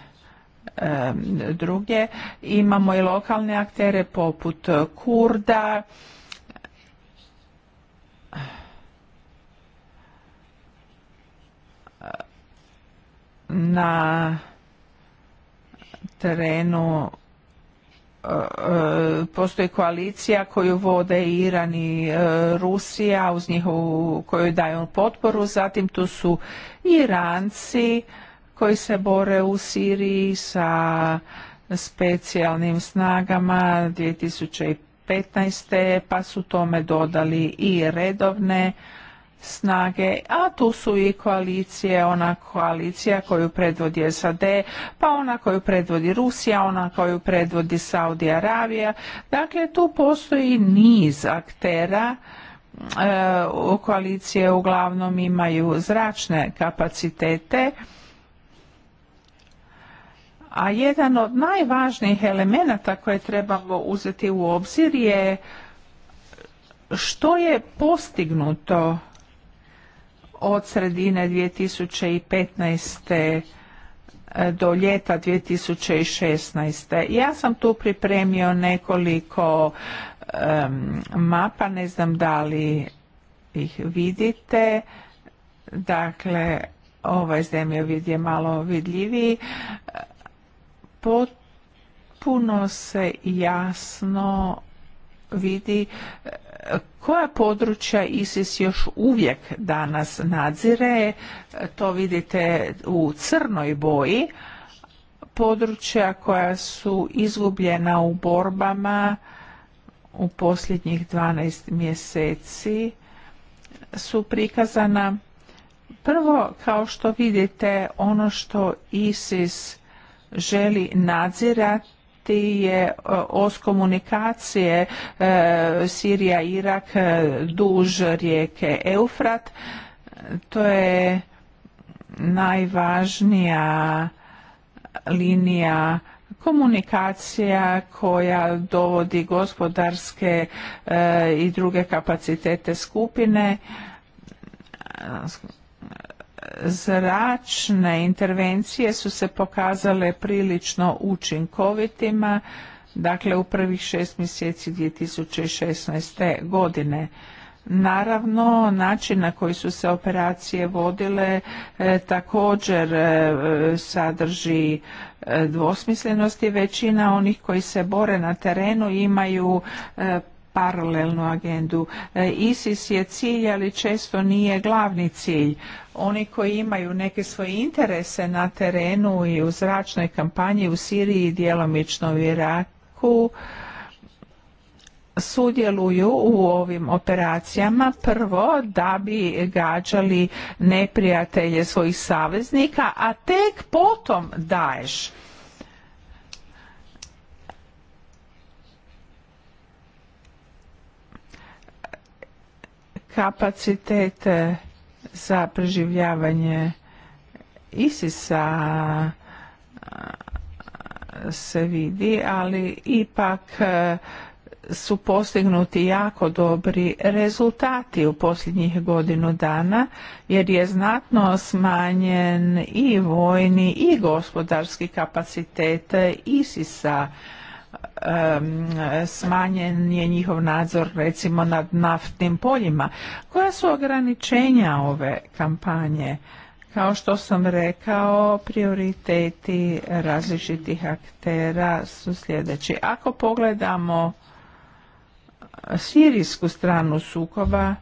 [SPEAKER 1] druge. Imamo i lokalne aktere poput Kurda, na terenu e, e, postoji koalicija koju vode Iran i e, Rusija uz njihovu koju daju potporu zatim tu su Iranci koji se bore u Siriji sa specijalnim snagama 2015. pa su tome dodali i redovne snage, a tu su i koalicije, ona koalicija koju predvodi SAD, pa ona koju predvodi Rusija, ona koju predvodi Saudi Arabija. Dakle, tu postoji niz aktera e, koalicije uglavnom imaju zračne kapacitete a jedan od najvažnijih elemenata koje trebamo uzeti u obzir je što je postignuto od sredine 2015 e, do ljeta 2016. Ja sam tu pripremio nekoliko mapa, ne znam da li ih vidite. Dakle, ovaj zemljovid je malo vidljiviji. Puno se jasno vidi koja područja ISIS još uvijek danas nadzire, to vidite u crnoj boji, područja koja su izgubljena u borbama u posljednjih 12 mjeseci su prikazana prvo kao što vidite ono što ISIS želi nadzirati je e, os komunikacije e, Sirija, Irak, e, duž rijeke Eufrat. To je najvažnija linija komunikacija koja dovodi gospodarske i druge kapacitete skupine zračne intervencije su se pokazale prilično učinkovitima, dakle u prvih šest mjeseci 2016. godine. Naravno, način na koji su se operacije vodile e, također e, sadrži e, dvosmislenosti. Većina onih koji se bore na terenu imaju e, paralelnu agendu. E, ISIS je cilj, ali često nije glavni cilj. Oni koji imaju neke svoje interese na terenu i u zračnoj kampanji u Siriji i djelomično u Iraku, sudjeluju u ovim operacijama prvo da bi gađali neprijatelje svojih saveznika, a tek potom daješ. Kapacitete za preživljavanje Isisa se vidi, ali ipak su postignuti jako dobri rezultati u posljednjih godinu dana jer je znatno smanjen i vojni i gospodarski kapacitet ISIS-a smanjen je njihov nadzor recimo nad naftnim poljima. Koja su ograničenja ove kampanje? Kao što sam rekao, prioriteti različitih aktera su sljedeći. Ako pogledamo sirijsku stranu sukoba,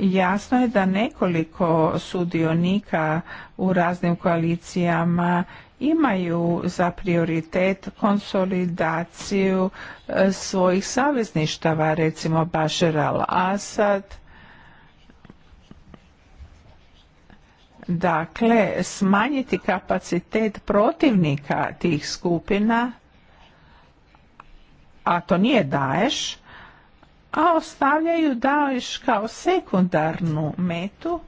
[SPEAKER 1] jasno je da nekoliko sudionika u raznim koalicijama imaju za prioritet konsolidaciju e, svojih savezništava, recimo Bashar al-Assad. Dakle, smanjiti kapacitet protivnika tih skupina, a to nije daješ, a ostavljaju daješ kao sekundarnu metu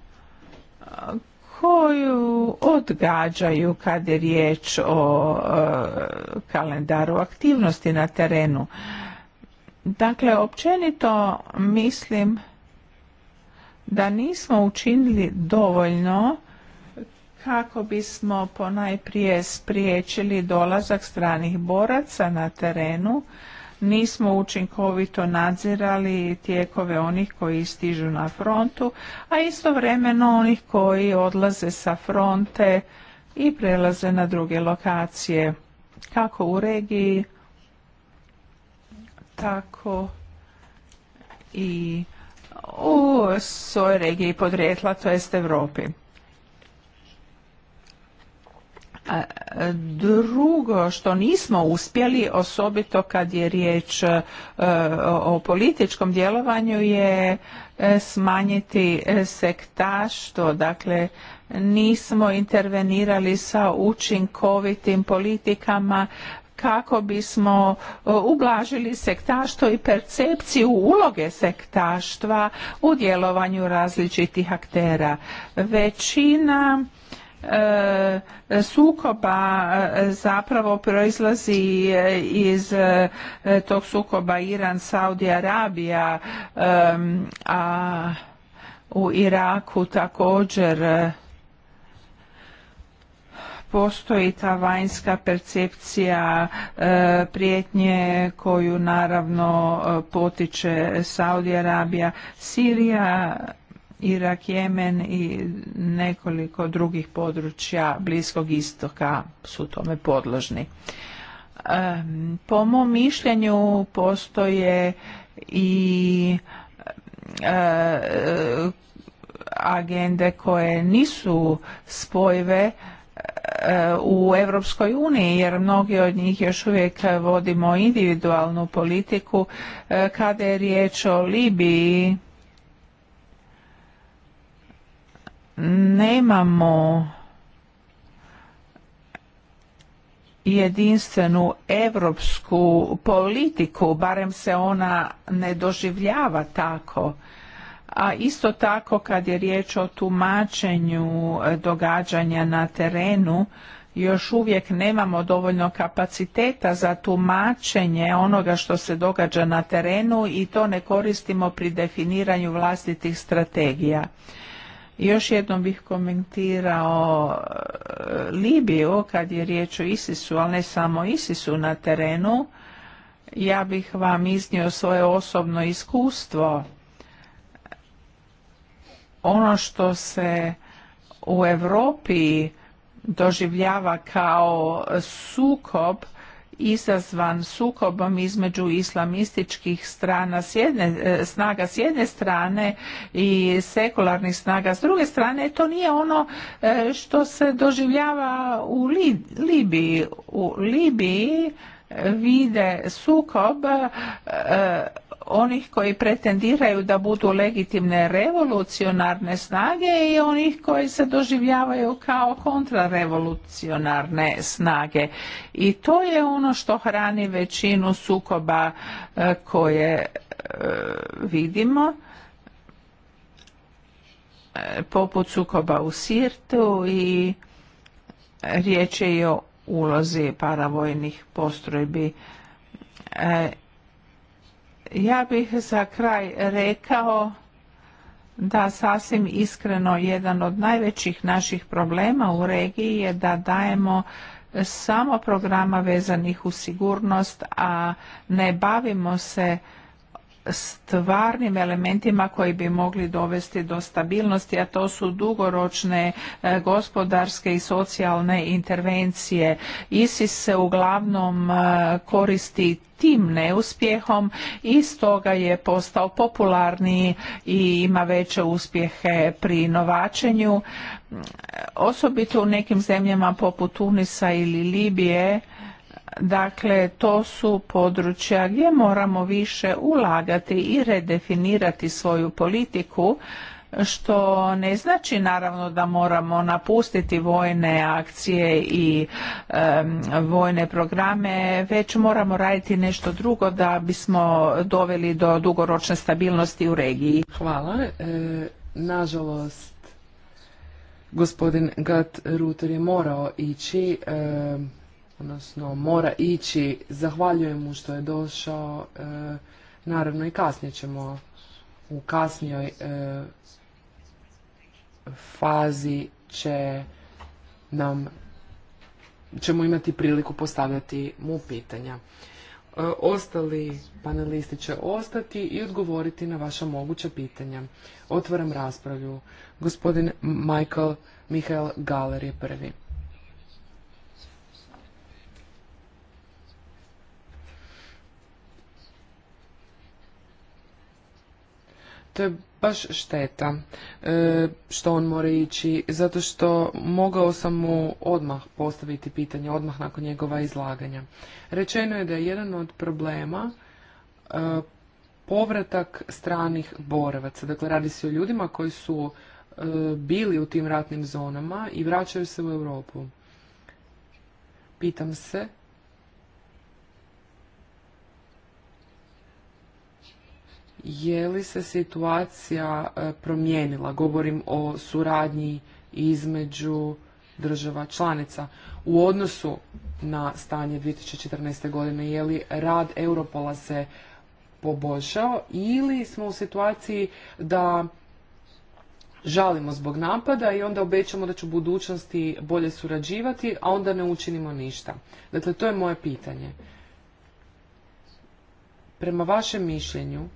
[SPEAKER 1] koju odgađaju kad je riječ o e, kalendaru aktivnosti na terenu. Dakle, općenito mislim da nismo učinili dovoljno kako bismo ponajprije spriječili dolazak stranih boraca na terenu nismo učinkovito nadzirali tijekove onih koji stižu na frontu, a istovremeno onih koji odlaze sa fronte i prelaze na druge lokacije, kako u regiji, tako i u svojoj regiji podrijetla, to jest Europi. Drugo što nismo uspjeli, osobito kad je riječ e, o političkom djelovanju, je e, smanjiti sektaštvo. Dakle, nismo intervenirali sa učinkovitim politikama kako bismo e, ublažili sektaštvo i percepciju uloge sektaštva u djelovanju različitih aktera. Većina E, sukoba e, zapravo proizlazi e, iz tog sukoba Iran, Saudi Arabija, a u Iraku također postoji ta vanjska percepcija prijetnje koju naravno potiče Saudi Arabija, Sirija Irak, Jemen i nekoliko drugih područja Bliskog istoka su tome podložni. Po mom mišljenju postoje i e, agende koje nisu spojive e, u Europskoj uniji jer mnogi od njih još uvijek vodimo individualnu politiku e, kada je riječ o Libiji nemamo jedinstvenu europsku politiku, barem se ona ne doživljava tako. A isto tako kad je riječ o tumačenju događanja na terenu, još uvijek nemamo dovoljno kapaciteta za tumačenje onoga što se događa na terenu i to ne koristimo pri definiranju vlastitih strategija. Još jednom bih komentirao e, Libiju kad je riječ o Isisu, ali ne samo Isisu na terenu. Ja bih vam iznio svoje osobno iskustvo. Ono što se u Europi doživljava kao sukob izazvan sukobom između islamističkih strana s jedne, e, snaga s jedne strane i sekularnih snaga s druge strane to nije ono e, što se doživljava u Libiji u Libiji vide sukob e, onih koji pretendiraju da budu legitimne revolucionarne snage i onih koji se doživljavaju kao kontrarevolucionarne snage. I to je ono što hrani većinu sukoba e, koje e, vidimo e, poput sukoba u Sirtu i riječ je i o ulozi paravojnih postrojbi ja bih za kraj rekao da sasvim iskreno jedan od najvećih naših problema u regiji je da dajemo samo programa vezanih u sigurnost, a ne bavimo se stvarnim elementima koji bi mogli dovesti do stabilnosti, a to su dugoročne e, gospodarske i socijalne intervencije. ISIS se uglavnom e, koristi tim neuspjehom i stoga je postao popularniji i ima veće uspjehe pri novačenju. E, osobito u nekim zemljama poput Tunisa ili Libije Dakle, to su područja gdje moramo više ulagati i redefinirati svoju politiku, što ne znači naravno da moramo napustiti vojne akcije i vojne programe, već moramo raditi nešto drugo da bismo doveli do dugoročne stabilnosti u regiji. Hvala. E,
[SPEAKER 2] nažalost, gospodin Gat Ruter je morao ići. E, odnosno mora ići. Zahvaljujem mu što je došao, e, naravno i kasnije ćemo u kasnijoj e, fazi će nam ćemo imati priliku postavljati mu pitanja. E, ostali panelisti će ostati i odgovoriti na vaša moguća pitanja. Otvaram raspravu. Gospodin Michael Michael Galer je prvi. To je baš šteta e, što on mora ići, zato što mogao sam mu odmah postaviti pitanje, odmah nakon njegova izlaganja. Rečeno je da je jedan od problema e, povratak stranih boravaca. Dakle, radi se o ljudima koji su e, bili u tim ratnim zonama i vraćaju se u Europu. Pitam se je li se situacija e, promijenila? Govorim o suradnji između država članica u odnosu na stanje 2014. godine. Je li rad Europola se poboljšao ili smo u situaciji da žalimo zbog napada i onda obećamo da će u budućnosti bolje surađivati, a onda ne učinimo ništa. Dakle, to je moje pitanje. Prema vašem mišljenju,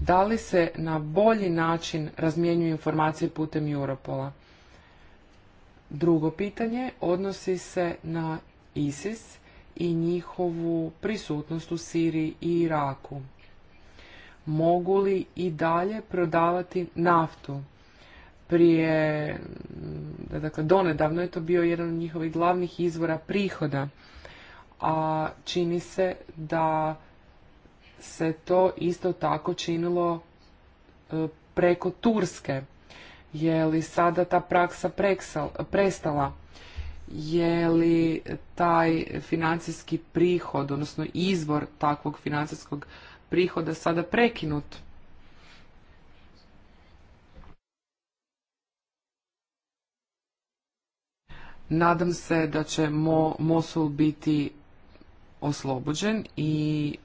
[SPEAKER 2] da li se na bolji način razmjenjuju informacije putem Europola. Drugo pitanje odnosi se na ISIS i njihovu prisutnost u Siriji i Iraku. Mogu li i dalje prodavati naftu? Prije, dakle, donedavno je to bio jedan od njihovih glavnih izvora prihoda, a čini se da se to isto tako činilo e, preko Turske. Je li sada ta praksa prestala? Je li taj financijski prihod, odnosno izvor takvog financijskog prihoda sada prekinut? Nadam se da će Mosul biti oslobođen i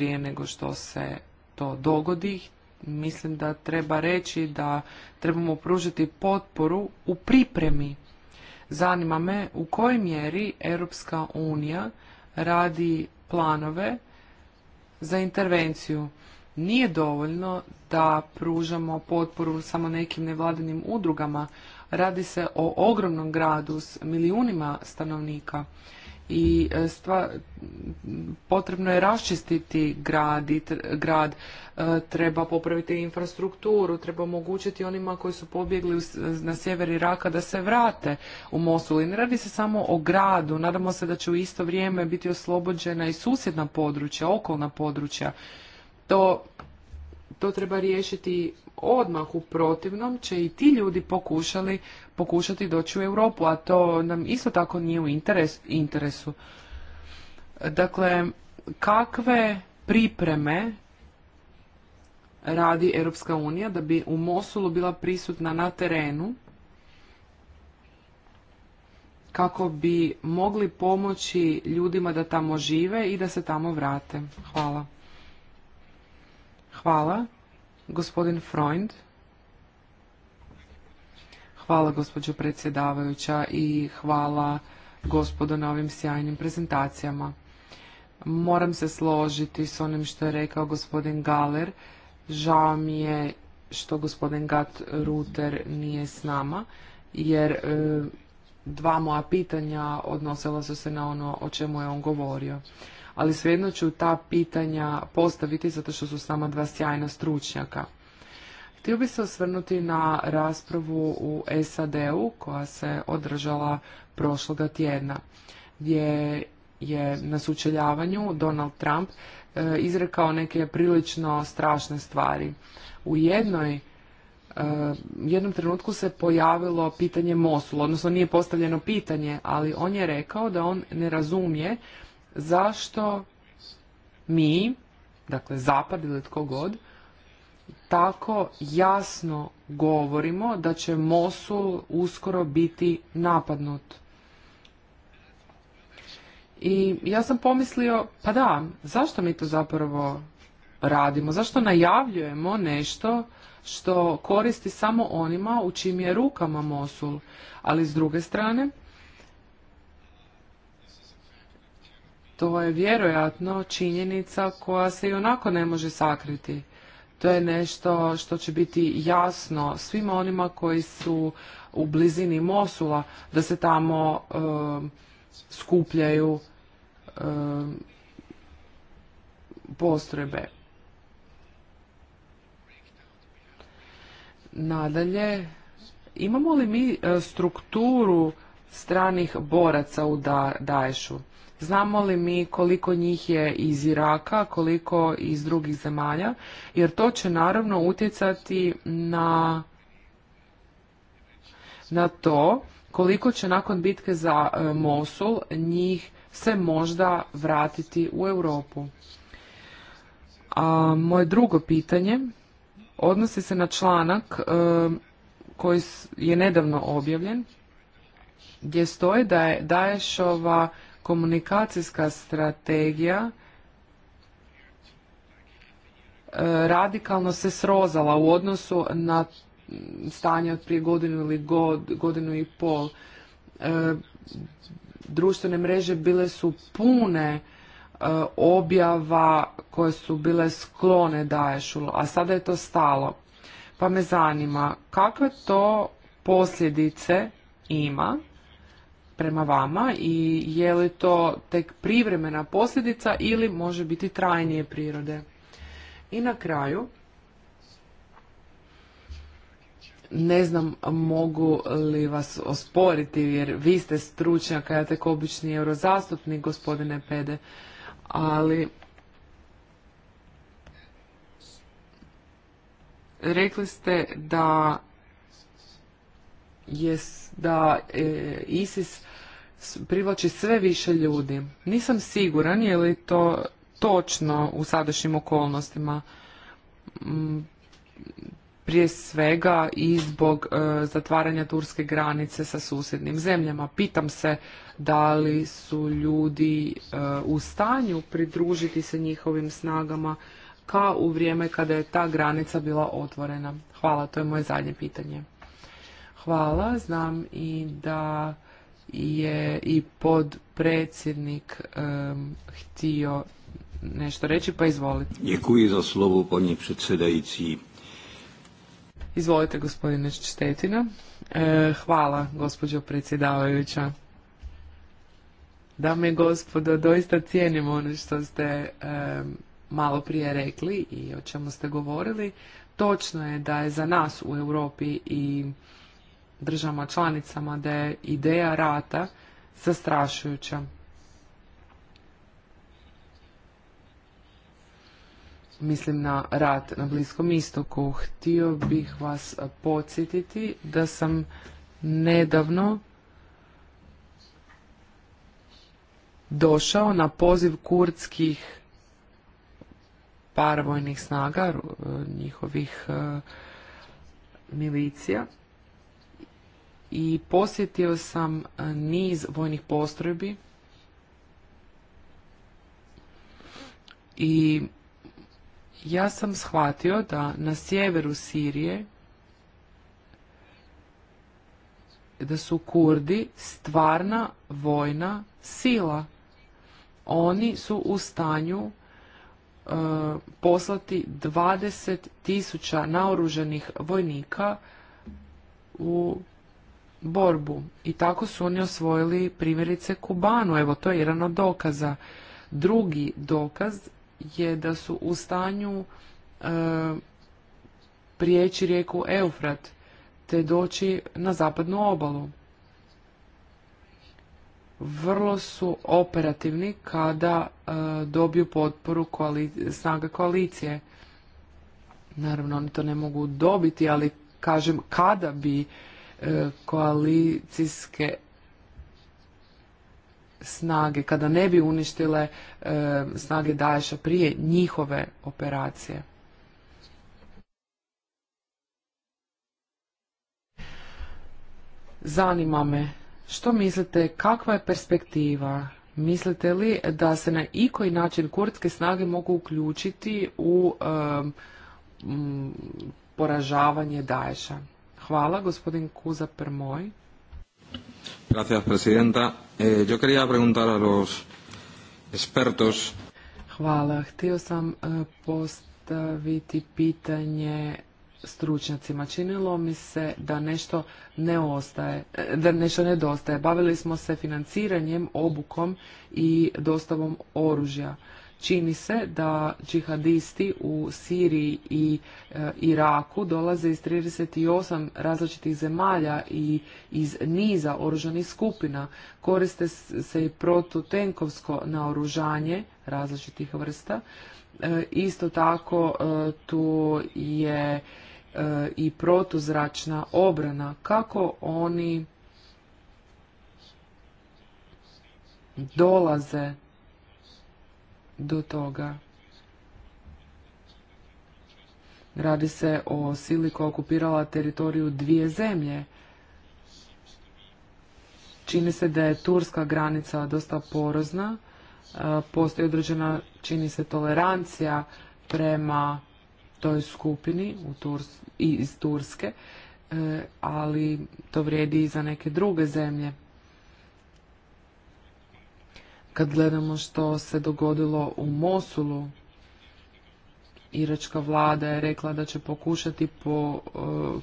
[SPEAKER 2] prije nego što se to dogodi. Mislim da treba reći da trebamo pružiti potporu u pripremi. Zanima me u kojoj mjeri Europska unija radi planove za intervenciju. Nije dovoljno da pružamo potporu samo nekim nevladinim udrugama. Radi se o ogromnom gradu s milijunima stanovnika i e, potrebno je raščistiti grad, i grad e, treba popraviti infrastrukturu, treba omogućiti onima koji su pobjegli na sjever Iraka da se vrate u Mosul. I ne radi se samo o gradu, nadamo se da će u isto vrijeme biti oslobođena i susjedna područja, okolna područja. To to treba riješiti odmah u protivnom će i ti ljudi pokušali, pokušati doći u Europu, a to nam isto tako nije u interesu. Dakle, kakve pripreme radi Europska unija da bi u Mosulu bila prisutna na terenu kako bi mogli pomoći ljudima da tamo žive i da se tamo vrate. Hvala. Hvala. Gospodin Freund. Hvala gospođo predsjedavajuća i hvala gospodo na ovim sjajnim prezentacijama. Moram se složiti s onim što je rekao gospodin Galer. Žao mi je što gospodin Gat Ruter nije s nama, jer e, dva moja pitanja odnosila su se na ono o čemu je on govorio ali svejedno ću ta pitanja postaviti zato što su sama dva sjajna stručnjaka. Htio bi se osvrnuti na raspravu u SAD-u koja se održala prošloga tjedna gdje je na sučeljavanju Donald Trump e, izrekao neke prilično strašne stvari. U jednoj Uh, jednom trenutku se pojavilo pitanje Mosul. odnosno nije postavljeno pitanje, ali on je rekao da on ne razumije Zašto mi, dakle zapad ili tko god, tako jasno govorimo da će Mosul uskoro biti napadnut. I ja sam pomislio, pa da, zašto mi to zapravo radimo? Zašto najavljujemo nešto što koristi samo onima u čim je rukama Mosul? Ali s druge strane, To je vjerojatno činjenica koja se i onako ne može sakriti. To je nešto što će biti jasno svima onima koji su u blizini Mosula da se tamo skupljaju e, postrojbe. Nadalje, imamo li mi e, strukturu stranih boraca u Daješu? Znamo li mi koliko njih je iz Iraka, koliko iz drugih zemalja, jer to će naravno utjecati na, na to koliko će nakon bitke za e, Mosul njih se možda vratiti u Europu. A moje drugo pitanje odnosi se na članak e, koji je nedavno objavljen gdje stoji da je Daješova komunikacijska strategija e, radikalno se srozala u odnosu na stanje od prije godinu ili god, godinu i pol. E, društvene mreže bile su pune e, objava koje su bile sklone Daješu, a sada je to stalo. Pa me zanima, kakve to posljedice ima prema vama i je li to tek privremena posljedica ili može biti trajnije prirode. I na kraju, ne znam mogu li vas osporiti jer vi ste stručnjak, ja tek obični eurozastupnik, gospodine Pede, ali rekli ste da je da e, ISIS privlači sve više ljudi. Nisam siguran je li to točno u sadašnjim okolnostima. Mm, prije svega i zbog e, zatvaranja turske granice sa susjednim zemljama. Pitam se da li su ljudi e, u stanju pridružiti se njihovim snagama kao u vrijeme kada je ta granica bila otvorena. Hvala, to je moje zadnje pitanje. Hvala. Znam i da je i podpredsjednik um, htio nešto reći, pa izvolite. za slovo, Izvolite, gospodine Štetina. E, hvala, gospođo predsjedavajuća. Dame i gospodo, doista cijenim ono što ste malo prije rekli i o čemu ste govorili. Točno je da je za nas u Europi i državama članicama da je ideja rata zastrašujuća. mislim na rat na Bliskom istoku, htio bih vas podsjetiti da sam nedavno došao na poziv kurdskih paravojnih snaga, njihovih eh, milicija, i posjetio sam e, niz vojnih postrojbi i ja sam shvatio da na sjeveru Sirije da su Kurdi stvarna vojna sila. Oni su u stanju e, poslati 20.000 naoruženih vojnika u borbu i tako su oni osvojili primjerice Kubanu. Evo, to je jedan od dokaza. Drugi dokaz je da su u stanju e, prijeći rijeku Eufrat te doći na zapadnu obalu. Vrlo su operativni kada e, dobiju potporu koali, snaga koalicije. Naravno, oni to ne mogu dobiti, ali kažem, kada bi E, koalicijske snage, kada ne bi uništile e, snage Daješa prije njihove operacije. Zanima me, što mislite, kakva je perspektiva? Mislite li da se na koji način kurtske snage mogu uključiti u e, poražavanje Daješa? Hvala, gospodin Kuza Permoj.
[SPEAKER 4] Gracias, presidenta. Eh, yo quería preguntar a los expertos.
[SPEAKER 2] Hvala. Htio sam e, postaviti pitanje stručnjacima. Činilo mi se da nešto ne ostaje, e, da nešto nedostaje. Bavili smo se financiranjem, obukom i dostavom oružja. Čini se da džihadisti u Siriji i e, Iraku dolaze iz 38 različitih zemalja i iz niza oružanih skupina. Koriste se i protutenkovsko naoružanje različitih vrsta. E, isto tako e, tu je i protuzračna obrana. Kako oni dolaze do toga. Radi se o sili koja okupirala teritoriju dvije zemlje. Čini se da je turska granica dosta porozna, e, postoji određena, čini se, tolerancija prema toj skupini u i iz Turske, e, ali to vrijedi i za neke druge zemlje. Kad gledamo što se dogodilo u Mosulu, Iračka vlada je rekla da će pokušati po, e,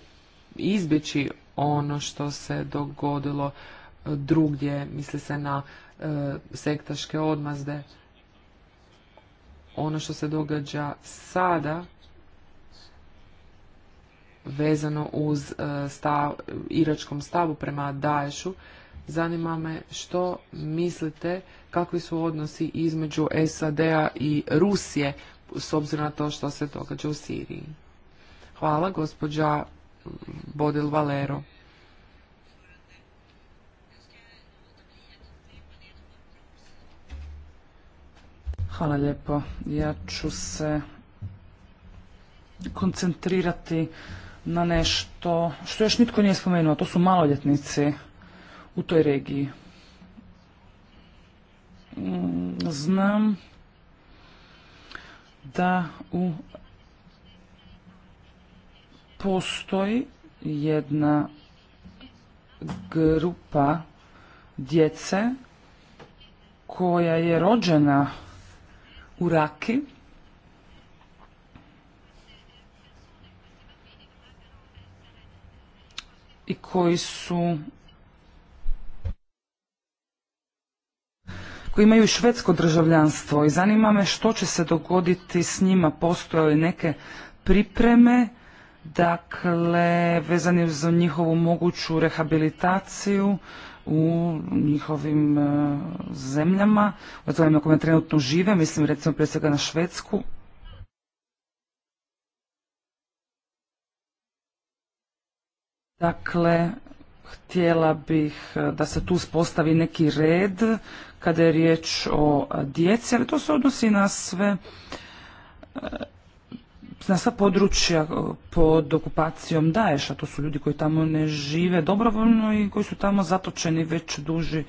[SPEAKER 2] izbjeći ono što se dogodilo e, drugdje, misli se na e, sektaške odmazde. Ono što se događa sada vezano uz iračkom stavu prema Daješu Zanima me što mislite kakvi su odnosi između SAD-a i Rusije s obzirom na to što se događa u Siriji. Hvala, gospođa Bodil Valero.
[SPEAKER 3] Hvala lijepo. Ja ću se koncentrirati na nešto što još nitko nije spomenuo, to su maloljetnici u toj regiji. Mm, znam da u postoji jedna grupa djece koja je rođena u Raki i koji su koji imaju švedsko državljanstvo i zanima me što će se dogoditi s njima, postoje li neke pripreme, dakle, vezani za njihovu moguću rehabilitaciju u njihovim e, zemljama, u zemljama kojima trenutno žive, mislim recimo prije svega na Švedsku. Dakle, htjela bih e, da se tu spostavi neki red kada je riječ o djeci, ali to se odnosi na sve na sva područja pod okupacijom Daješa, to su ljudi koji tamo ne žive dobrovoljno i koji su tamo zatočeni već duži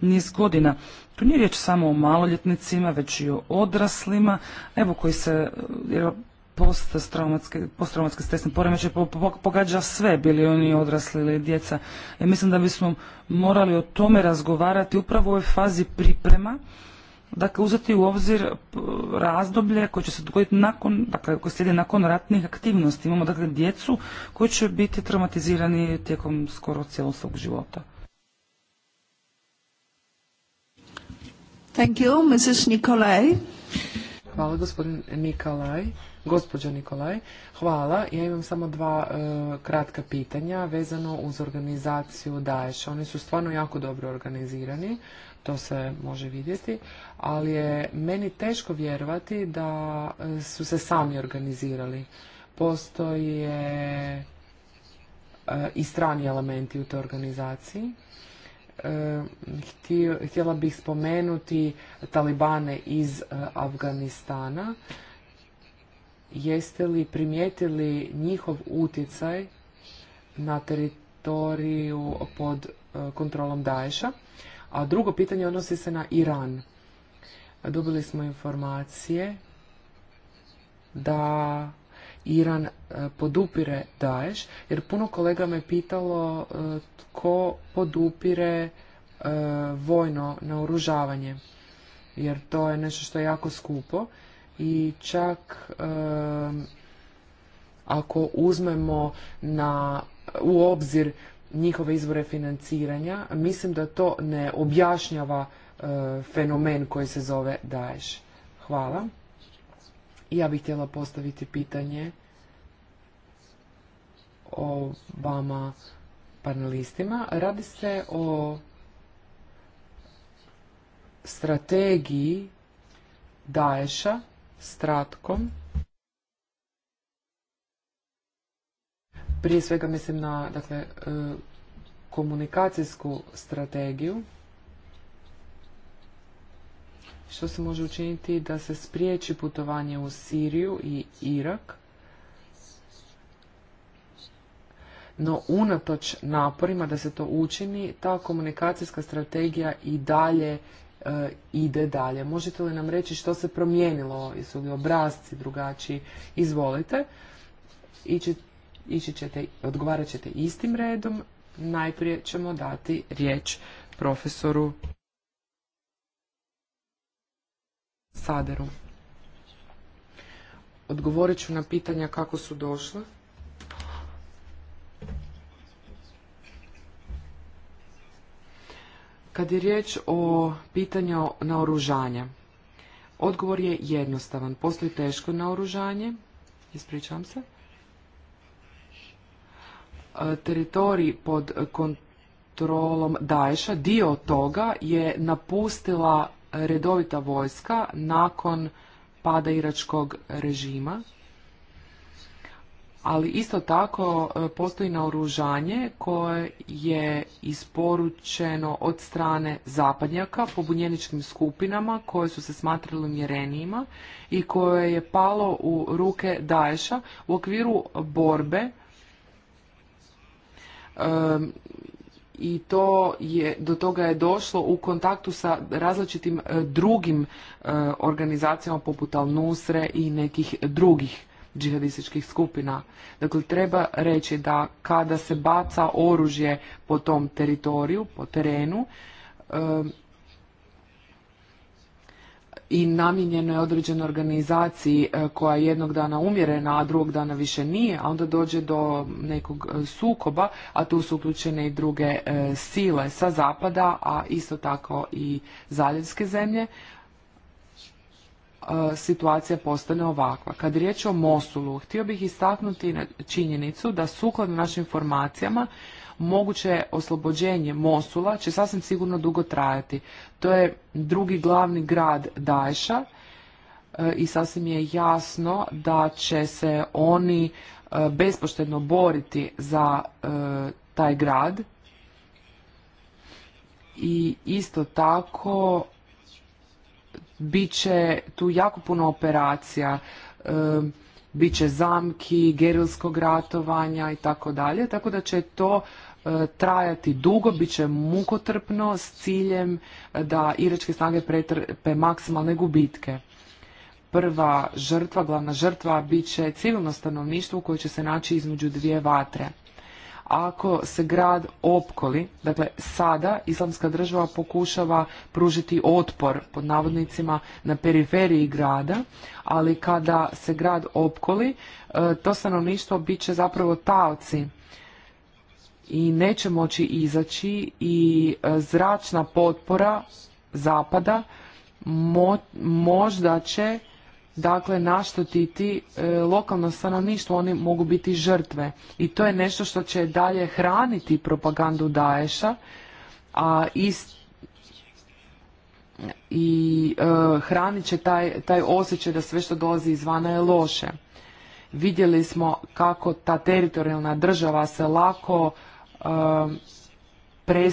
[SPEAKER 3] niz godina. Tu nije riječ samo o maloljetnicima, već i o odraslima, evo koji se posttraumatski stresni poremećaj pogađa sve, bili oni odrasli ili djeca. Ja mislim da bismo morali o tome razgovarati upravo u ovoj fazi priprema, dakle uzeti u obzir razdoblje koje će se dogoditi nakon, dakle koje slijedi nakon ratnih aktivnosti. Imamo dakle djecu koji će biti traumatizirani tijekom skoro cijelog svog života.
[SPEAKER 1] Thank you, Mrs. Nikolaj.
[SPEAKER 2] Hvala, gospodin Nikolaj. Gospođo Nikolaj, hvala. Ja imam samo dva e, kratka pitanja vezano uz organizaciju Daesha. Oni su stvarno jako dobro organizirani, to se može vidjeti, ali je meni teško vjerovati da e, su se sami organizirali. Postoje e, i strani elementi u toj organizaciji. htjela bih spomenuti Talibane iz Afganistana jeste li primijetili njihov utjecaj na teritoriju pod e, kontrolom Daesha? A drugo pitanje odnosi se na Iran. Dobili smo informacije da Iran e, podupire Daesh, jer puno kolega me pitalo e, tko podupire vojno naoružavanje, jer to je nešto što je jako skupo i čak ako uzmemo u obzir njihove izvore financiranja, mislim da to ne objašnjava e, fenomen koji se zove daješ Hvala. Ja bih htjela postaviti pitanje o vama panelistima. Radi se o strategiji daješa, Stratkom. Prije svega mislim na dakle, e, komunikacijsku strategiju. Što se može učiniti da se spriječi putovanje u Siriju i Irak. No, unatoč naporima da se to učini, ta komunikacijska strategija i dalje E, ide dalje. Možete li nam reći što se promijenilo, jesu li obrazci drugačiji? Izvolite, ići, ćete, odgovarat ćete istim redom. Najprije ćemo dati riječ profesoru Saderu. Odgovorit ću na pitanja kako su došla. Kad je riječ o pitanju naoružanja, odgovor je jednostavan. Postoji teško naoružanje, ispričavam se, e, teritorij pod kontrolom Daesha, dio toga je napustila redovita vojska nakon pada iračkog režima ali isto tako e, postoji naoružanje koje je isporučeno od strane zapadnjaka pobunjeničkim skupinama koje su se smatrali mjerenijima i koje je palo u ruke Daesha u okviru borbe i to je, do toga je došlo u kontaktu sa različitim e, drugim e, organizacijama poput Al-Nusre i nekih drugih džihadističkih skupina. Dakle, treba reći da kada se baca oružje po tom teritoriju, po terenu, i namijenjeno je određenoj organizaciji e, koja je jednog dana umjerena, a drugog dana više nije, a onda dođe do nekog e, sukoba, a tu su uključene i druge e, sile sa zapada, a isto tako i zaljevske zemlje, E, situacija postane ovakva. Kad je riječ o Mosulu, htio bih istaknuti činjenicu da sukladno našim informacijama moguće oslobođenje Mosula će sasvim sigurno dugo trajati. To je drugi glavni grad Dajša e, i sasvim je jasno da će se oni e, bespošteno boriti za taj grad i isto tako će tu jako puno operacija, biće zamki, gerilskog ratovanja i tako dalje, tako da će to e, trajati dugo, bit će mukotrpno s ciljem e, da iračke snage pretrpe maksimalne gubitke. Prva žrtva, glavna žrtva, bit će civilno stanovništvo koje će se naći između dvije vatre ako se grad opkoli, dakle sada islamska država pokušava pružiti otpor pod navodnicima na periferiji grada, ali kada se grad opkoli, e, to stanovništvo bit će zapravo taoci i neće moći izaći i e, zračna potpora zapada možda će dakle naštetiti e, lokalno stanovništvo, oni mogu biti žrtve. I to je nešto što će dalje hraniti propagandu Daesha, a i e, hranit će taj, taj osjećaj da sve što dolazi izvana je loše. Vidjeli smo kako ta teritorijalna država se lako e, E,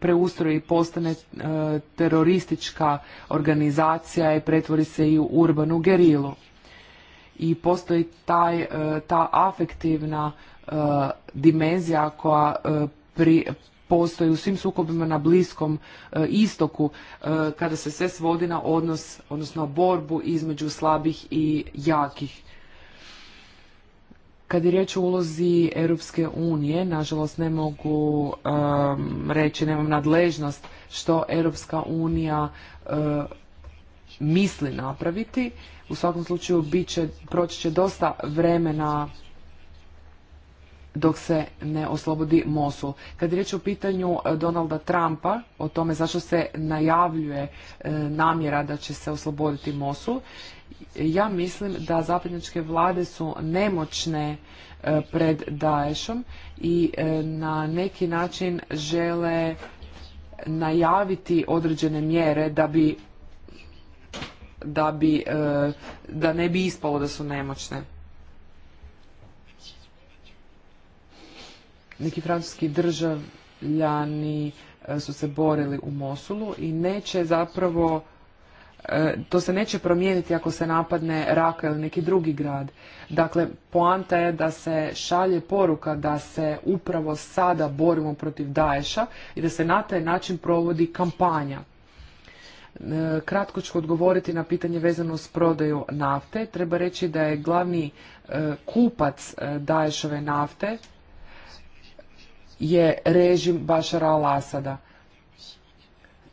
[SPEAKER 2] preustroji i postane e, teroristička organizacija i pretvori se i u urbanu gerilu. I postoji taj, e, ta afektivna dimenzija koja postoji u svim sukobima na Bliskom istoku kada se sve svodi na odnos, odnosno borbu između slabih i jakih. Kad je riječ o ulozi Europske unije, nažalost ne mogu um, reći, nemam nadležnost što Europska unija uh, misli napraviti. U svakom slučaju bit će, proći će dosta vremena dok se ne oslobodi Mosul. Kad je riječ o pitanju e, Donalda Trumpa, o tome zašto se najavljuje e, namjera da će se osloboditi Mosul, ja mislim da zapadnjačke vlade su nemoćne e, pred Daeshom i na neki način žele najaviti određene mjere da bi da bi da ne bi ispalo da su nemoćne. neki francuski državljani e, su se borili u Mosulu i neće zapravo e, to se neće promijeniti ako se napadne Raka ili neki drugi grad. Dakle, poanta je da se šalje poruka da se upravo sada borimo protiv Daesha i da se na taj način provodi kampanja. E, kratko ću odgovoriti na pitanje vezano s prodaju nafte. Treba reći da je glavni kupac Daeshove nafte je režim Bašara al-Asada.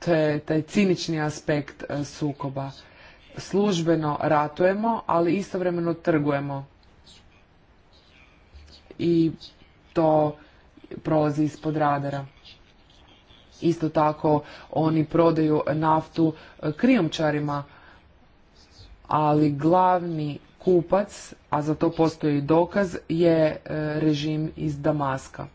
[SPEAKER 2] To je taj cinični aspekt e, sukoba. Službeno ratujemo, ali istovremeno trgujemo. I to prolazi ispod radara. Isto tako oni prodaju naftu e, krijomčarima, ali glavni kupac, a za to postoji dokaz, je e, režim iz Damaska.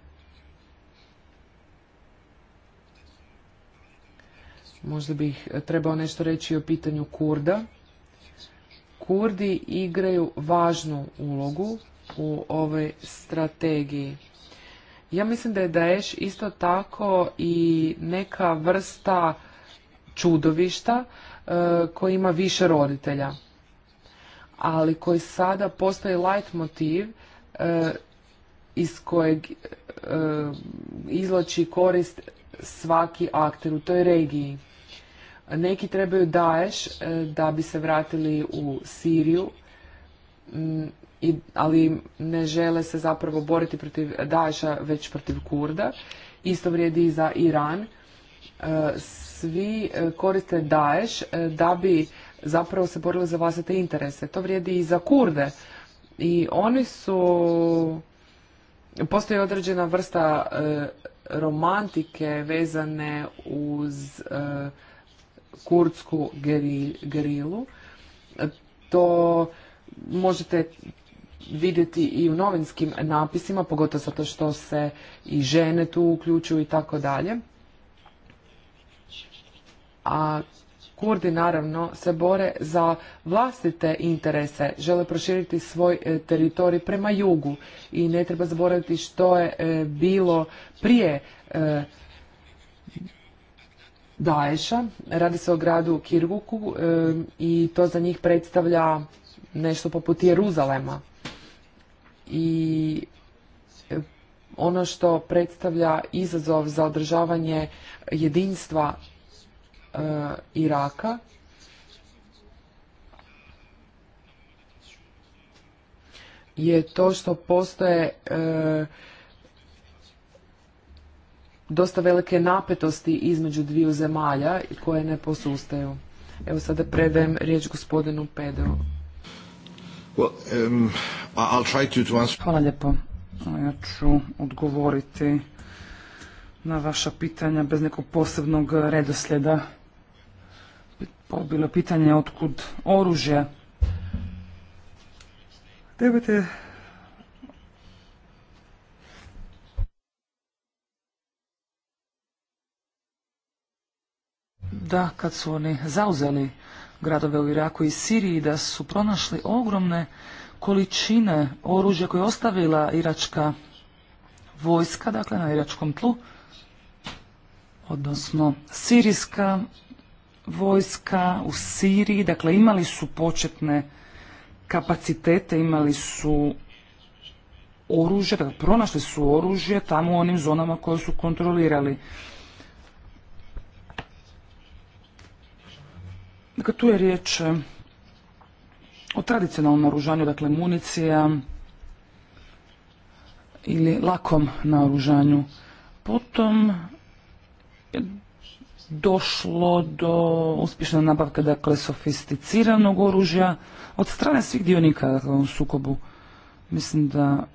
[SPEAKER 2] Možda bih e, trebao nešto reći o pitanju Kurda. Kurdi igraju važnu ulogu u ovoj strategiji. Ja mislim da je Daesh isto tako i neka vrsta čudovišta e, koji ima više roditelja, ali koji sada postoji light motiv e, iz kojeg izlači korist svaki akter u toj regiji. Neki trebaju daješ e, da bi se vratili u Siriju, ali ne žele se zapravo boriti protiv daješa već protiv Kurda. Isto vrijedi i za Iran. E, svi e, koriste daješ da bi zapravo se borili za vlastite interese. To vrijedi i za Kurde. I oni su... Postoji određena vrsta romantike vezane uz kurdsku gerilu. To možete vidjeti i u novinskim napisima, pogotovo zato što se i žene tu uključuju i tako dalje. A Kurdi naravno se bore za vlastite interese, žele proširiti svoj e, teritorij prema jugu i ne treba zaboraviti što je e, bilo prije e, Daesha. Radi se o gradu Kirguku i to za njih predstavlja nešto poput Jeruzalema. I ono što predstavlja izazov za održavanje jedinstva Iraka je to što postoje dosta velike napetosti između dviju zemalja koje ne posustaju. Evo sada predajem
[SPEAKER 3] riječ gospodinu Pedeu. Um, Hvala lijepo. Ja ću odgovoriti na vaša pitanja bez nekog posebnog redosljeda. Bilo je pitanje otkud oružje. trebate da kad su oni zauzeli gradove u Iraku i Siriji, da su pronašli ogromne količine oružja koje je ostavila iračka vojska, dakle na iračkom tlu, odnosno sirijska vojska u Siriji, dakle imali su početne kapacitete, imali su oružje, dakle pronašli su oružje tamo u onim zonama koje su kontrolirali. Dakle, tu je riječ eh, o tradicionalnom oružanju, dakle municija ili lakom naoružanju. Potom je došlo do uspješne nabavke dakle sofisticiranog oružja od strane svih dionika dakle, u sukobu. Mislim da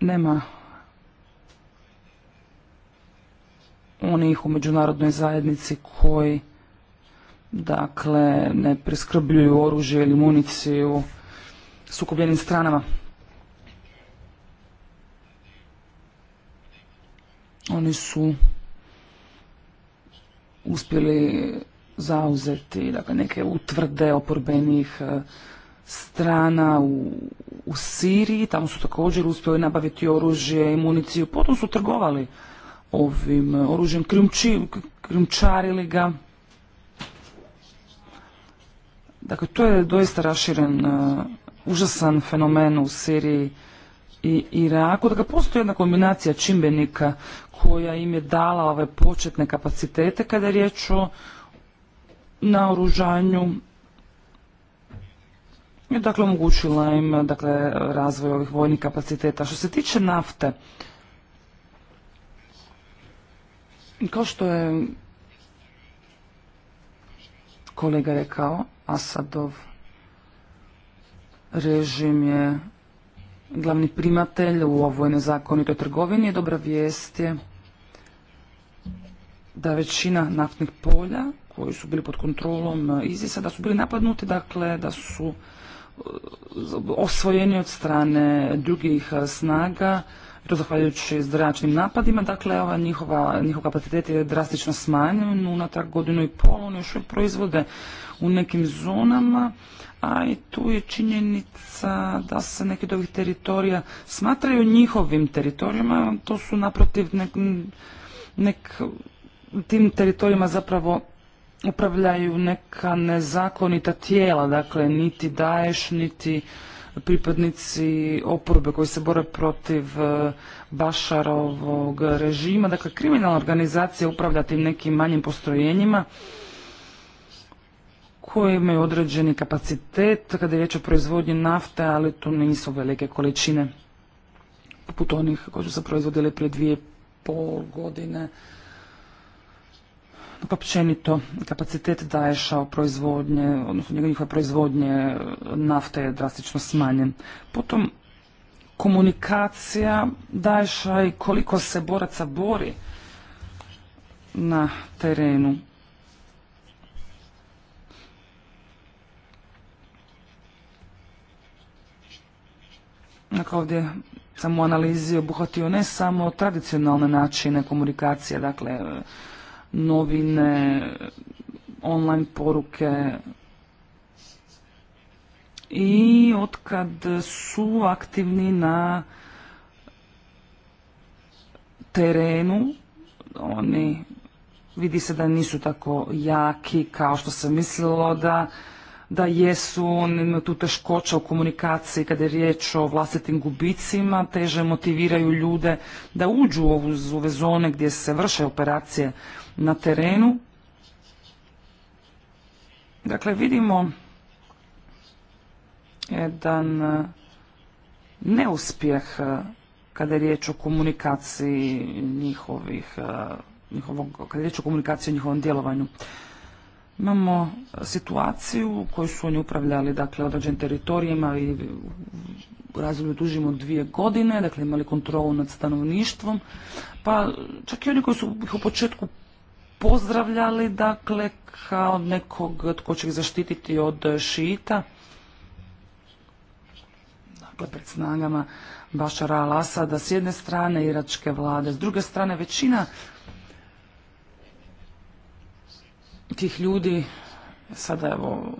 [SPEAKER 3] nema onih u međunarodnoj zajednici koji dakle ne preskrbljuju oružje ili municiju sukobljenim stranama. Oni su uspjeli zauzeti dakle, neke utvrde oporbenih e, strana u, u Siriji, tamo su također uspjeli nabaviti oružje i municiju, potom su trgovali ovim eh, oružjem krimči, ga. Dakle, to je doista raširen eh, užasan fenomen u Siriji i Iraku. Dakle, postoji jedna kombinacija čimbenika koja im je dala ove početne kapacitete kada je riječ o naoružanju i dakle omogućila im eh, dakle, razvoj ovih vojnih kapaciteta. Što se tiče nafte, kao što je kolega rekao, Asadov režim je glavni primatelj u ovoj nezakonitoj trgovini. Dobra vijest je da većina naftnih polja koji su bili pod kontrolom Izisa, da su bili napadnuti, dakle da su e, osvojeni od strane drugih snaga zahvaljujući zračnim napadima. Dakle, ova njihova, njihov kapacitet je drastično smanjen, unatak godinu i pol oni još proizvode u nekim zonama, a i tu je činjenica da se neki od ovih teritorija smatraju njihovim teritorijama, to su naprotiv nek, nek tim teritorijima zapravo upravljaju neka nezakonita tijela, dakle niti daješ, niti pripadnici oporbe koji se bore protiv e, Bašarovog režima. Dakle, kriminalna organizacija upravlja tim nekim manjim postrojenjima koje imaju određeni kapacitet kada je riječ o proizvodnji nafte, ali to nisu velike količine poput onih koji su se proizvodili prije dvije pol godine općenito kapacitet Daesha proizvodnje, odnosno njegove proizvodnje nafte je drastično smanjen. Potom komunikacija Daesha i koliko se boraca bori na terenu. Dakle, ovdje sam u analizi obuhvatio ne samo tradicionalne načine komunikacije, dakle, novine, online poruke. I otkad su aktivni na terenu, oni vidi se da nisu tako jaki kao što se mislilo da da jesu, oni tu teškoća u komunikaciji kada je riječ o vlastitim gubicima, teže motiviraju ljude da uđu u ove zone gdje se vrše operacije na terenu. Dakle, vidimo jedan e, neuspjeh e, kada je riječ o komunikaciji njihovih, e, kada je riječ o komunikaciji o njihovom djelovanju. Imamo situaciju u kojoj su oni upravljali dakle, određenim teritorijima i u razdoblju dvije godine, dakle imali kontrolu nad stanovništvom, pa čak i oni koji su ih u početku pozdravljali dakle kao nekog tko će ih zaštititi od šita dakle pred snagama Bašara al-Asada s jedne strane iračke vlade, s druge strane većina tih ljudi sada evo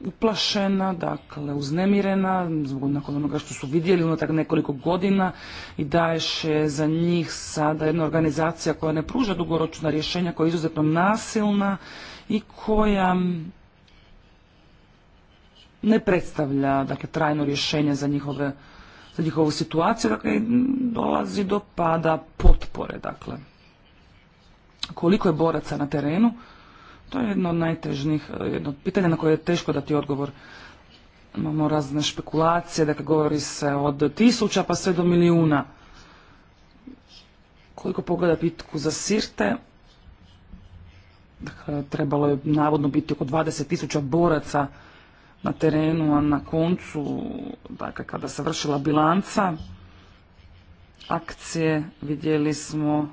[SPEAKER 3] uplašena, dakle uznemirena zbog nakon onoga što su vidjeli unatrag nekoliko godina i daješ je za njih sada jedna organizacija koja ne pruža dugoročna rješenja, koja je izuzetno nasilna i koja ne predstavlja dakle, trajno rješenje za, njihove, za njihovu situaciju, dakle dolazi do pada potpore, dakle. Koliko je boraca na terenu, to je jedno od najtežnijih, eh, jedno od pitanja na koje je teško dati odgovor. Imamo razne špekulacije, dakle govori se od tisuća pa sve do milijuna. Koliko pogleda pitku za Sirte, dakle, trebalo je navodno biti oko 20 tisuća boraca na terenu, a na koncu, dakle, kada se vršila bilanca akcije, vidjeli smo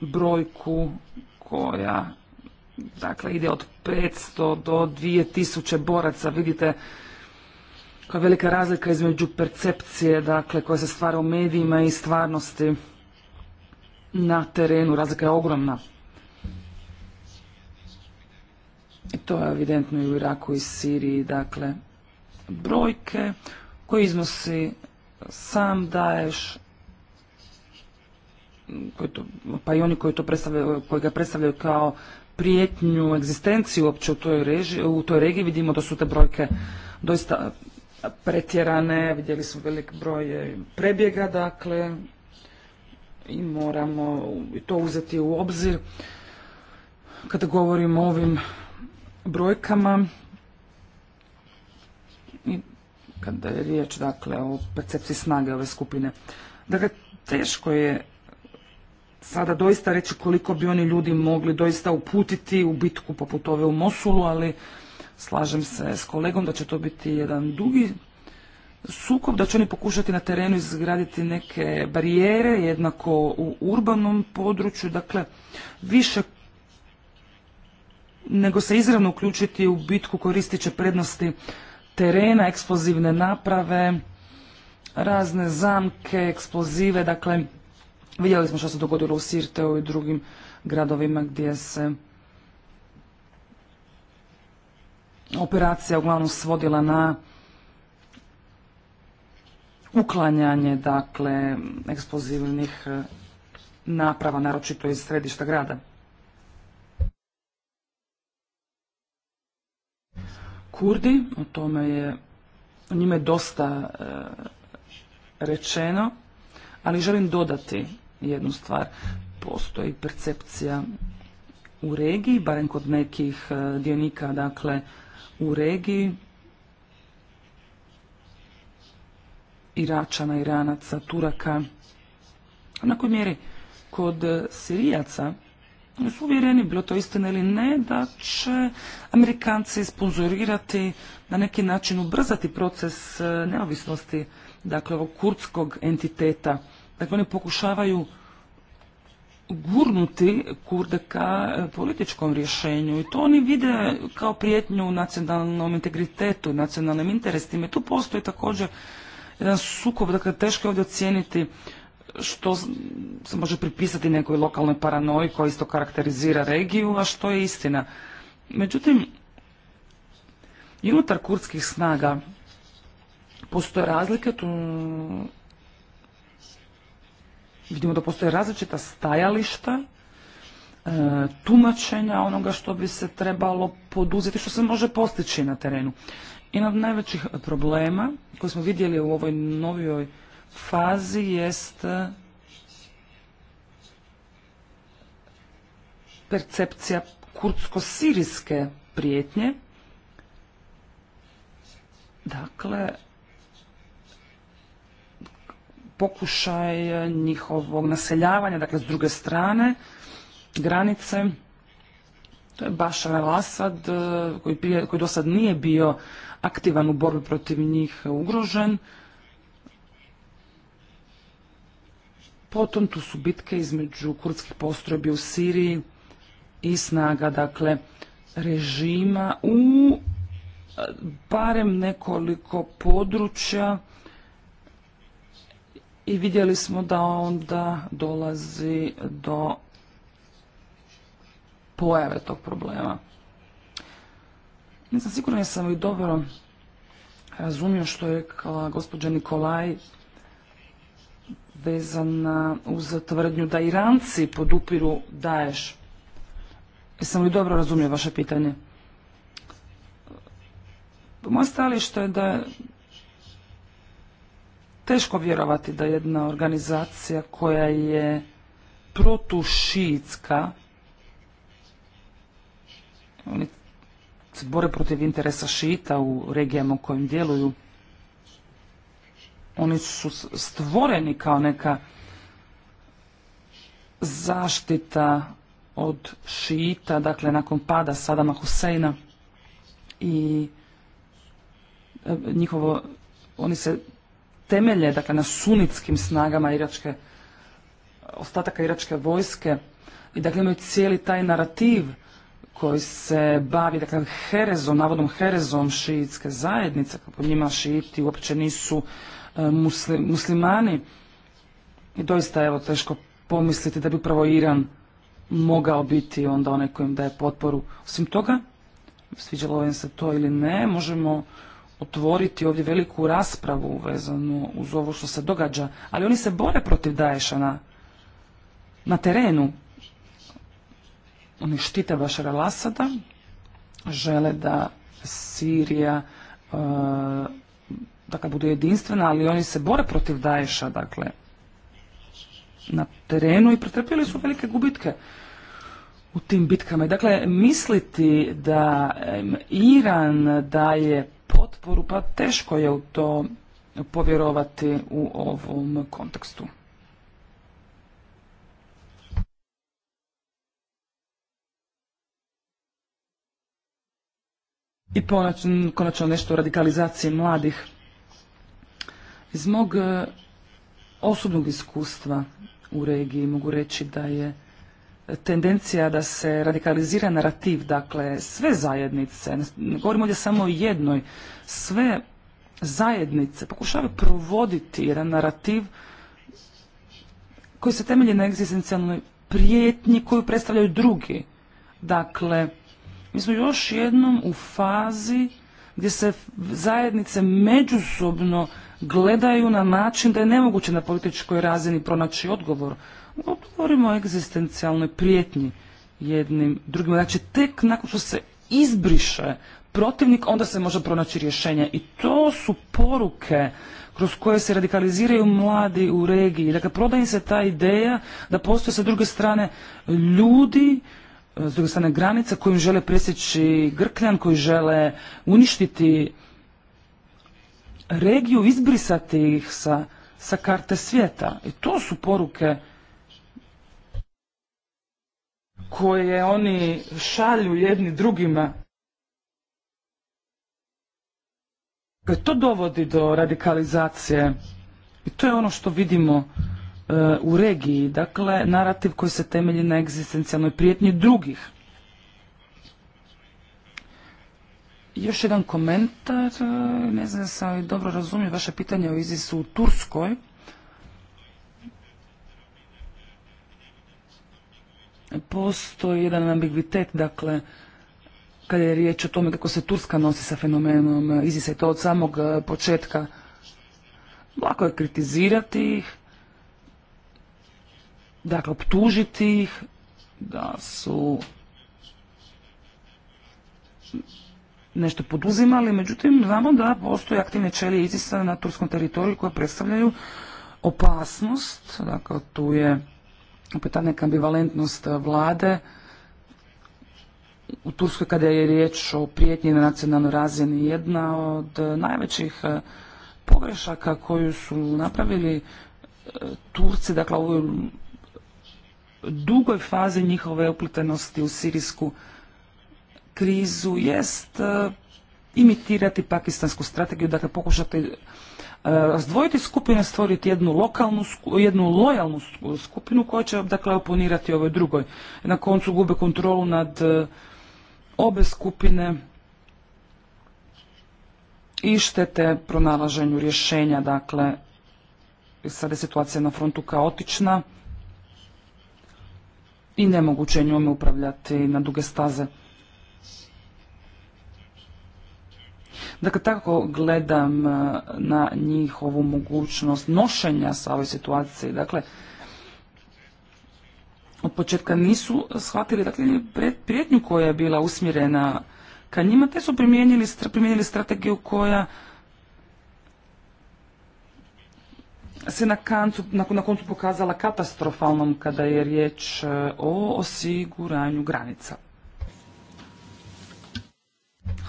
[SPEAKER 3] brojku koja dakle ide od 500 do 2000 boraca. Vidite koja je velika razlika između percepcije dakle koja se stvara u medijima i stvarnosti na terenu. Razlika je ogromna. I to je evidentno i u Iraku i Siriji. Dakle,
[SPEAKER 4] brojke
[SPEAKER 3] koje iznosi sam daješ koji to, pa i oni koji, to predstavljaju, koji ga predstavljaju kao prijetnju egzistenciju uopće u toj, reži, u toj regiji. Vidimo da su te brojke doista pretjerane, vidjeli smo velik broj prebjega, dakle, i moramo to uzeti u obzir kada govorimo o ovim brojkama i kada je riječ dakle o percepciji snage ove skupine. Dakle, teško je sada doista reći koliko bi oni ljudi mogli doista uputiti u bitku poput ove u Mosulu, ali slažem se s kolegom da će to biti jedan dugi sukob, da će oni pokušati na terenu izgraditi neke barijere, jednako u urbanom području, dakle više nego se izravno uključiti u bitku koristit će prednosti terena, eksplozivne naprave, razne zamke, eksplozive, dakle Vidjeli smo što se dogodilo u Sirteu i drugim gradovima gdje se operacija uglavnom svodila na uklanjanje dakle eksplozivnih e, naprava, naročito iz središta grada. Kurdi, o tome je, o njime je dosta e, rečeno, ali želim dodati jednu stvar. Postoji percepcija u regiji, barem kod nekih e, dionika, dakle, u regiji Iračana, Iranaca, Turaka, na kojoj mjeri kod e, Sirijaca su uvjereni, bilo to istina ili ne, da će Amerikanci sponzorirati na neki način ubrzati proces e, neovisnosti dakle ovog kurdskog entiteta Dakle, oni pokušavaju gurnuti kurde ka e, političkom rješenju i to oni vide kao prijetnju nacionalnom integritetu, nacionalnim interesima i tu postoji također jedan sukob, dakle teško je ovdje ocijeniti što se može pripisati nekoj lokalnoj paranoji koja isto karakterizira regiju, a što je istina. Međutim, i unutar kurdskih snaga postoje razlike, tu Vidimo da postoje različita stajališta, e, tumačenja onoga što bi se trebalo poduzeti, što se može postići na terenu. Jedan od najvećih problema koji smo vidjeli u ovoj novijoj fazi jest e, percepcija kurdsko-sirijske prijetnje. Dakle, pokušaj e, njihovog naseljavanja, dakle s druge strane granice. To je Bašar al-Assad e, koji, do sad nije bio aktivan u borbi protiv njih e, ugrožen. Potom tu su bitke između kurdskih postrojbi u Siriji i snaga, dakle, režima u barem nekoliko područja i vidjeli smo da onda dolazi do pojave tog problema. Nisam siguran jesam li dobro razumio što je rekla gospođa Nikolaj vezana uz tvrdnju da Iranci podupiru daješ. Jesam li dobro razumio vaše pitanje? Moje stajalište je da teško vjerovati da jedna organizacija koja je protušijitska oni se bore protiv interesa šita u regijama u kojim djeluju, oni su stvoreni kao neka zaštita od šita, dakle nakon pada Sadama Huseina i e, njihovo, oni se temelje, dakle na sunitskim snagama iračke, ostataka iračke vojske i dakle imaju cijeli taj narativ koji se bavi dakle, herezom, navodom herezom šiitske zajednice, kako njima šiiti uopće nisu e, muslimani. I doista evo teško pomisliti da bi upravo Iran mogao biti onda onaj kojim daje potporu. Osim toga, sviđalo im se to ili ne, možemo otvoriti ovdje veliku raspravu vezanu uz ovo što se događa, ali oni se bore protiv Daješa na, terenu. Oni štite Bašara Lasada, žele da Sirija e, dakle, bude jedinstvena, ali oni se bore protiv Daješa, dakle, na terenu i pretrpjeli su velike gubitke u tim bitkama. Dakle, misliti da Iran daje potporu, pa teško je u to povjerovati u ovom kontekstu. I konačno nešto o radikalizaciji mladih. Iz mog e, osobnog iskustva u regiji mogu reći da je tendencija da se radikalizira narativ, dakle sve zajednice, ne govorimo ovdje samo o jednoj, sve zajednice pokušavaju provoditi jedan narativ koji se temelji na egzistencijalnoj prijetnji koju predstavljaju drugi. Dakle, mi smo još jednom u fazi gdje se zajednice međusobno gledaju na način da je nemoguće na političkoj razini pronaći odgovor govorimo o egzistencijalnoj prijetnji jednim drugim Znači, tek nakon što se izbriše protivnik, onda se može pronaći rješenje. I to su poruke kroz koje se radikaliziraju mladi u regiji. Dakle, prodaje se ta ideja da postoje sa druge strane ljudi, s druge strane granica, kojim žele presjeći Grkljan, koji žele uništiti regiju, izbrisati ih sa, sa karte svijeta. I to su poruke koje oni šalju jedni drugima. Dakle, to dovodi do radikalizacije i to je ono što vidimo e, u regiji, dakle narativ koji se temelji na egzistencijalnoj prijetnji drugih. Još jedan komentar, e, ne znam sam dobro razumio vaše pitanje o Izisu u Turskoj. postoji jedan ambigvitet, dakle, kada je riječ o tome kako se Turska nosi sa fenomenom Izisa to od samog e, početka. Lako je kritizirati ih, dakle, optužiti ih, da su nešto poduzimali, međutim znamo da postoje aktivne čelije izisane na turskom teritoriju koje predstavljaju opasnost, dakle tu je opet ta neka ambivalentnost e, vlade u Turskoj kada je riječ o prijetnji na nacionalnoj razini jedna od e, najvećih e, pogrešaka koju su napravili Turci, dakle u dugoj fazi njihove uplitenosti u sirijsku krizu jest imitirati pakistansku strategiju, dakle pokušati razdvojiti e, skupine, stvoriti jednu lokalnu, jednu lojalnu skupinu koja će dakle oponirati ovoj drugoj. Na koncu gube kontrolu nad e, obe skupine i štete pronalaženju rješenja, dakle sada je situacija na frontu kaotična i nemoguće je njome upravljati na duge staze. Dakle, tako gledam e, na njihovu mogućnost nošenja sa ovoj situaciji. Dakle, od početka nisu shvatili dakle, prijetnju koja je bila usmjerena ka njima, te su primijenili, primijenili strategiju koja se na, na, na koncu pokazala katastrofalnom kada je riječ e, o osiguranju granica.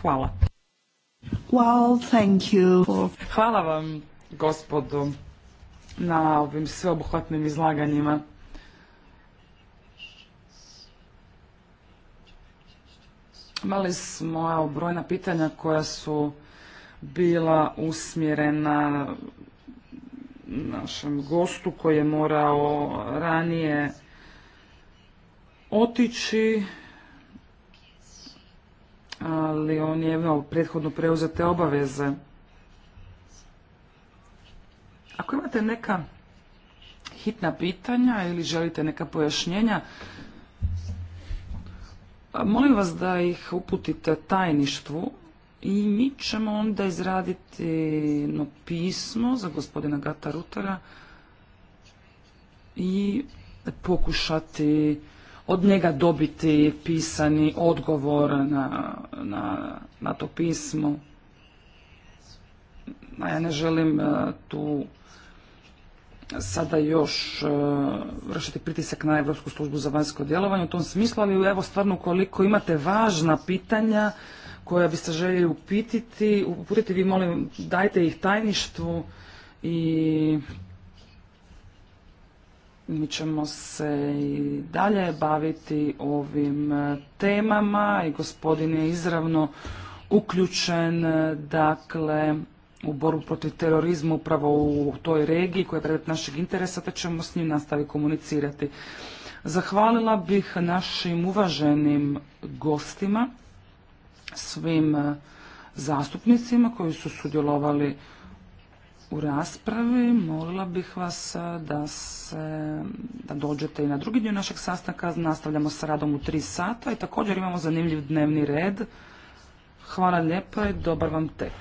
[SPEAKER 1] Hvala. Well,
[SPEAKER 3] Hvala vam, gospodo, na ovim sveobuhvatnim izlaganjima. Imali smo brojna pitanja koja su bila usmjerena našem gostu koji je morao ranije otići ali on je imao prethodno preuzete obaveze. Ako imate neka hitna pitanja ili želite neka pojašnjenja, pa molim vas da ih uputite tajništvu i mi ćemo onda izraditi no pismo za gospodina Gata Rutara i pokušati od njega dobiti pisani odgovor na, na, na to pismo. A ja ne želim e, tu sada još e, vršiti pritisak na Europsku službu za vanjsko djelovanje u tom smislu, ali evo stvarno koliko imate važna pitanja koja biste željeli upititi, uputiti vi molim dajte ih tajništvu i mi ćemo se i dalje baviti ovim e, temama i gospodin je izravno uključen e, dakle u borbu protiv terorizma upravo u toj regiji koja je predmet našeg interesa te ćemo s njim nastaviti komunicirati. Zahvalila bih našim uvaženim gostima, svim e, zastupnicima koji su sudjelovali u raspravi. Molila bih vas e, da, se, da dođete i na drugi dio našeg sastanka. Nastavljamo s radom u tri sata i također imamo zanimljiv dnevni red. Hvala lijepa i dobar vam tek.